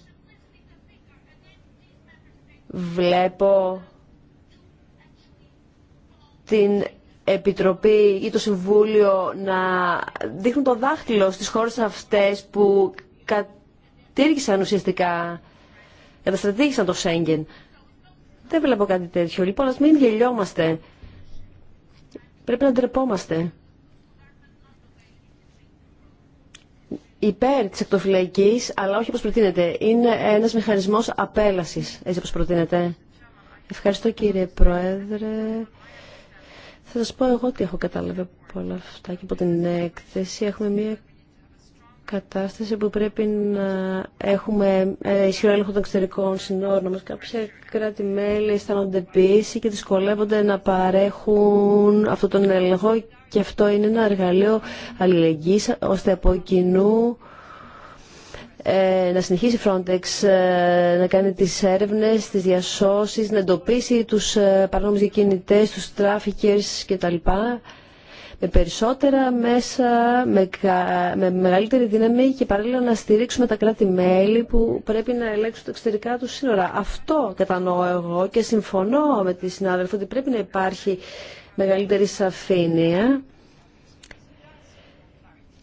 βλέπω την Επιτροπή ή το Συμβούλιο να δείχνουν το δάχτυλο στις χώρες αυτές που κατήργησαν ουσιαστικά, καταστρατήγησαν το Σέγγεν. Δεν βλέπω κάτι τέτοιο. Λοιπόν, ας μην γελιόμαστε. Πρέπει να ντρεπόμαστε. Υπέρ της εκτοφυλαϊκής, αλλά όχι όπως προτείνεται. Είναι ένας μηχανισμός απέλασης, έτσι όπως προτείνεται. Ευχαριστώ κύριε Πρόεδρε. Θα σας πω εγώ τι έχω κατάλαβει από όλα αυτά και από την έκθεση. Έχουμε μια κατάσταση που πρέπει να έχουμε ε, ισχυρό έλεγχο των εξωτερικών συνόρων μας. Κάποια κράτη-μέλη αισθάνονται πίση και δυσκολεύονται να παρέχουν αυτό τον έλεγχο και αυτό είναι ένα εργαλείο αλληλεγγύης ώστε από κοινού ε, να συνεχίσει η Frontex ε, να κάνει τις έρευνες, τις διασώσεις, να εντοπίσει τους παράνομους διακινητές, τους τράφικερς κτλ με περισσότερα μέσα, με, μεγαλύτερη δύναμη και παράλληλα να στηρίξουμε τα κράτη-μέλη που πρέπει να ελέγξουν τα εξωτερικά του σύνορα. Αυτό κατανοώ εγώ και συμφωνώ με τη συνάδελφο ότι πρέπει να υπάρχει μεγαλύτερη σαφήνεια.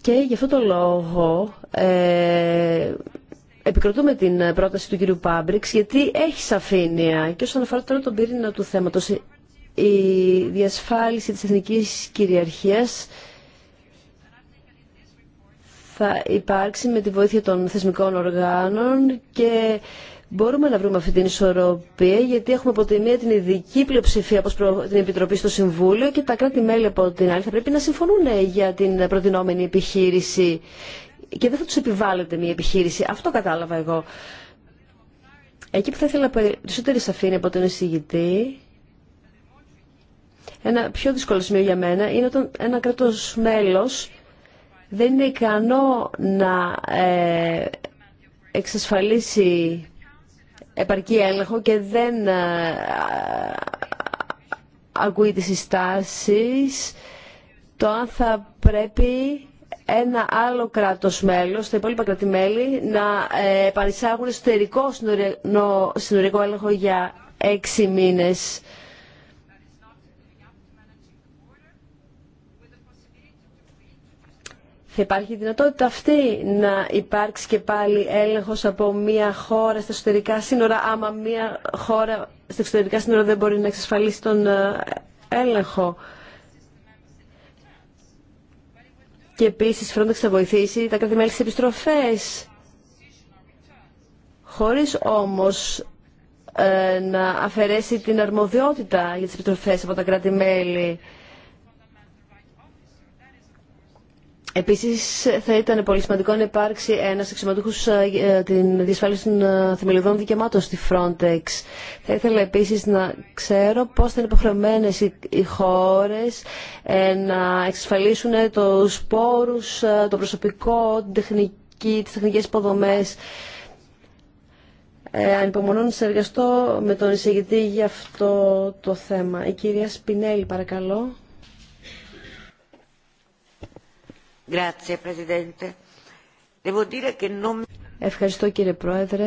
Και γι' αυτό το λόγο ε, επικροτούμε την πρόταση του κυρίου Πάμπριξ γιατί έχει σαφήνεια και όσον αφορά τώρα τον πυρήνα του θέματος η διασφάλιση της εθνικής κυριαρχίας θα υπάρξει με τη βοήθεια των θεσμικών οργάνων και μπορούμε να βρούμε αυτή την ισορροπία γιατί έχουμε από τη μία την ειδική πλειοψηφία όπως την Επιτροπή στο Συμβούλιο και τα κράτη-μέλη από την άλλη θα πρέπει να συμφωνούν ε, για την προτινόμενη επιχείρηση και δεν θα τους επιβάλλεται μια επιχείρηση. Αυτό κατάλαβα εγώ. Εκεί που θα ήθελα περισσότερη σαφήνεια από τον εισηγητή ένα πιο δύσκολο σημείο για μένα είναι όταν ένα κράτος μέλος δεν είναι ικανό να ε, εξασφαλίσει επαρκή έλεγχο και δεν ε, ακούει τις συστάσεις το αν θα πρέπει ένα άλλο κράτος μέλος, τα υπόλοιπα κράτη-μέλη να ε, παρισάγουν εσωτερικό συνορικό έλεγχο για έξι μήνες. Θα υπάρχει δυνατότητα αυτή να υπάρξει και πάλι έλεγχος από μια χώρα στα εσωτερικά σύνορα, άμα μια χώρα στα εξωτερικά σύνορα δεν μπορεί να εξασφαλίσει τον ε, έλεγχο. Και επίση Frontex θα βοηθήσει τα κρατημέλη στι επιστροφές, χωρίς όμως ε, να αφαιρέσει την αρμοδιότητα για τι επιστροφές από τα κράτη-μέλη. Επίσης θα ήταν πολύ σημαντικό να υπάρξει ένας εξωματούχος για ε, ε, την διασφάλιση των ε, θεμελιωδών δικαιωμάτων στη Frontex. Θα ήθελα επίσης να ξέρω πώς θα είναι υποχρεωμένες οι χώρες να εξασφαλίσουν τους πόρους, το προσωπικό, την τεχνική, τις τεχνικές υποδομές. Ε, ανυπομονώ να συνεργαστώ με τον εισηγητή για αυτό το θέμα. Η κυρία Σπινέλη παρακαλώ. Ευχαριστώ κύριε Πρόεδρε.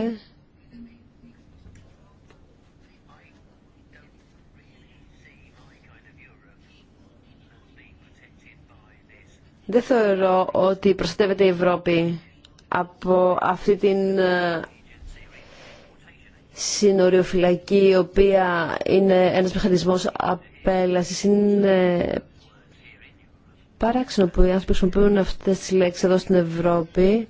Δεν θεωρώ ότι προστατεύεται η Ευρώπη από αυτή την ε, συνοριοφυλακή η οποία είναι ένας μηχανισμός απέλασης. Είναι παράξενο που οι άνθρωποι χρησιμοποιούν αυτές τις λέξεις εδώ στην Ευρώπη.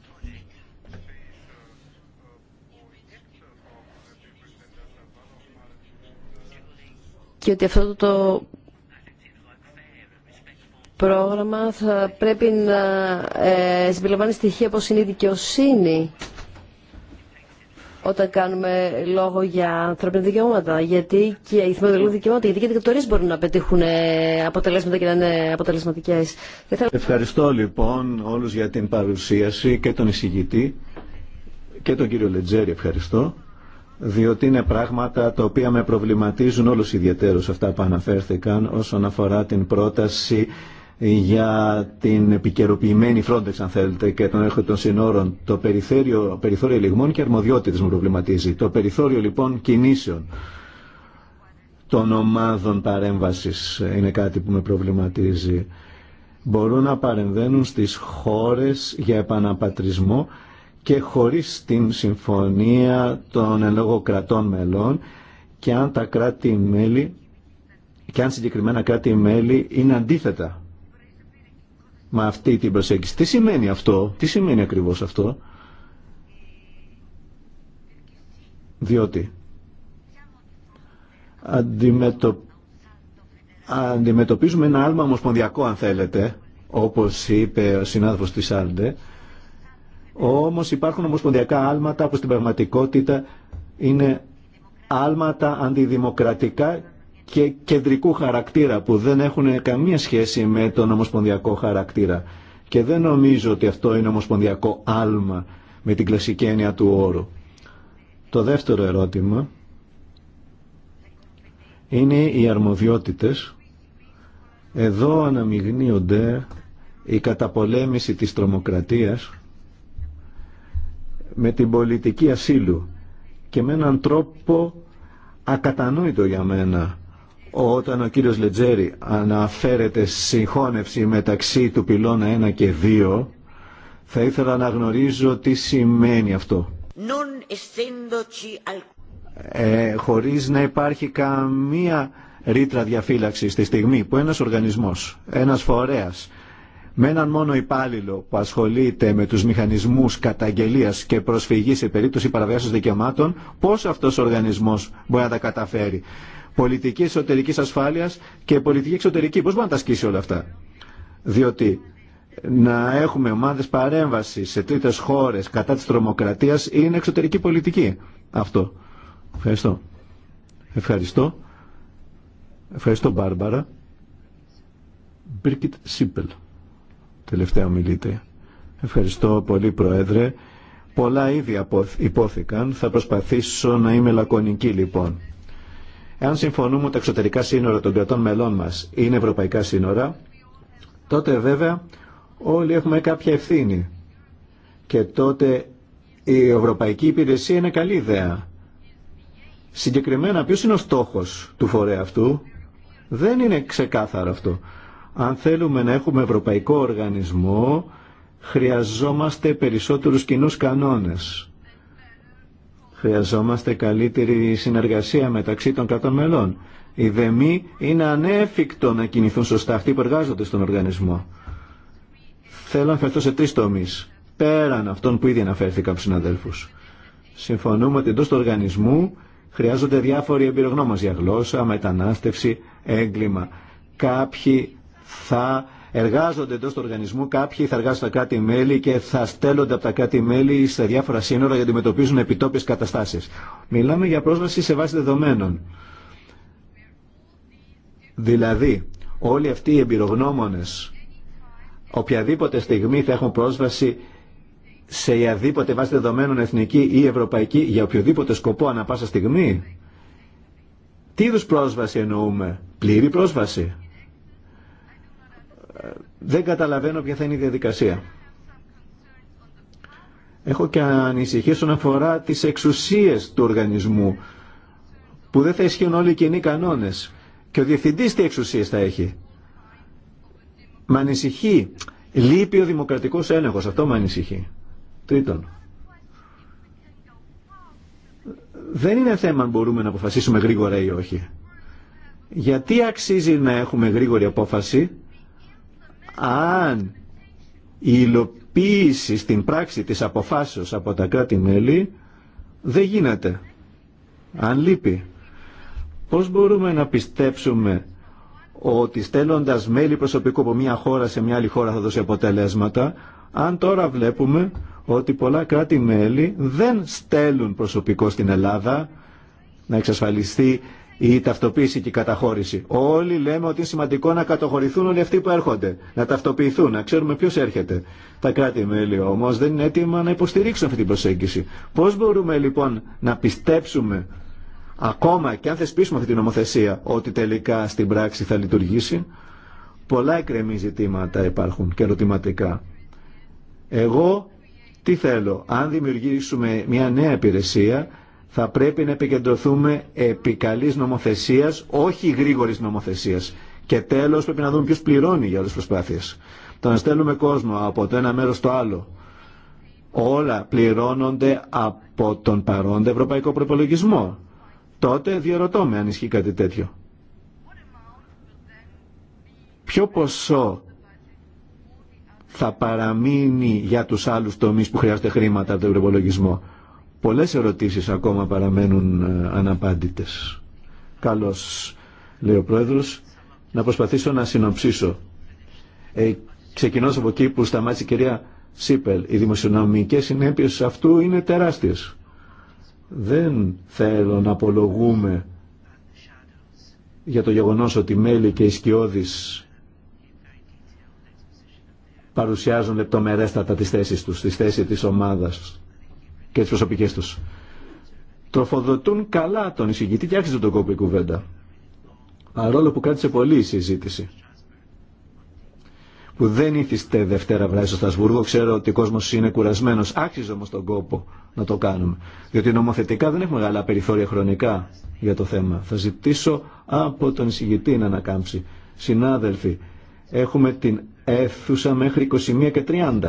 Και ότι αυτό το πρόγραμμα θα πρέπει να ε, συμπεριλαμβάνει στοιχεία όπω είναι η δικαιοσύνη όταν κάνουμε λόγο για ανθρώπινα δικαιώματα. Γιατί και οι θεμελιώδη δικαιώματα, γιατί και οι μπορούν να πετύχουν ε, αποτελέσματα και να είναι αποτελεσματικέ. Ευχαριστώ λοιπόν όλου για την παρουσίαση και τον εισηγητή και τον κύριο Λετζέρη. Ευχαριστώ. Διότι είναι πράγματα τα οποία με προβληματίζουν όλους ιδιαίτερως αυτά που αναφέρθηκαν όσον αφορά την πρόταση για την επικαιροποιημένη φρόντεξ αν θέλετε, και τον έρχο των συνόρων. Το περιθώριο, περιθώριο λιγμών και αρμοδιότητες μου προβληματίζει. Το περιθώριο λοιπόν κινήσεων των ομάδων παρέμβασης είναι κάτι που με προβληματίζει. Μπορούν να παρεμβαίνουν στις χώρες για επαναπατρισμό και χωρίς την συμφωνία των ελόγω κρατών μελών και αν τα κράτη-μέλη και αν συγκεκριμένα κράτη-μέλη είναι αντίθετα με αυτή την προσέγγιση. Τι σημαίνει αυτό, τι σημαίνει ακριβώς αυτό. Διότι αντιμετωπίζουμε ένα άλμα ομοσπονδιακό αν θέλετε, όπως είπε ο συνάδελφος της Άλντε, όμως υπάρχουν ομοσπονδιακά άλματα που στην πραγματικότητα είναι άλματα αντιδημοκρατικά και κεντρικού χαρακτήρα που δεν έχουν καμία σχέση με τον ομοσπονδιακό χαρακτήρα. Και δεν νομίζω ότι αυτό είναι ομοσπονδιακό άλμα με την κλασική έννοια του όρου. Το δεύτερο ερώτημα είναι οι αρμοδιότητες. Εδώ αναμειγνύονται η καταπολέμηση της τρομοκρατίας με την πολιτική ασύλου και με έναν τρόπο ακατανόητο για μένα όταν ο κύριος Λετζέρη αναφέρεται συγχώνευση μεταξύ του πυλώνα 1 και 2, θα ήθελα να γνωρίζω τι σημαίνει αυτό. Ε, χωρίς να υπάρχει καμία ρήτρα διαφύλαξη στη στιγμή που ένας οργανισμός, ένας φορέας, με έναν μόνο υπάλληλο που ασχολείται με τους μηχανισμούς καταγγελίας και προσφυγής σε περίπτωση παραβιάσεως δικαιωμάτων, πώς αυτός ο οργανισμός μπορεί να τα καταφέρει πολιτική εσωτερική ασφάλεια και πολιτική εξωτερική. Πώ μπορεί να τα ασκήσει όλα αυτά. Διότι να έχουμε ομάδε παρέμβαση σε τρίτε χώρε κατά τη τρομοκρατία είναι εξωτερική πολιτική. Αυτό. Ευχαριστώ. Ευχαριστώ. Ευχαριστώ Μπάρμπαρα. Μπίρκιτ Σίπελ. Τελευταία ομιλήτρια. Ευχαριστώ πολύ Προέδρε. Πολλά ήδη υπόθηκαν. Θα προσπαθήσω να είμαι λακωνική λοιπόν. Εάν συμφωνούμε ότι τα εξωτερικά σύνορα των κρατών μελών μας είναι ευρωπαϊκά σύνορα, τότε βέβαια όλοι έχουμε κάποια ευθύνη. Και τότε η Ευρωπαϊκή Υπηρεσία είναι καλή ιδέα. Συγκεκριμένα ποιο είναι ο στόχος του φορέα αυτού, δεν είναι ξεκάθαρο αυτό. Αν θέλουμε να έχουμε ευρωπαϊκό οργανισμό, χρειαζόμαστε περισσότερους κοινούς κανόνες. Χρειαζόμαστε καλύτερη συνεργασία μεταξύ των κρατών μελών. Η ΔΕΜΗ είναι ανέφικτο να κινηθούν σωστά αυτοί που εργάζονται στον οργανισμό. Θέλω να φερθώ σε τρει τομεί, πέραν αυτών που ήδη αναφέρθηκα από συναδέλφου. Συμφωνούμε ότι εντό του οργανισμού χρειάζονται διάφοροι εμπειρογνώμονε για γλώσσα, μετανάστευση, έγκλημα. Κάποιοι θα εργάζονται εντό του οργανισμού, κάποιοι θα εργάζονται στα κράτη-μέλη και θα στέλνονται από τα κράτη-μέλη σε διάφορα σύνορα για να αντιμετωπίζουν επιτόπιε καταστάσει. Μιλάμε για πρόσβαση σε βάση δεδομένων. Δηλαδή, όλοι αυτοί οι εμπειρογνώμονε οποιαδήποτε στιγμή θα έχουν πρόσβαση σε οποιαδήποτε βάση δεδομένων εθνική ή ευρωπαϊκή για οποιοδήποτε σκοπό ανα πάσα στιγμή. Τι είδου πρόσβαση εννοούμε, πλήρη πρόσβαση δεν καταλαβαίνω ποια θα είναι η διαδικασία. Έχω και ανησυχίες όσον αφορά τις εξουσίες του οργανισμού που δεν θα ισχύουν όλοι οι κοινοί κανόνες και ο διευθυντής τι εξουσίες θα έχει. Με ανησυχεί. Λείπει ο δημοκρατικός έλεγχος. Αυτό με ανησυχεί. Τρίτον. Δεν είναι θέμα αν μπορούμε να αποφασίσουμε γρήγορα ή όχι. Γιατί αξίζει να έχουμε γρήγορη απόφαση αν η υλοποίηση στην πράξη της αποφάσεως από τα κράτη-μέλη δεν γίνεται, αν λείπει. Πώς μπορούμε να πιστέψουμε ότι στέλνοντας μέλη προσωπικού από μια χώρα σε μια άλλη χώρα θα δώσει αποτελέσματα, αν τώρα βλέπουμε ότι πολλά κράτη-μέλη δεν στέλνουν προσωπικό στην Ελλάδα να εξασφαλιστεί η ταυτοποίηση και η καταχώρηση. Όλοι λέμε ότι είναι σημαντικό να κατοχωρηθούν όλοι αυτοί που έρχονται, να ταυτοποιηθούν, να ξέρουμε ποιο έρχεται. Τα κράτη-μέλη όμω δεν είναι έτοιμα να υποστηρίξουν αυτή την προσέγγιση. Πώ μπορούμε λοιπόν να πιστέψουμε, ακόμα και αν θεσπίσουμε αυτή την νομοθεσία, ότι τελικά στην πράξη θα λειτουργήσει. Πολλά εκκρεμή ζητήματα υπάρχουν και ερωτηματικά. Εγώ τι θέλω, αν δημιουργήσουμε μια νέα υπηρεσία, θα πρέπει να επικεντρωθούμε επί καλής νομοθεσίας, όχι γρήγορης νομοθεσίας. Και τέλος πρέπει να δούμε ποιος πληρώνει για όλες τις προσπάθειες. Το να στέλνουμε κόσμο από το ένα μέρος στο άλλο. Όλα πληρώνονται από τον παρόντα ευρωπαϊκό προπολογισμό. Τότε διαρωτώ με αν ισχύει κάτι τέτοιο. Ποιο ποσό θα παραμείνει για τους άλλους τομείς που χρειάζεται χρήματα από τον προπολογισμό. Πολλές ερωτήσεις ακόμα παραμένουν ε, αναπάντητες. Καλώς, λέει ο Πρόεδρος, να προσπαθήσω να συνοψίσω. Ε, ξεκινώ από εκεί που σταμάτησε η κυρία Σίπελ. Οι δημοσιονομικές συνέπειες αυτού είναι τεράστιες. Δεν θέλω να απολογούμε για το γεγονός ότι μέλη και οι παρουσιάζουν λεπτομερέστατα τις θέσεις τους, τις θέσεις της ομάδας και τι προσωπικέ τους. Τροφοδοτούν καλά τον εισηγητή και άρχισε τον κόπο η κουβέντα. Παρόλο που κράτησε πολύ η συζήτηση. Που δεν ήθιστε Δευτέρα βράδυ στο Στασβούργο, ξέρω ότι ο κόσμο είναι κουρασμένο, Άξιζε όμως τον κόπο να το κάνουμε. Διότι νομοθετικά δεν έχουμε μεγάλα περιθώρια χρονικά για το θέμα. Θα ζητήσω από τον εισηγητή να ανακάμψει. Συνάδελφοι, έχουμε την αίθουσα μέχρι 21 και 30.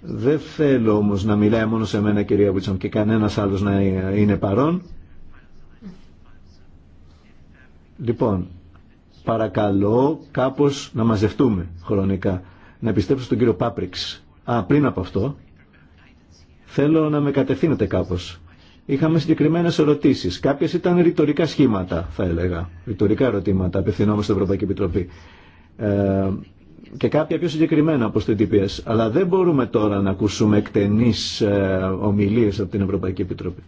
Δεν θέλω όμως να μιλάει μόνο σε μένα κυρία Βουτσαμ και κανένας άλλος να είναι παρόν. Λοιπόν, παρακαλώ κάπως να μαζευτούμε χρονικά. Να πιστέψω στον κύριο Πάπριξ. Α, πριν από αυτό, θέλω να με κατευθύνετε κάπως. Είχαμε συγκεκριμένες ερωτήσεις. Κάποιες ήταν ρητορικά σχήματα, θα έλεγα. Ρητορικά ερωτήματα, απευθυνόμαστε στην Ευρωπαϊκή Επιτροπή. Ε, και κάποια πιο συγκεκριμένα από το ΤΠΕΣ Αλλά δεν μπορούμε τώρα να ακούσουμε εκτενείς ε, ομιλίες από την Ευρωπαϊκή Επιτροπή.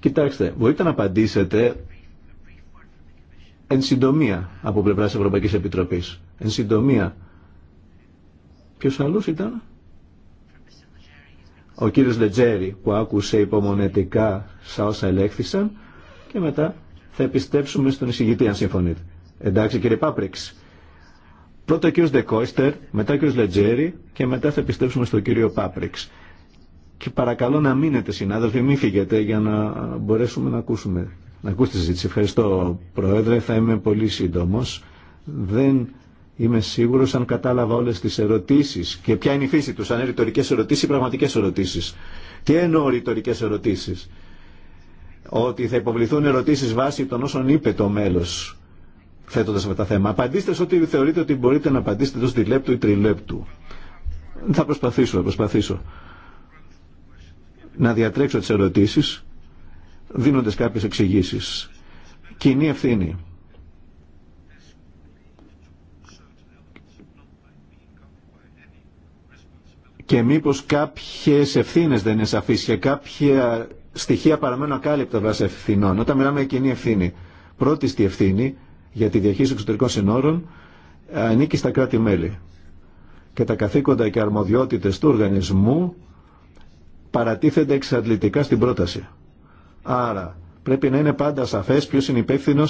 Κοιτάξτε, μπορείτε να απαντήσετε εν συντομία από πλευρά της Ευρωπαϊκής Επιτροπής. Εν συντομία. Ποιος αλλούς ήταν? Ο κύριος Λετζέρη που άκουσε υπομονετικά σα όσα ελέγχθησαν και μετά θα επιστρέψουμε στον εισηγητή, αν συμφωνείτε. Εντάξει, κύριε Πάπριξ. Πρώτα ο κύριο Ντεκόιστερ, μετά ο κύριο Λετζέρι και μετά θα επιστρέψουμε στον κύριο Πάπριξ. Και παρακαλώ να μείνετε, συνάδελφοι, μην φύγετε για να μπορέσουμε να ακούσουμε. Να ακούσετε τη συζήτηση. Ευχαριστώ, Πρόεδρε. Θα είμαι πολύ σύντομο. Δεν είμαι σίγουρο αν κατάλαβα όλε τι ερωτήσει και ποια είναι η φύση του, αν είναι ρητορικέ ερωτήσει ή πραγματικέ ερωτήσει. Τι εννοώ ρητορικέ ερωτήσει ότι θα υποβληθούν ερωτήσεις βάσει των όσων είπε το μέλος θέτοντα αυτά τα θέματα. Απαντήστε ό,τι θεωρείτε ότι μπορείτε να απαντήσετε εντό διλέπτου ή τριλέπτου. Θα προσπαθήσω, θα προσπαθήσω να διατρέξω τις ερωτήσεις δίνοντας κάποιες εξηγήσεις. Κοινή ευθύνη. Και μήπως κάποιες ευθύνες δεν είναι σαφείς και κάποια στοιχεία παραμένουν ακάλυπτα βάσει ευθυνών. Όταν μιλάμε για κοινή ευθύνη, πρώτη στη ευθύνη για τη διαχείριση εξωτερικών συνόρων ε, ανήκει στα κράτη-μέλη. Και τα καθήκοντα και αρμοδιότητε του οργανισμού παρατίθενται εξαντλητικά στην πρόταση. Άρα πρέπει να είναι πάντα σαφέ ποιο είναι υπεύθυνο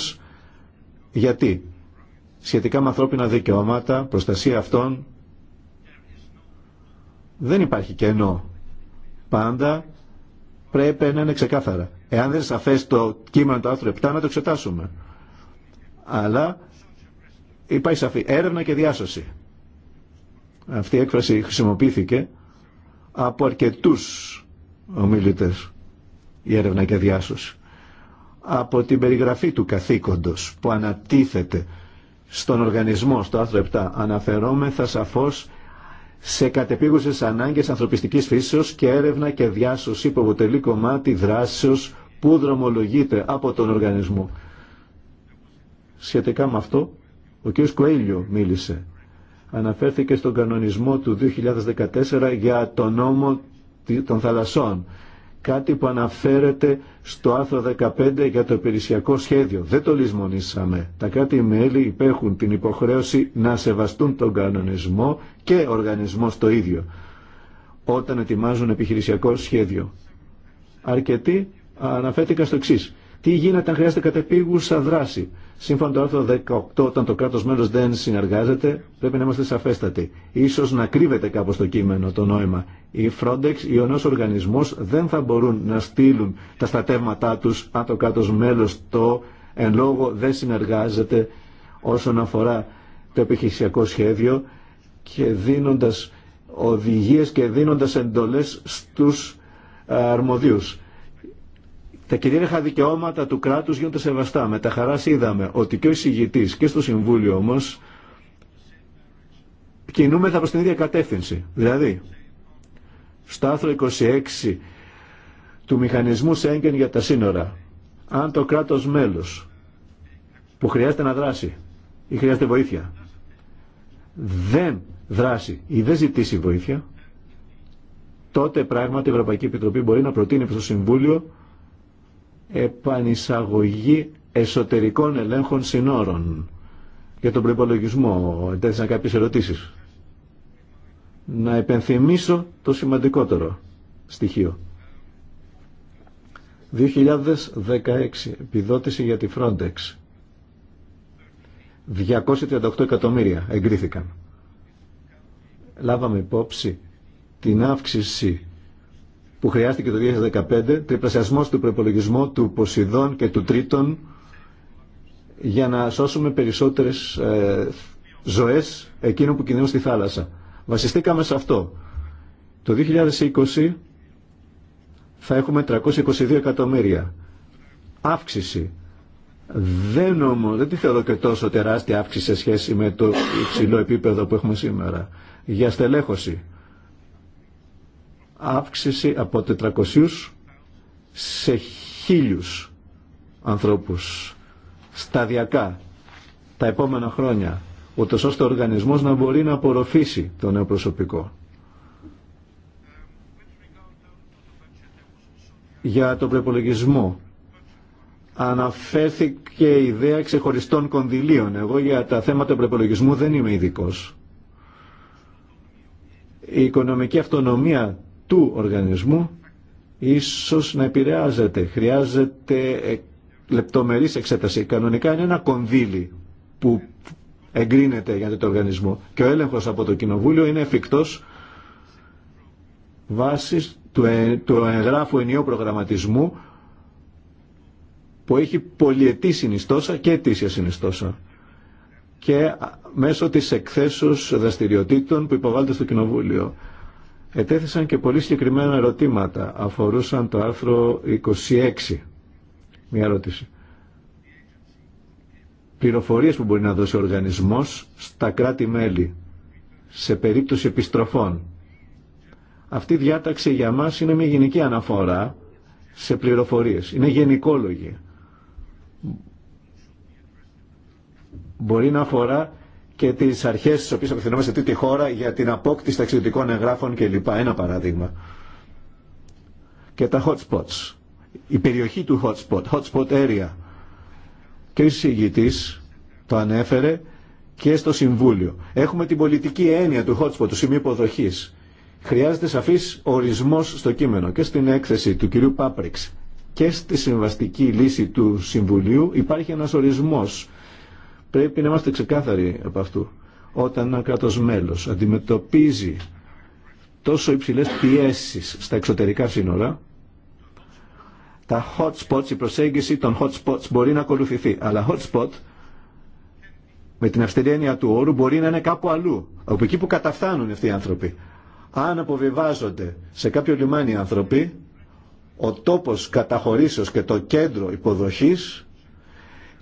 γιατί. Σχετικά με ανθρώπινα δικαιώματα, προστασία αυτών, δεν υπάρχει κενό. Πάντα πρέπει να είναι ξεκάθαρα. Εάν δεν σαφέ το κείμενο του άρθρου 7, να το εξετάσουμε. Αλλά υπάρχει σαφή έρευνα και διάσωση. Αυτή η έκφραση χρησιμοποιήθηκε από αρκετού ομιλητέ. Η έρευνα και διάσωση. Από την περιγραφή του καθήκοντος που ανατίθεται στον οργανισμό στο άρθρο 7 αναφερόμεθα σαφώς σε κατεπίγουσες ανάγκες ανθρωπιστικής φύσεως και έρευνα και διάσωση που αποτελεί κομμάτι δράσεω που δρομολογείται από τον οργανισμό. Σχετικά με αυτό, ο κ. Κοέλιο μίλησε. Αναφέρθηκε στον κανονισμό του 2014 για τον νόμο των θαλασσών κάτι που αναφέρεται στο άρθρο 15 για το υπηρεσιακό σχέδιο. Δεν το λησμονήσαμε. Τα κάτι μελη υπέχουν την υποχρέωση να σεβαστούν τον κανονισμό και οργανισμό το ίδιο όταν ετοιμάζουν επιχειρησιακό σχέδιο. Αρκετοί αναφέρθηκαν στο εξή. Τι γίνεται αν χρειάζεται κατεπίγουσα δράση. Σύμφωνα το άρθρο 18, όταν το κράτο μέλο δεν συνεργάζεται, πρέπει να είμαστε σαφέστατοι. Ίσως να κρύβεται κάπως το κείμενο, το νόημα. Οι Frontex ή ο νέο οργανισμό δεν θα μπορούν να στείλουν τα στατεύματά του αν το κράτο μέλο το εν λόγω δεν συνεργάζεται όσον αφορά το επιχειρησιακό σχέδιο και δίνοντας οδηγίες και δίνοντας εντολές στους ε, αρμοδίους. Τα κυρίαρχα δικαιώματα του κράτους γίνονται σεβαστά. Με τα χαρά είδαμε ότι και ο εισηγητή και στο Συμβούλιο όμως κινούμεθα προ την ίδια κατεύθυνση. Δηλαδή, στο άρθρο 26 του μηχανισμού Σέγγεν για τα σύνορα, αν το κράτο μέλο που χρειάζεται να δράσει ή χρειάζεται βοήθεια, δεν δράσει ή δεν ζητήσει βοήθεια, τότε πράγματι η Ευρωπαϊκή Επιτροπή μπορεί να προτείνει προς το Συμβούλιο επανεισαγωγή εσωτερικών ελέγχων συνόρων. Για τον προπολογισμό, εντέθησαν κάποιε ερωτήσει. Να επενθυμίσω το σημαντικότερο στοιχείο. 2016, επιδότηση για τη Frontex. 238 εκατομμύρια εγκρίθηκαν. Λάβαμε υπόψη την αύξηση που χρειάστηκε το 2015, τριπλασιασμός του προπολογισμού του Ποσειδών και του Τρίτων για να σώσουμε περισσότερες ε, ζωές εκείνων που κινδυνούν στη θάλασσα. Βασιστήκαμε σε αυτό. Το 2020 θα έχουμε 322 εκατομμύρια. Αύξηση. Δεν δεν τη θεωρώ και τόσο τεράστια αύξηση σε σχέση με το υψηλό επίπεδο που έχουμε σήμερα. Για στελέχωση αύξηση από 400 σε χίλιους ανθρώπους σταδιακά τα επόμενα χρόνια ούτω ώστε ο οργανισμός να μπορεί να απορροφήσει το νέο προσωπικό. Για το προπολογισμό αναφέρθηκε η ιδέα ξεχωριστών κονδυλίων. Εγώ για τα θέματα προπολογισμού δεν είμαι ειδικό. Η οικονομική αυτονομία του οργανισμού ίσως να επηρεάζεται. Χρειάζεται ε, λεπτομερής εξέταση. Κανονικά είναι ένα κονδύλι που εγκρίνεται για το οργανισμό και ο έλεγχος από το Κοινοβούλιο είναι εφικτός βάσει του, ε, του εγγράφου ενιαίου προγραμματισμού που έχει πολυετή συνιστόσα και αιτήσια συνιστόσα και μέσω της εκθέσεως δραστηριοτήτων που υποβάλλεται στο Κοινοβούλιο. Ετέθησαν και πολύ συγκεκριμένα ερωτήματα. Αφορούσαν το άρθρο 26. Μια ερώτηση. Πληροφορίες που μπορεί να δώσει ο οργανισμός στα κράτη-μέλη σε περίπτωση επιστροφών. Αυτή η διάταξη για μας είναι μια γενική αναφορά σε πληροφορίες. Είναι γενικόλογη. Μπορεί να αφορά και τι αρχέ τι οποίε απευθυνόμαστε σε τη χώρα για την απόκτηση ταξιδιωτικών εγγράφων κλπ. Ένα παράδειγμα. Και τα hot spots. Η περιοχή του hot spot, hot spot area. Και ο συγγητή το ανέφερε και στο Συμβούλιο. Έχουμε την πολιτική έννοια του hot spot, του σημείου υποδοχή. Χρειάζεται σαφή ορισμό στο κείμενο και στην έκθεση του κυρίου Πάπριξ και στη συμβαστική λύση του Συμβουλίου υπάρχει ένα ορισμό Πρέπει να είμαστε ξεκάθαροι από αυτού. Όταν ένα κράτο μέλο αντιμετωπίζει τόσο υψηλέ πιέσει στα εξωτερικά σύνορα, τα hot spots, η προσέγγιση των hot spots μπορεί να ακολουθηθεί. Αλλά hot spot, με την αυστηρή έννοια του όρου, μπορεί να είναι κάπου αλλού. Από εκεί που καταφθάνουν αυτοί οι άνθρωποι. Αν αποβιβάζονται σε κάποιο λιμάνι οι άνθρωποι, ο τόπος καταχωρήσεως και το κέντρο υποδοχής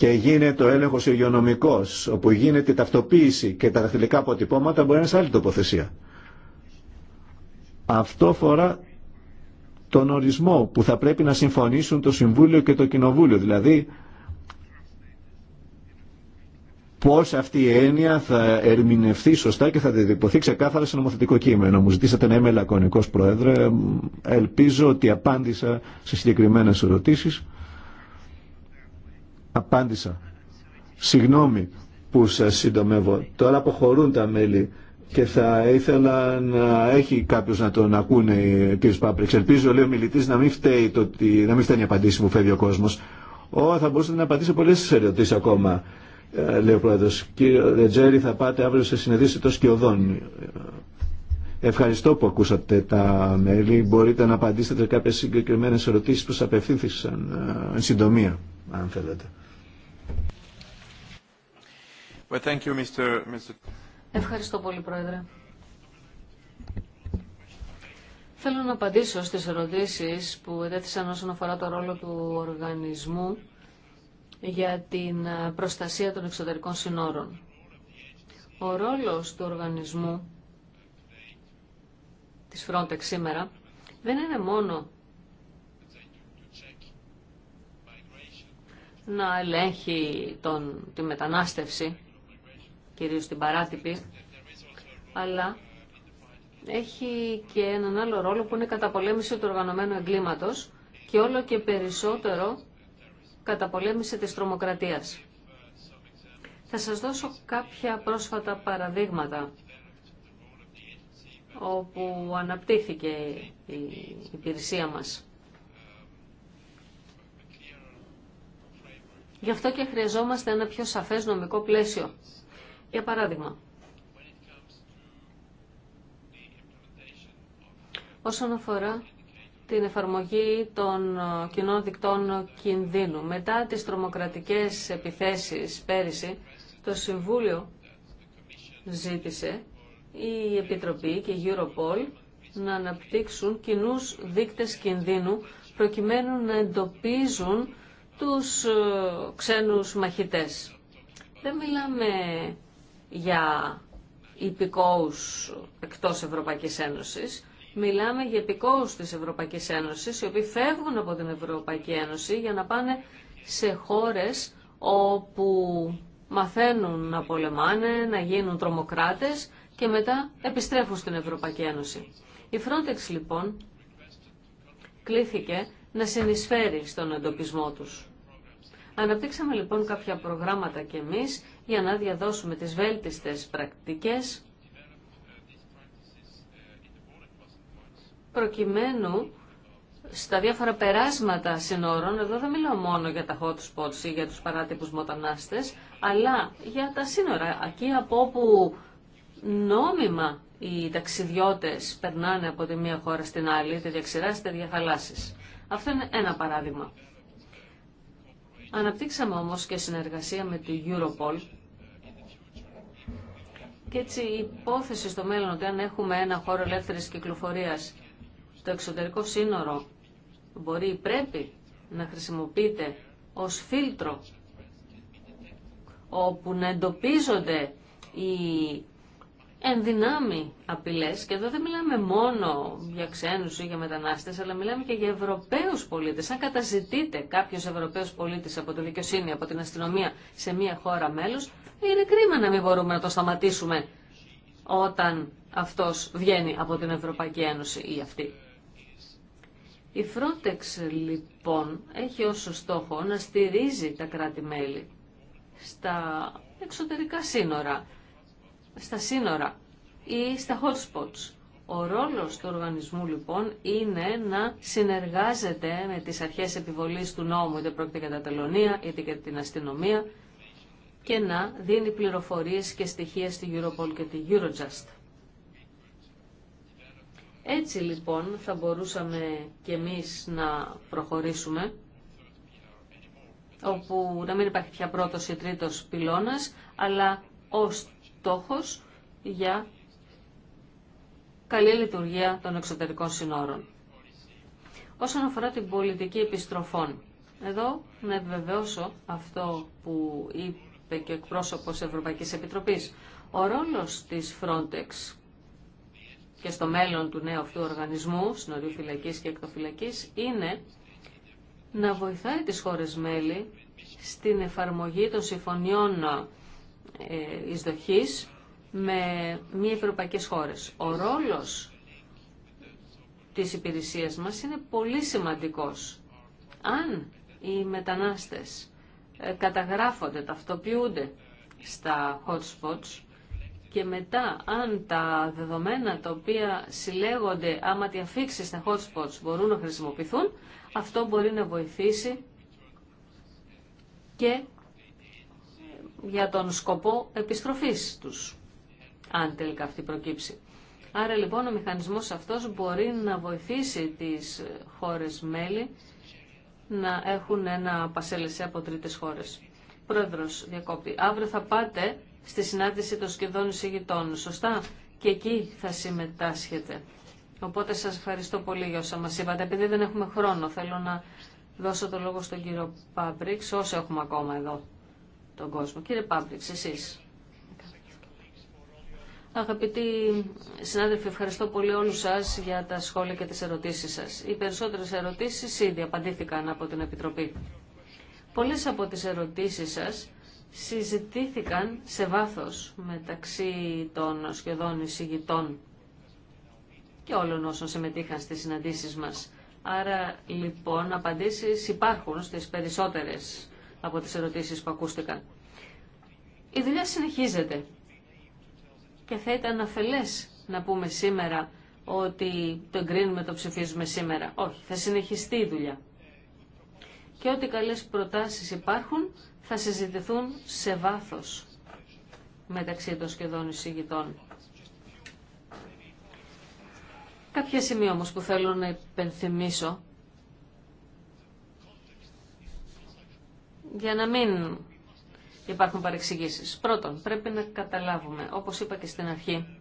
και γίνεται ο έλεγχος υγειονομικό, όπου γίνεται η ταυτοποίηση και τα δαχτυλικά αποτυπώματα μπορεί να είναι σε άλλη τοποθεσία. Αυτό φορά τον ορισμό που θα πρέπει να συμφωνήσουν το Συμβούλιο και το Κοινοβούλιο, δηλαδή πώς αυτή η έννοια θα ερμηνευθεί σωστά και θα διδυπωθεί ξεκάθαρα σε νομοθετικό κείμενο. Μου ζητήσατε να είμαι λακωνικός Πρόεδρε. Ελπίζω ότι απάντησα σε συγκεκριμένες ερωτήσεις. Απάντησα. Συγγνώμη που σας συντομεύω. Τώρα αποχωρούν τα μέλη και θα ήθελα να έχει κάποιο να τον ακούνε ο κ. Πάπρεξ. Ελπίζω, λέει ο να μην φταίει να μην φταίνει η απαντήση που φεύγει ο κόσμο. Ω, θα μπορούσατε να απαντήσετε πολλέ ερωτήσει ακόμα, ε, λέει ο πρόεδρο. Κύριε Ρετζέρη, θα πάτε αύριο σε συνεδρίαση των σκιωδών. Ευχαριστώ που ακούσατε τα μέλη. Μπορείτε να απαντήσετε κάποιε συγκεκριμένε ερωτήσει που σα απευθύνθησαν ε, εν συντομία, αν θέλετε. Ευχαριστώ πολύ, Πρόεδρε. Θέλω να απαντήσω στις ερωτήσεις που ετέθησαν όσον αφορά το ρόλο του οργανισμού για την ε, προστασία των εξωτερικών συνόρων. Ο ρόλος του οργανισμού της Frontex σήμερα δεν είναι μόνο να ελέγχει τον, τη μετανάστευση κυρίως την παράτυπη, αλλά έχει και έναν άλλο ρόλο που είναι καταπολέμηση του οργανωμένου εγκλήματος και όλο και περισσότερο καταπολέμηση της τρομοκρατίας. Θα σας δώσω κάποια πρόσφατα παραδείγματα όπου αναπτύχθηκε η υπηρεσία μας. Γι' αυτό και χρειαζόμαστε ένα πιο σαφές νομικό πλαίσιο για παράδειγμα, όσον αφορά την εφαρμογή των ε, κοινών δικτών κινδύνου. Μετά τις τρομοκρατικές επιθέσεις πέρυσι, το Συμβούλιο ζήτησε η Επιτροπή και η Europol να αναπτύξουν κοινούς δείκτες κινδύνου προκειμένου να εντοπίζουν τους ε, ξένους μαχητές. Δεν μιλάμε για υπηκόους εκτός Ευρωπαϊκής Ένωσης. Μιλάμε για υπηκόους της Ευρωπαϊκής Ένωσης, οι οποίοι φεύγουν από την Ευρωπαϊκή Ένωση για να πάνε σε χώρες όπου μαθαίνουν να πολεμάνε, να γίνουν τρομοκράτες και μετά επιστρέφουν στην Ευρωπαϊκή Ένωση. Η Frontex λοιπόν κλήθηκε να συνεισφέρει στον εντοπισμό τους. Αναπτύξαμε λοιπόν κάποια προγράμματα κι εμείς για να διαδώσουμε τις βέλτιστες πρακτικές προκειμένου στα διάφορα περάσματα συνόρων, εδώ δεν μιλάω μόνο για τα hot spots ή για τους παράτυπους μοτανάστες, αλλά για τα σύνορα, εκεί από όπου νόμιμα οι ταξιδιώτες περνάνε από τη μία χώρα στην άλλη, είτε διαξηράς είτε διαθαλάσσεις. Αυτό είναι ένα παράδειγμα. Αναπτύξαμε όμως και συνεργασία με το Europol και έτσι η υπόθεση στο μέλλον ότι αν έχουμε ένα χώρο ελεύθερης κυκλοφορίας, το εξωτερικό σύνορο μπορεί ή πρέπει να χρησιμοποιείται ως φίλτρο όπου να εντοπίζονται οι ενδυνάμει απειλές και εδώ δεν μιλάμε μόνο για ξένους ή για μετανάστες αλλά μιλάμε και για Ευρωπαίους πολίτες. Αν καταζητείτε κάποιος Ευρωπαίος πολίτης από το δικαιοσύνη, από την αστυνομία σε μια χώρα μέλος είναι κρίμα να μην μπορούμε να το σταματήσουμε όταν αυτός βγαίνει από την Ευρωπαϊκή Ένωση ή αυτή. Η Frontex λοιπόν έχει ως στόχο να στηρίζει τα κράτη-μέλη στα εξωτερικά σύνορα, στα σύνορα ή στα hot spots. Ο ρόλος του οργανισμού λοιπόν είναι να συνεργάζεται με τις αρχές επιβολής του νόμου, είτε πρόκειται για τα τελωνία, είτε για την αστυνομία, και να δίνει πληροφορίες και στοιχεία στη Europol και τη Eurojust. Έτσι λοιπόν θα μπορούσαμε και εμείς να προχωρήσουμε όπου να μην υπάρχει πια πρώτος ή τρίτος πυλώνας, αλλά ο στόχος για καλή λειτουργία των εξωτερικών συνόρων. Όσον αφορά την πολιτική επιστροφών, εδώ να επιβεβαιώσω αυτό που είπε είπε και ο εκπρόσωπος Ευρωπαϊκής Επιτροπής. Ο ρόλος της Frontex και στο μέλλον του νέου αυτού οργανισμού, συνοριοφυλακής και εκτοφυλακής, είναι να βοηθάει τις χώρες μέλη στην εφαρμογή των συμφωνιών ε, εισδοχής με μη ευρωπαϊκές χώρες. Ο ρόλος της υπηρεσίας μας είναι πολύ σημαντικός. Αν οι μετανάστες ε, καταγράφονται, ταυτοποιούνται στα hotspots και μετά αν τα δεδομένα τα οποία συλλέγονται άμα τη στα hotspots μπορούν να χρησιμοποιηθούν, αυτό μπορεί να βοηθήσει και ε, για τον σκοπό επιστροφής τους, αν τελικά αυτή προκύψει. Άρα λοιπόν ο μηχανισμός αυτός μπορεί να βοηθήσει τις ε, χώρες μέλη να έχουν ένα πασέλεσαι από τρίτες χώρες. Πρόεδρο, Διακόπτη, αύριο θα πάτε στη συνάντηση των σχεδόν εισηγητών, σωστά, και εκεί θα συμμετάσχετε. Οπότε σας ευχαριστώ πολύ για όσα μας είπατε. Επειδή δεν έχουμε χρόνο, θέλω να δώσω το λόγο στον κύριο Πάμπριξ, όσο έχουμε ακόμα εδώ τον κόσμο. Κύριε Πάμπριξ, εσείς. Αγαπητοί συνάδελφοι, ευχαριστώ πολύ όλους σας για τα σχόλια και τις ερωτήσεις σας. Οι περισσότερες ερωτήσεις ήδη απαντήθηκαν από την Επιτροπή. Πολλές από τις ερωτήσεις σας συζητήθηκαν σε βάθος μεταξύ των σχεδόν εισηγητών και όλων όσων συμμετείχαν στις συναντήσεις μας. Άρα λοιπόν απαντήσεις υπάρχουν στις περισσότερες από τις ερωτήσεις που ακούστηκαν. Η δουλειά συνεχίζεται και θα ήταν αφελές να πούμε σήμερα ότι το εγκρίνουμε, το ψηφίζουμε σήμερα. Όχι, θα συνεχιστεί η δουλειά. Και ό,τι καλές προτάσεις υπάρχουν θα συζητηθούν σε βάθος μεταξύ των σχεδόν εισηγητών. Κάποια σημεία όμως που θέλω να υπενθυμίσω για να μην υπάρχουν παρεξηγήσει. Πρώτον, πρέπει να καταλάβουμε, όπω είπα και στην αρχή,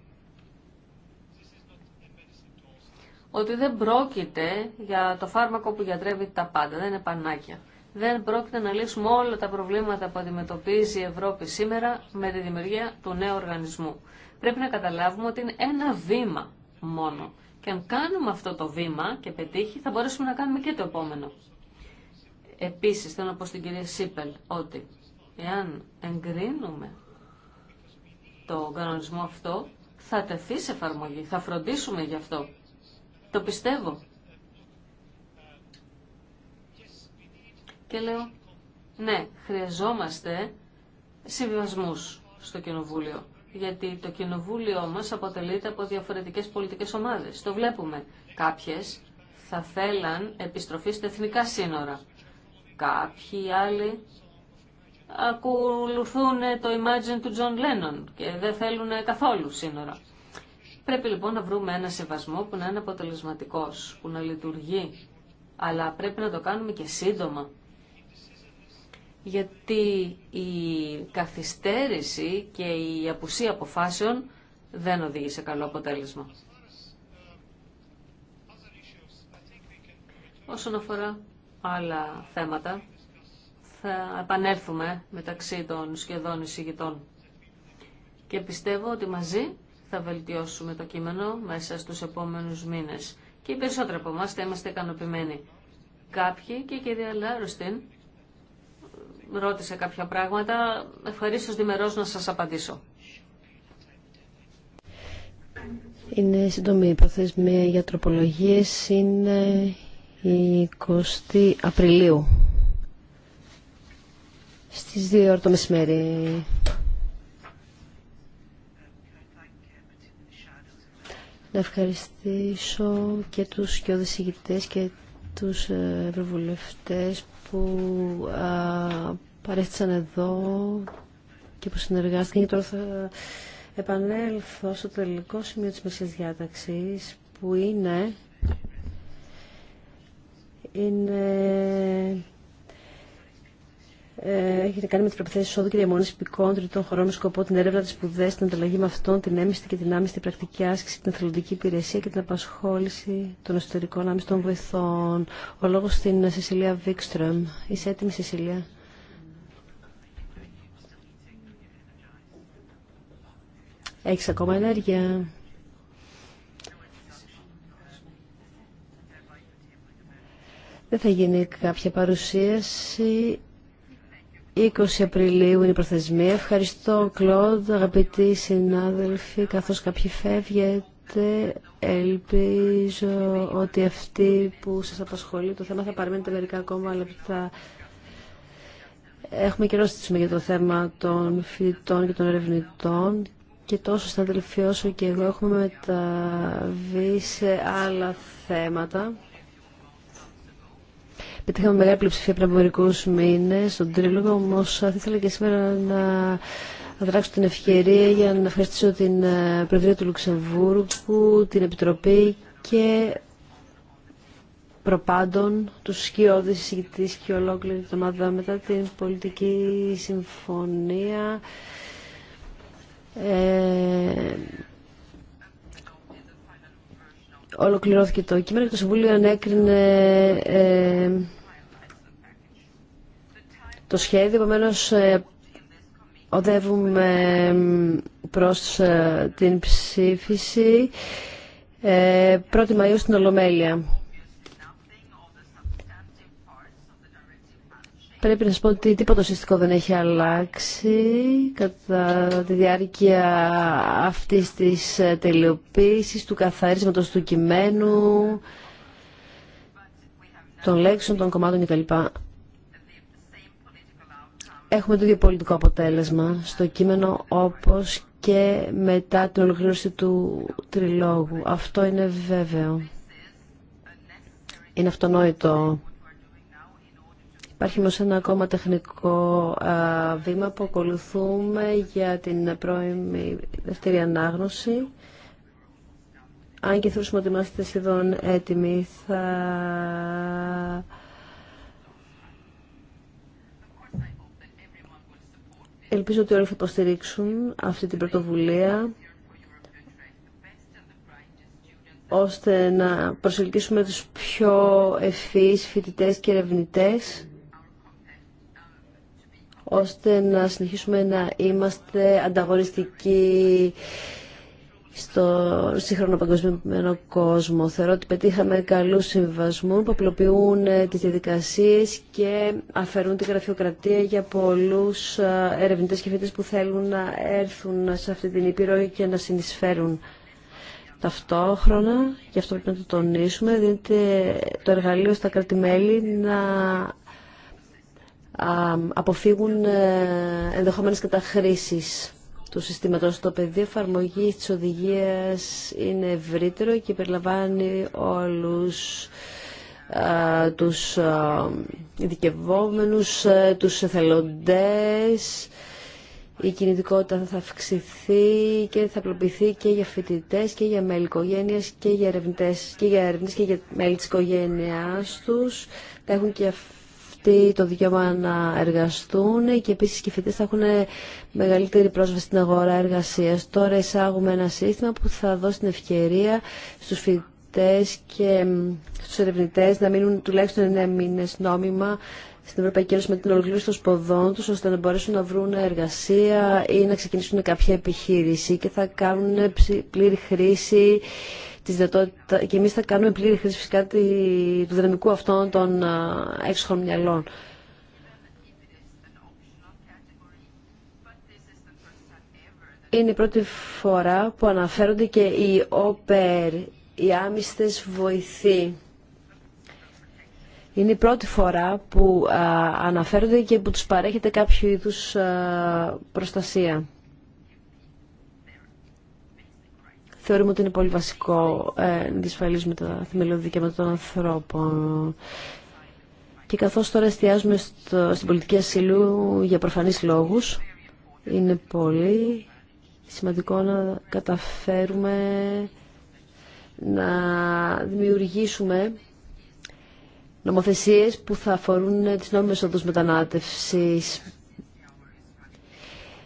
ότι δεν πρόκειται για το φάρμακο που γιατρεύει τα πάντα, δεν είναι πανάκια. Δεν πρόκειται να λύσουμε όλα τα προβλήματα που αντιμετωπίζει η Ευρώπη σήμερα με τη δημιουργία του νέου οργανισμού. Πρέπει να καταλάβουμε ότι είναι ένα βήμα μόνο. Και αν κάνουμε αυτό το βήμα και πετύχει, θα μπορέσουμε να κάνουμε και το επόμενο. Επίσης, θέλω να πω στην κυρία Σίπελ ότι Εάν εγκρίνουμε το κανονισμό αυτό, θα τεθεί σε εφαρμογή, θα φροντίσουμε γι' αυτό. Το πιστεύω. Και λέω, ναι, χρειαζόμαστε συμβιβασμούς στο Κοινοβούλιο. Γιατί το Κοινοβούλιο μας αποτελείται από διαφορετικές πολιτικές ομάδες. Το βλέπουμε. Κάποιες θα θέλαν επιστροφή στα εθνικά σύνορα. Κάποιοι άλλοι ακολουθούν το Imagine του Τζον Λένον και δεν θέλουν καθόλου σύνορα. Πρέπει λοιπόν να βρούμε ένα σεβασμό που να είναι αποτελεσματικός, που να λειτουργεί, αλλά πρέπει να το κάνουμε και σύντομα. Γιατί η καθυστέρηση και η απουσία αποφάσεων δεν οδηγεί σε καλό αποτέλεσμα. Όσον αφορά άλλα θέματα, θα επανέλθουμε μεταξύ των σχεδόν εισηγητών. Και πιστεύω ότι μαζί θα βελτιώσουμε το κείμενο μέσα στους επόμενους μήνες. Και οι περισσότεροι από εμάς θα είμαστε ικανοποιημένοι. Κάποιοι και η κυρία Λάρουστιν ρώτησε κάποια πράγματα. Ευχαρίστως διμερώς να σας απαντήσω. Είναι σύντομη η προθέσμη για τροπολογίες. Είναι 20 Απριλίου στις 2 ώρα το μεσημέρι. Να ευχαριστήσω και τους και ηγητές και τους ε, ευρωβουλευτές που α, παρέστησαν εδώ και που συνεργάστηκαν και τώρα θα επανέλθω στο τελικό σημείο της Μεσσίας διάταξης που είναι είναι ε, έχει να κάνει με τι προποθέσει εισόδου και διαμονή υπηκών τριτών χωρών με σκοπό την έρευνα, τη σπουδέ, την ανταλλαγή με αυτών, την έμιστη και την άμιστη πρακτική άσκηση, την εθελοντική υπηρεσία και την απασχόληση των εσωτερικών άμιστων βοηθών. Ο λόγο στην Σεσιλία Βίξτρομ. Είσαι έτοιμη, Σεσιλία. Έχει ακόμα ενέργεια. Δεν θα γίνει κάποια παρουσίαση. 20 Απριλίου είναι η προθεσμία. Ευχαριστώ, Κλοντ, αγαπητοί συνάδελφοι, καθώς κάποιοι φεύγετε. Ελπίζω ότι αυτοί που σας απασχολεί το θέμα θα παραμένετε μερικά ακόμα λεπτά. Έχουμε καιρό συζητήσουμε για το θέμα των φοιτητών και των ερευνητών και τόσο στα όσο και εγώ έχουμε μεταβεί σε άλλα θέματα πετύχαμε μεγάλη πλειοψηφία πριν από μερικού μήνε στον Τρίλογο, όμω θα ήθελα και σήμερα να δράξω την ευκαιρία για να ευχαριστήσω την ε, Προεδρία του Λουξεμβούργου, την Επιτροπή και προπάντων του σκιώδη συζητητή και ολόκληρη εβδομάδα μετά την πολιτική συμφωνία. Ε, ολοκληρώθηκε το κείμενο και το Συμβούλιο ανέκρινε ε, το σχέδιο. Επομένω, ε, οδεύουμε προς ε, την ψήφιση 1η ε, Μαΐου στην Ολομέλεια. Πρέπει να σας πω ότι τίποτα ουσιαστικό δεν έχει αλλάξει κατά τη διάρκεια αυτής της τελειοποίησης, του καθαρίσματος του κειμένου, των λέξεων, των κομμάτων κλπ έχουμε το ίδιο πολιτικό αποτέλεσμα στο κείμενο όπως και μετά την ολοκλήρωση του τριλόγου. Αυτό είναι βέβαιο. Είναι αυτονόητο. Υπάρχει όμως ένα ακόμα τεχνικό βήμα που ακολουθούμε για την πρώιμη δεύτερη ανάγνωση. Αν και θέλουμε ότι είμαστε σχεδόν έτοιμοι, θα Ελπίζω ότι όλοι θα υποστηρίξουν αυτή την πρωτοβουλία ώστε να προσελκύσουμε τους πιο ευφύς φοιτητές και ερευνητέ ώστε να συνεχίσουμε να είμαστε ανταγωνιστικοί στο σύγχρονο παγκοσμιοποιημένο κόσμο. Θεωρώ ότι πετύχαμε καλούς συμβασμούς που απλοποιούν ε, τις διαδικασίες και αφαιρούν την γραφειοκρατία για πολλούς ε, ερευνητές και φοιτητές που θέλουν να έρθουν σε αυτή την Ήπειρο και να συνεισφέρουν. Ταυτόχρονα, και αυτό πρέπει να το τονίσουμε, δίνεται το εργαλείο στα κρατημέλη να αποφύγουν ε, ενδεχόμενες καταχρήσεις του συστήματος. Το πεδίο εφαρμογή τη οδηγία είναι ευρύτερο και περιλαμβάνει όλους α, τους α, ειδικευόμενους, τους εθελοντές. Η κινητικότητα θα αυξηθεί και θα απλοποιηθεί και για φοιτητέ και για μέλη οικογένεια και για ερευνητέ και για ερευνητές και για μέλη τη οικογένειά του. έχουν και αυτοί το δικαίωμα να εργαστούν και επίση και οι φοιτητέ θα έχουν μεγαλύτερη πρόσβαση στην αγορά εργασία. Τώρα εισάγουμε ένα σύστημα που θα δώσει την ευκαιρία στου φοιτητέ και στου ερευνητέ να μείνουν τουλάχιστον 9 μήνε νόμιμα στην Ευρωπαϊκή Ένωση με την ολοκλήρωση των σποδών του ώστε να μπορέσουν να βρουν εργασία ή να ξεκινήσουν κάποια επιχείρηση και θα κάνουν πλήρη χρήση δυνατότητα και εμεί θα κάνουμε πλήρη χρήση φυσικά του δυναμικού αυτών των έξοχων μυαλών. Είναι η πρώτη φορά που αναφέρονται και οι όπερ, οι άμυστες βοηθοί. Είναι η πρώτη φορά που αναφέρονται και που τους παρέχεται κάποιο είδους προστασία. θεωρούμε ότι είναι πολύ βασικό ε, να διασφαλίζουμε τα θεμελιώδη δικαιώματα των ανθρώπων. Και καθώς τώρα εστιάζουμε στην πολιτική ασύλου για προφανείς λόγους, είναι πολύ σημαντικό να καταφέρουμε να δημιουργήσουμε νομοθεσίες που θα αφορούν τις νόμιμες οδούς μετανάτευσης.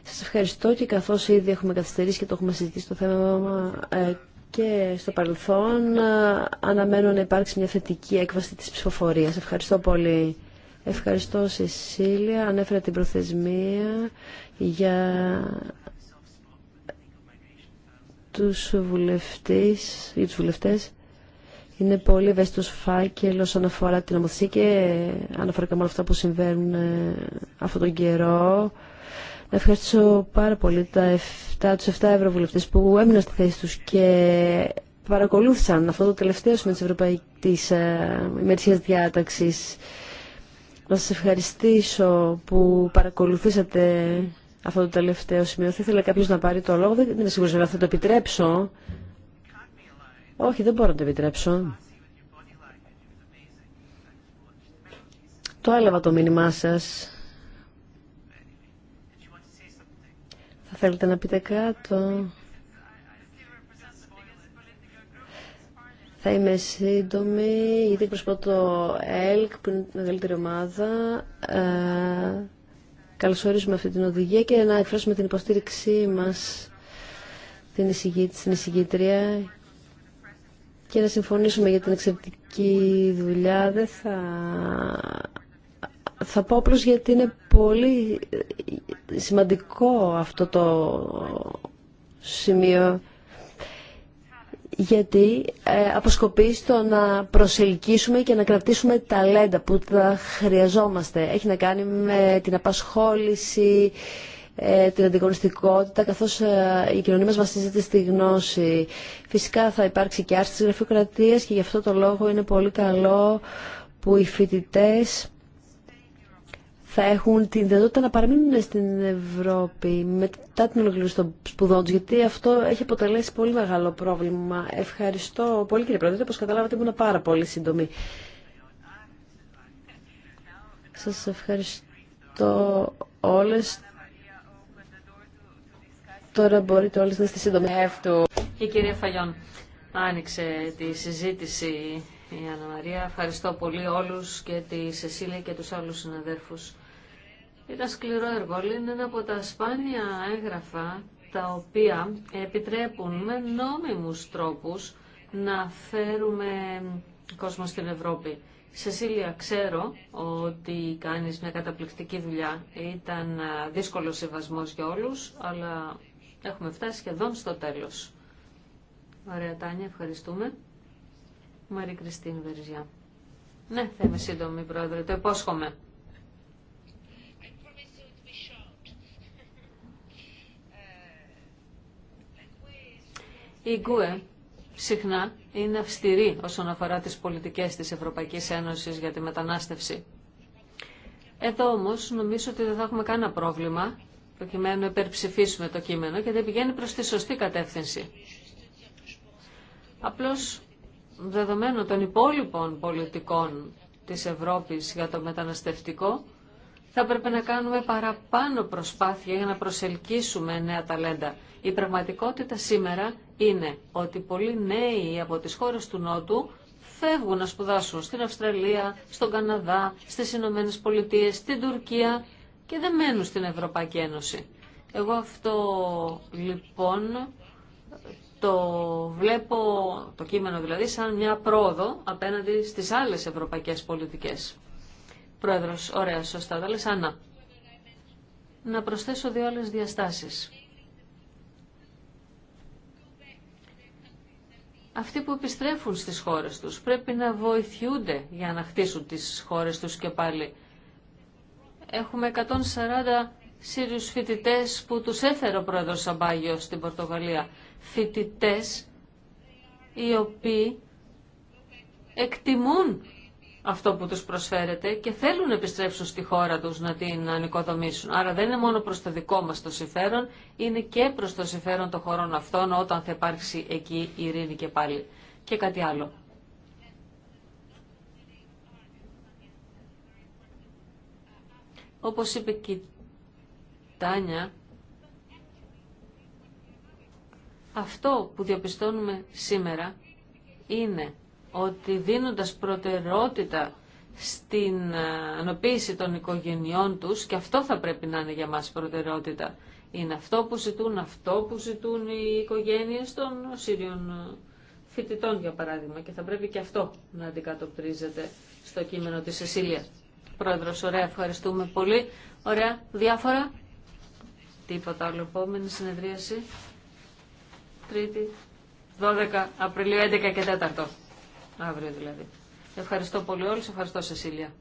Σας ευχαριστώ και καθώς ήδη έχουμε καθυστερήσει και το έχουμε συζητήσει το θέμα ε, και στο παρελθόν ε, αναμένω να υπάρξει μια θετική έκβαση της ψηφοφορίας. Ευχαριστώ πολύ. Ευχαριστώ Σεσίλια. Ανέφερα την προθεσμία για τους βουλευτές, για τους Είναι πολύ ευαίσθητο φάκελο όσον αφορά την νομοθεσία και αναφορικά με όλα αυτά που συμβαίνουν ε, αυτόν τον καιρό. Ευχαριστώ πάρα πολύ τα 7, τους 7 ευρωβουλευτές που έμειναν στη θέση τους και παρακολούθησαν αυτό το τελευταίο σημείο της Ευρωπαϊκής ε, Ημερησίας Διάταξης. Να σας ευχαριστήσω που παρακολουθήσατε αυτό το τελευταίο σημείο. Θα ήθελα κάποιος να πάρει το λόγο. Δεν είμαι σίγουρος να θα το επιτρέψω. Όχι, δεν μπορώ να το επιτρέψω. Το έλαβα το μήνυμά σας. Θα θέλετε να πείτε κάτω. Θα είμαι σύντομη, γιατί προσπαθώ το ΕΛΚ, που είναι η μεγαλύτερη ομάδα. Ε, καλωσορίζουμε αυτή την οδηγία και να εκφράσουμε την υποστήριξή μας την στην εισηγήτρια και να συμφωνήσουμε για την εξαιρετική δουλειά. Δεν θα θα πω απλώς γιατί είναι πολύ σημαντικό αυτό το σημείο γιατί ε, αποσκοπεί στο να προσελκύσουμε και να κρατήσουμε ταλέντα που τα χρειαζόμαστε. Έχει να κάνει με την απασχόληση, ε, την αντικονιστικότητα, καθώς ε, η κοινωνία μας βασίζεται στη γνώση. Φυσικά θα υπάρξει και άρση της γραφειοκρατίας και γι' αυτό το λόγο είναι πολύ καλό που οι φοιτητές θα έχουν την δυνατότητα να παραμείνουν στην Ευρώπη μετά την ολοκλήρωση των σπουδών του, γιατί αυτό έχει αποτελέσει πολύ μεγάλο πρόβλημα. Ευχαριστώ πολύ κύριε Πρόεδρε, όπω καταλάβατε ήμουν πάρα πολύ σύντομη. Σα ευχαριστώ όλε. Τώρα μπορείτε όλες να είστε σύντομοι. Η κυρία Φαγιόν άνοιξε τη συζήτηση η Αναμαρία. Ευχαριστώ πολύ όλους και τη Σεσίλια και τους άλλους συναδέρφους. Ήταν σκληρό έργο, είναι ένα από τα σπάνια έγγραφα τα οποία επιτρέπουν με νόμιμους τρόπους να φέρουμε κόσμο στην Ευρώπη. Σεσίλια, ξέρω ότι κάνεις μια καταπληκτική δουλειά. Ήταν δύσκολο σεβασμός για όλους, αλλά έχουμε φτάσει σχεδόν στο τέλος. Ωραία, Τάνια, ευχαριστούμε. Μαρή Κριστίν Βεριζιά. Ναι, θα είμαι σύντομη, Πρόεδρε, το υπόσχομαι. Η ΓΚΟΕ συχνά είναι αυστηρή όσον αφορά τις πολιτικές της Ευρωπαϊκής Ένωσης για τη μετανάστευση. Εδώ όμως νομίζω ότι δεν θα έχουμε κανένα πρόβλημα προκειμένου να υπερψηφίσουμε το κείμενο και δεν πηγαίνει προς τη σωστή κατεύθυνση. Απλώς δεδομένου των υπόλοιπων πολιτικών της Ευρώπης για το μεταναστευτικό θα πρέπει να κάνουμε παραπάνω προσπάθεια για να προσελκύσουμε νέα ταλέντα. Η πραγματικότητα σήμερα είναι ότι πολλοί νέοι από τις χώρες του Νότου φεύγουν να σπουδάσουν στην Αυστραλία, στον Καναδά, στις Ηνωμένε Πολιτείε, στην Τουρκία και δεν μένουν στην Ευρωπαϊκή Ένωση. Εγώ αυτό λοιπόν το βλέπω, το κείμενο δηλαδή, σαν μια πρόοδο απέναντι στις άλλες ευρωπαϊκές πολιτικές. Πρόεδρος, ωραία, σωστά, τα λες, Να προσθέσω δύο άλλες διαστάσεις. αυτοί που επιστρέφουν στις χώρες τους πρέπει να βοηθιούνται για να χτίσουν τις χώρες τους και πάλι. Έχουμε 140 Σύριους φοιτητέ που τους έφερε ο πρόεδρος Σαμπάγιο στην Πορτογαλία. Φοιτητέ οι οποίοι εκτιμούν αυτό που τους προσφέρεται και θέλουν να επιστρέψουν στη χώρα τους να την ανοικοδομήσουν. Άρα δεν είναι μόνο προς το δικό μας το συμφέρον, είναι και προς το συμφέρον των χωρών αυτών όταν θα υπάρξει εκεί η ειρήνη και πάλι. Και κάτι άλλο. Όπως είπε και η Τάνια, αυτό που διαπιστώνουμε σήμερα είναι ότι δίνοντας προτεραιότητα στην ε, ανοποίηση των οικογενειών τους και αυτό θα πρέπει να είναι για μας προτεραιότητα. Είναι αυτό που ζητούν, αυτό που ζητούν οι οικογένειες των Σύριων ε, φοιτητών για παράδειγμα και θα πρέπει και αυτό να αντικατοπτρίζεται στο κείμενο της Σεσίλια. Πρόεδρος, ωραία, ευχαριστούμε πολύ. Ωραία, διάφορα. Τίποτα άλλο, επόμενη συνεδρίαση. Τρίτη, 12 Απριλίου, 11 και 4. Αύριο δηλαδή. Ευχαριστώ πολύ όλους. Ευχαριστώ Σεσίλια.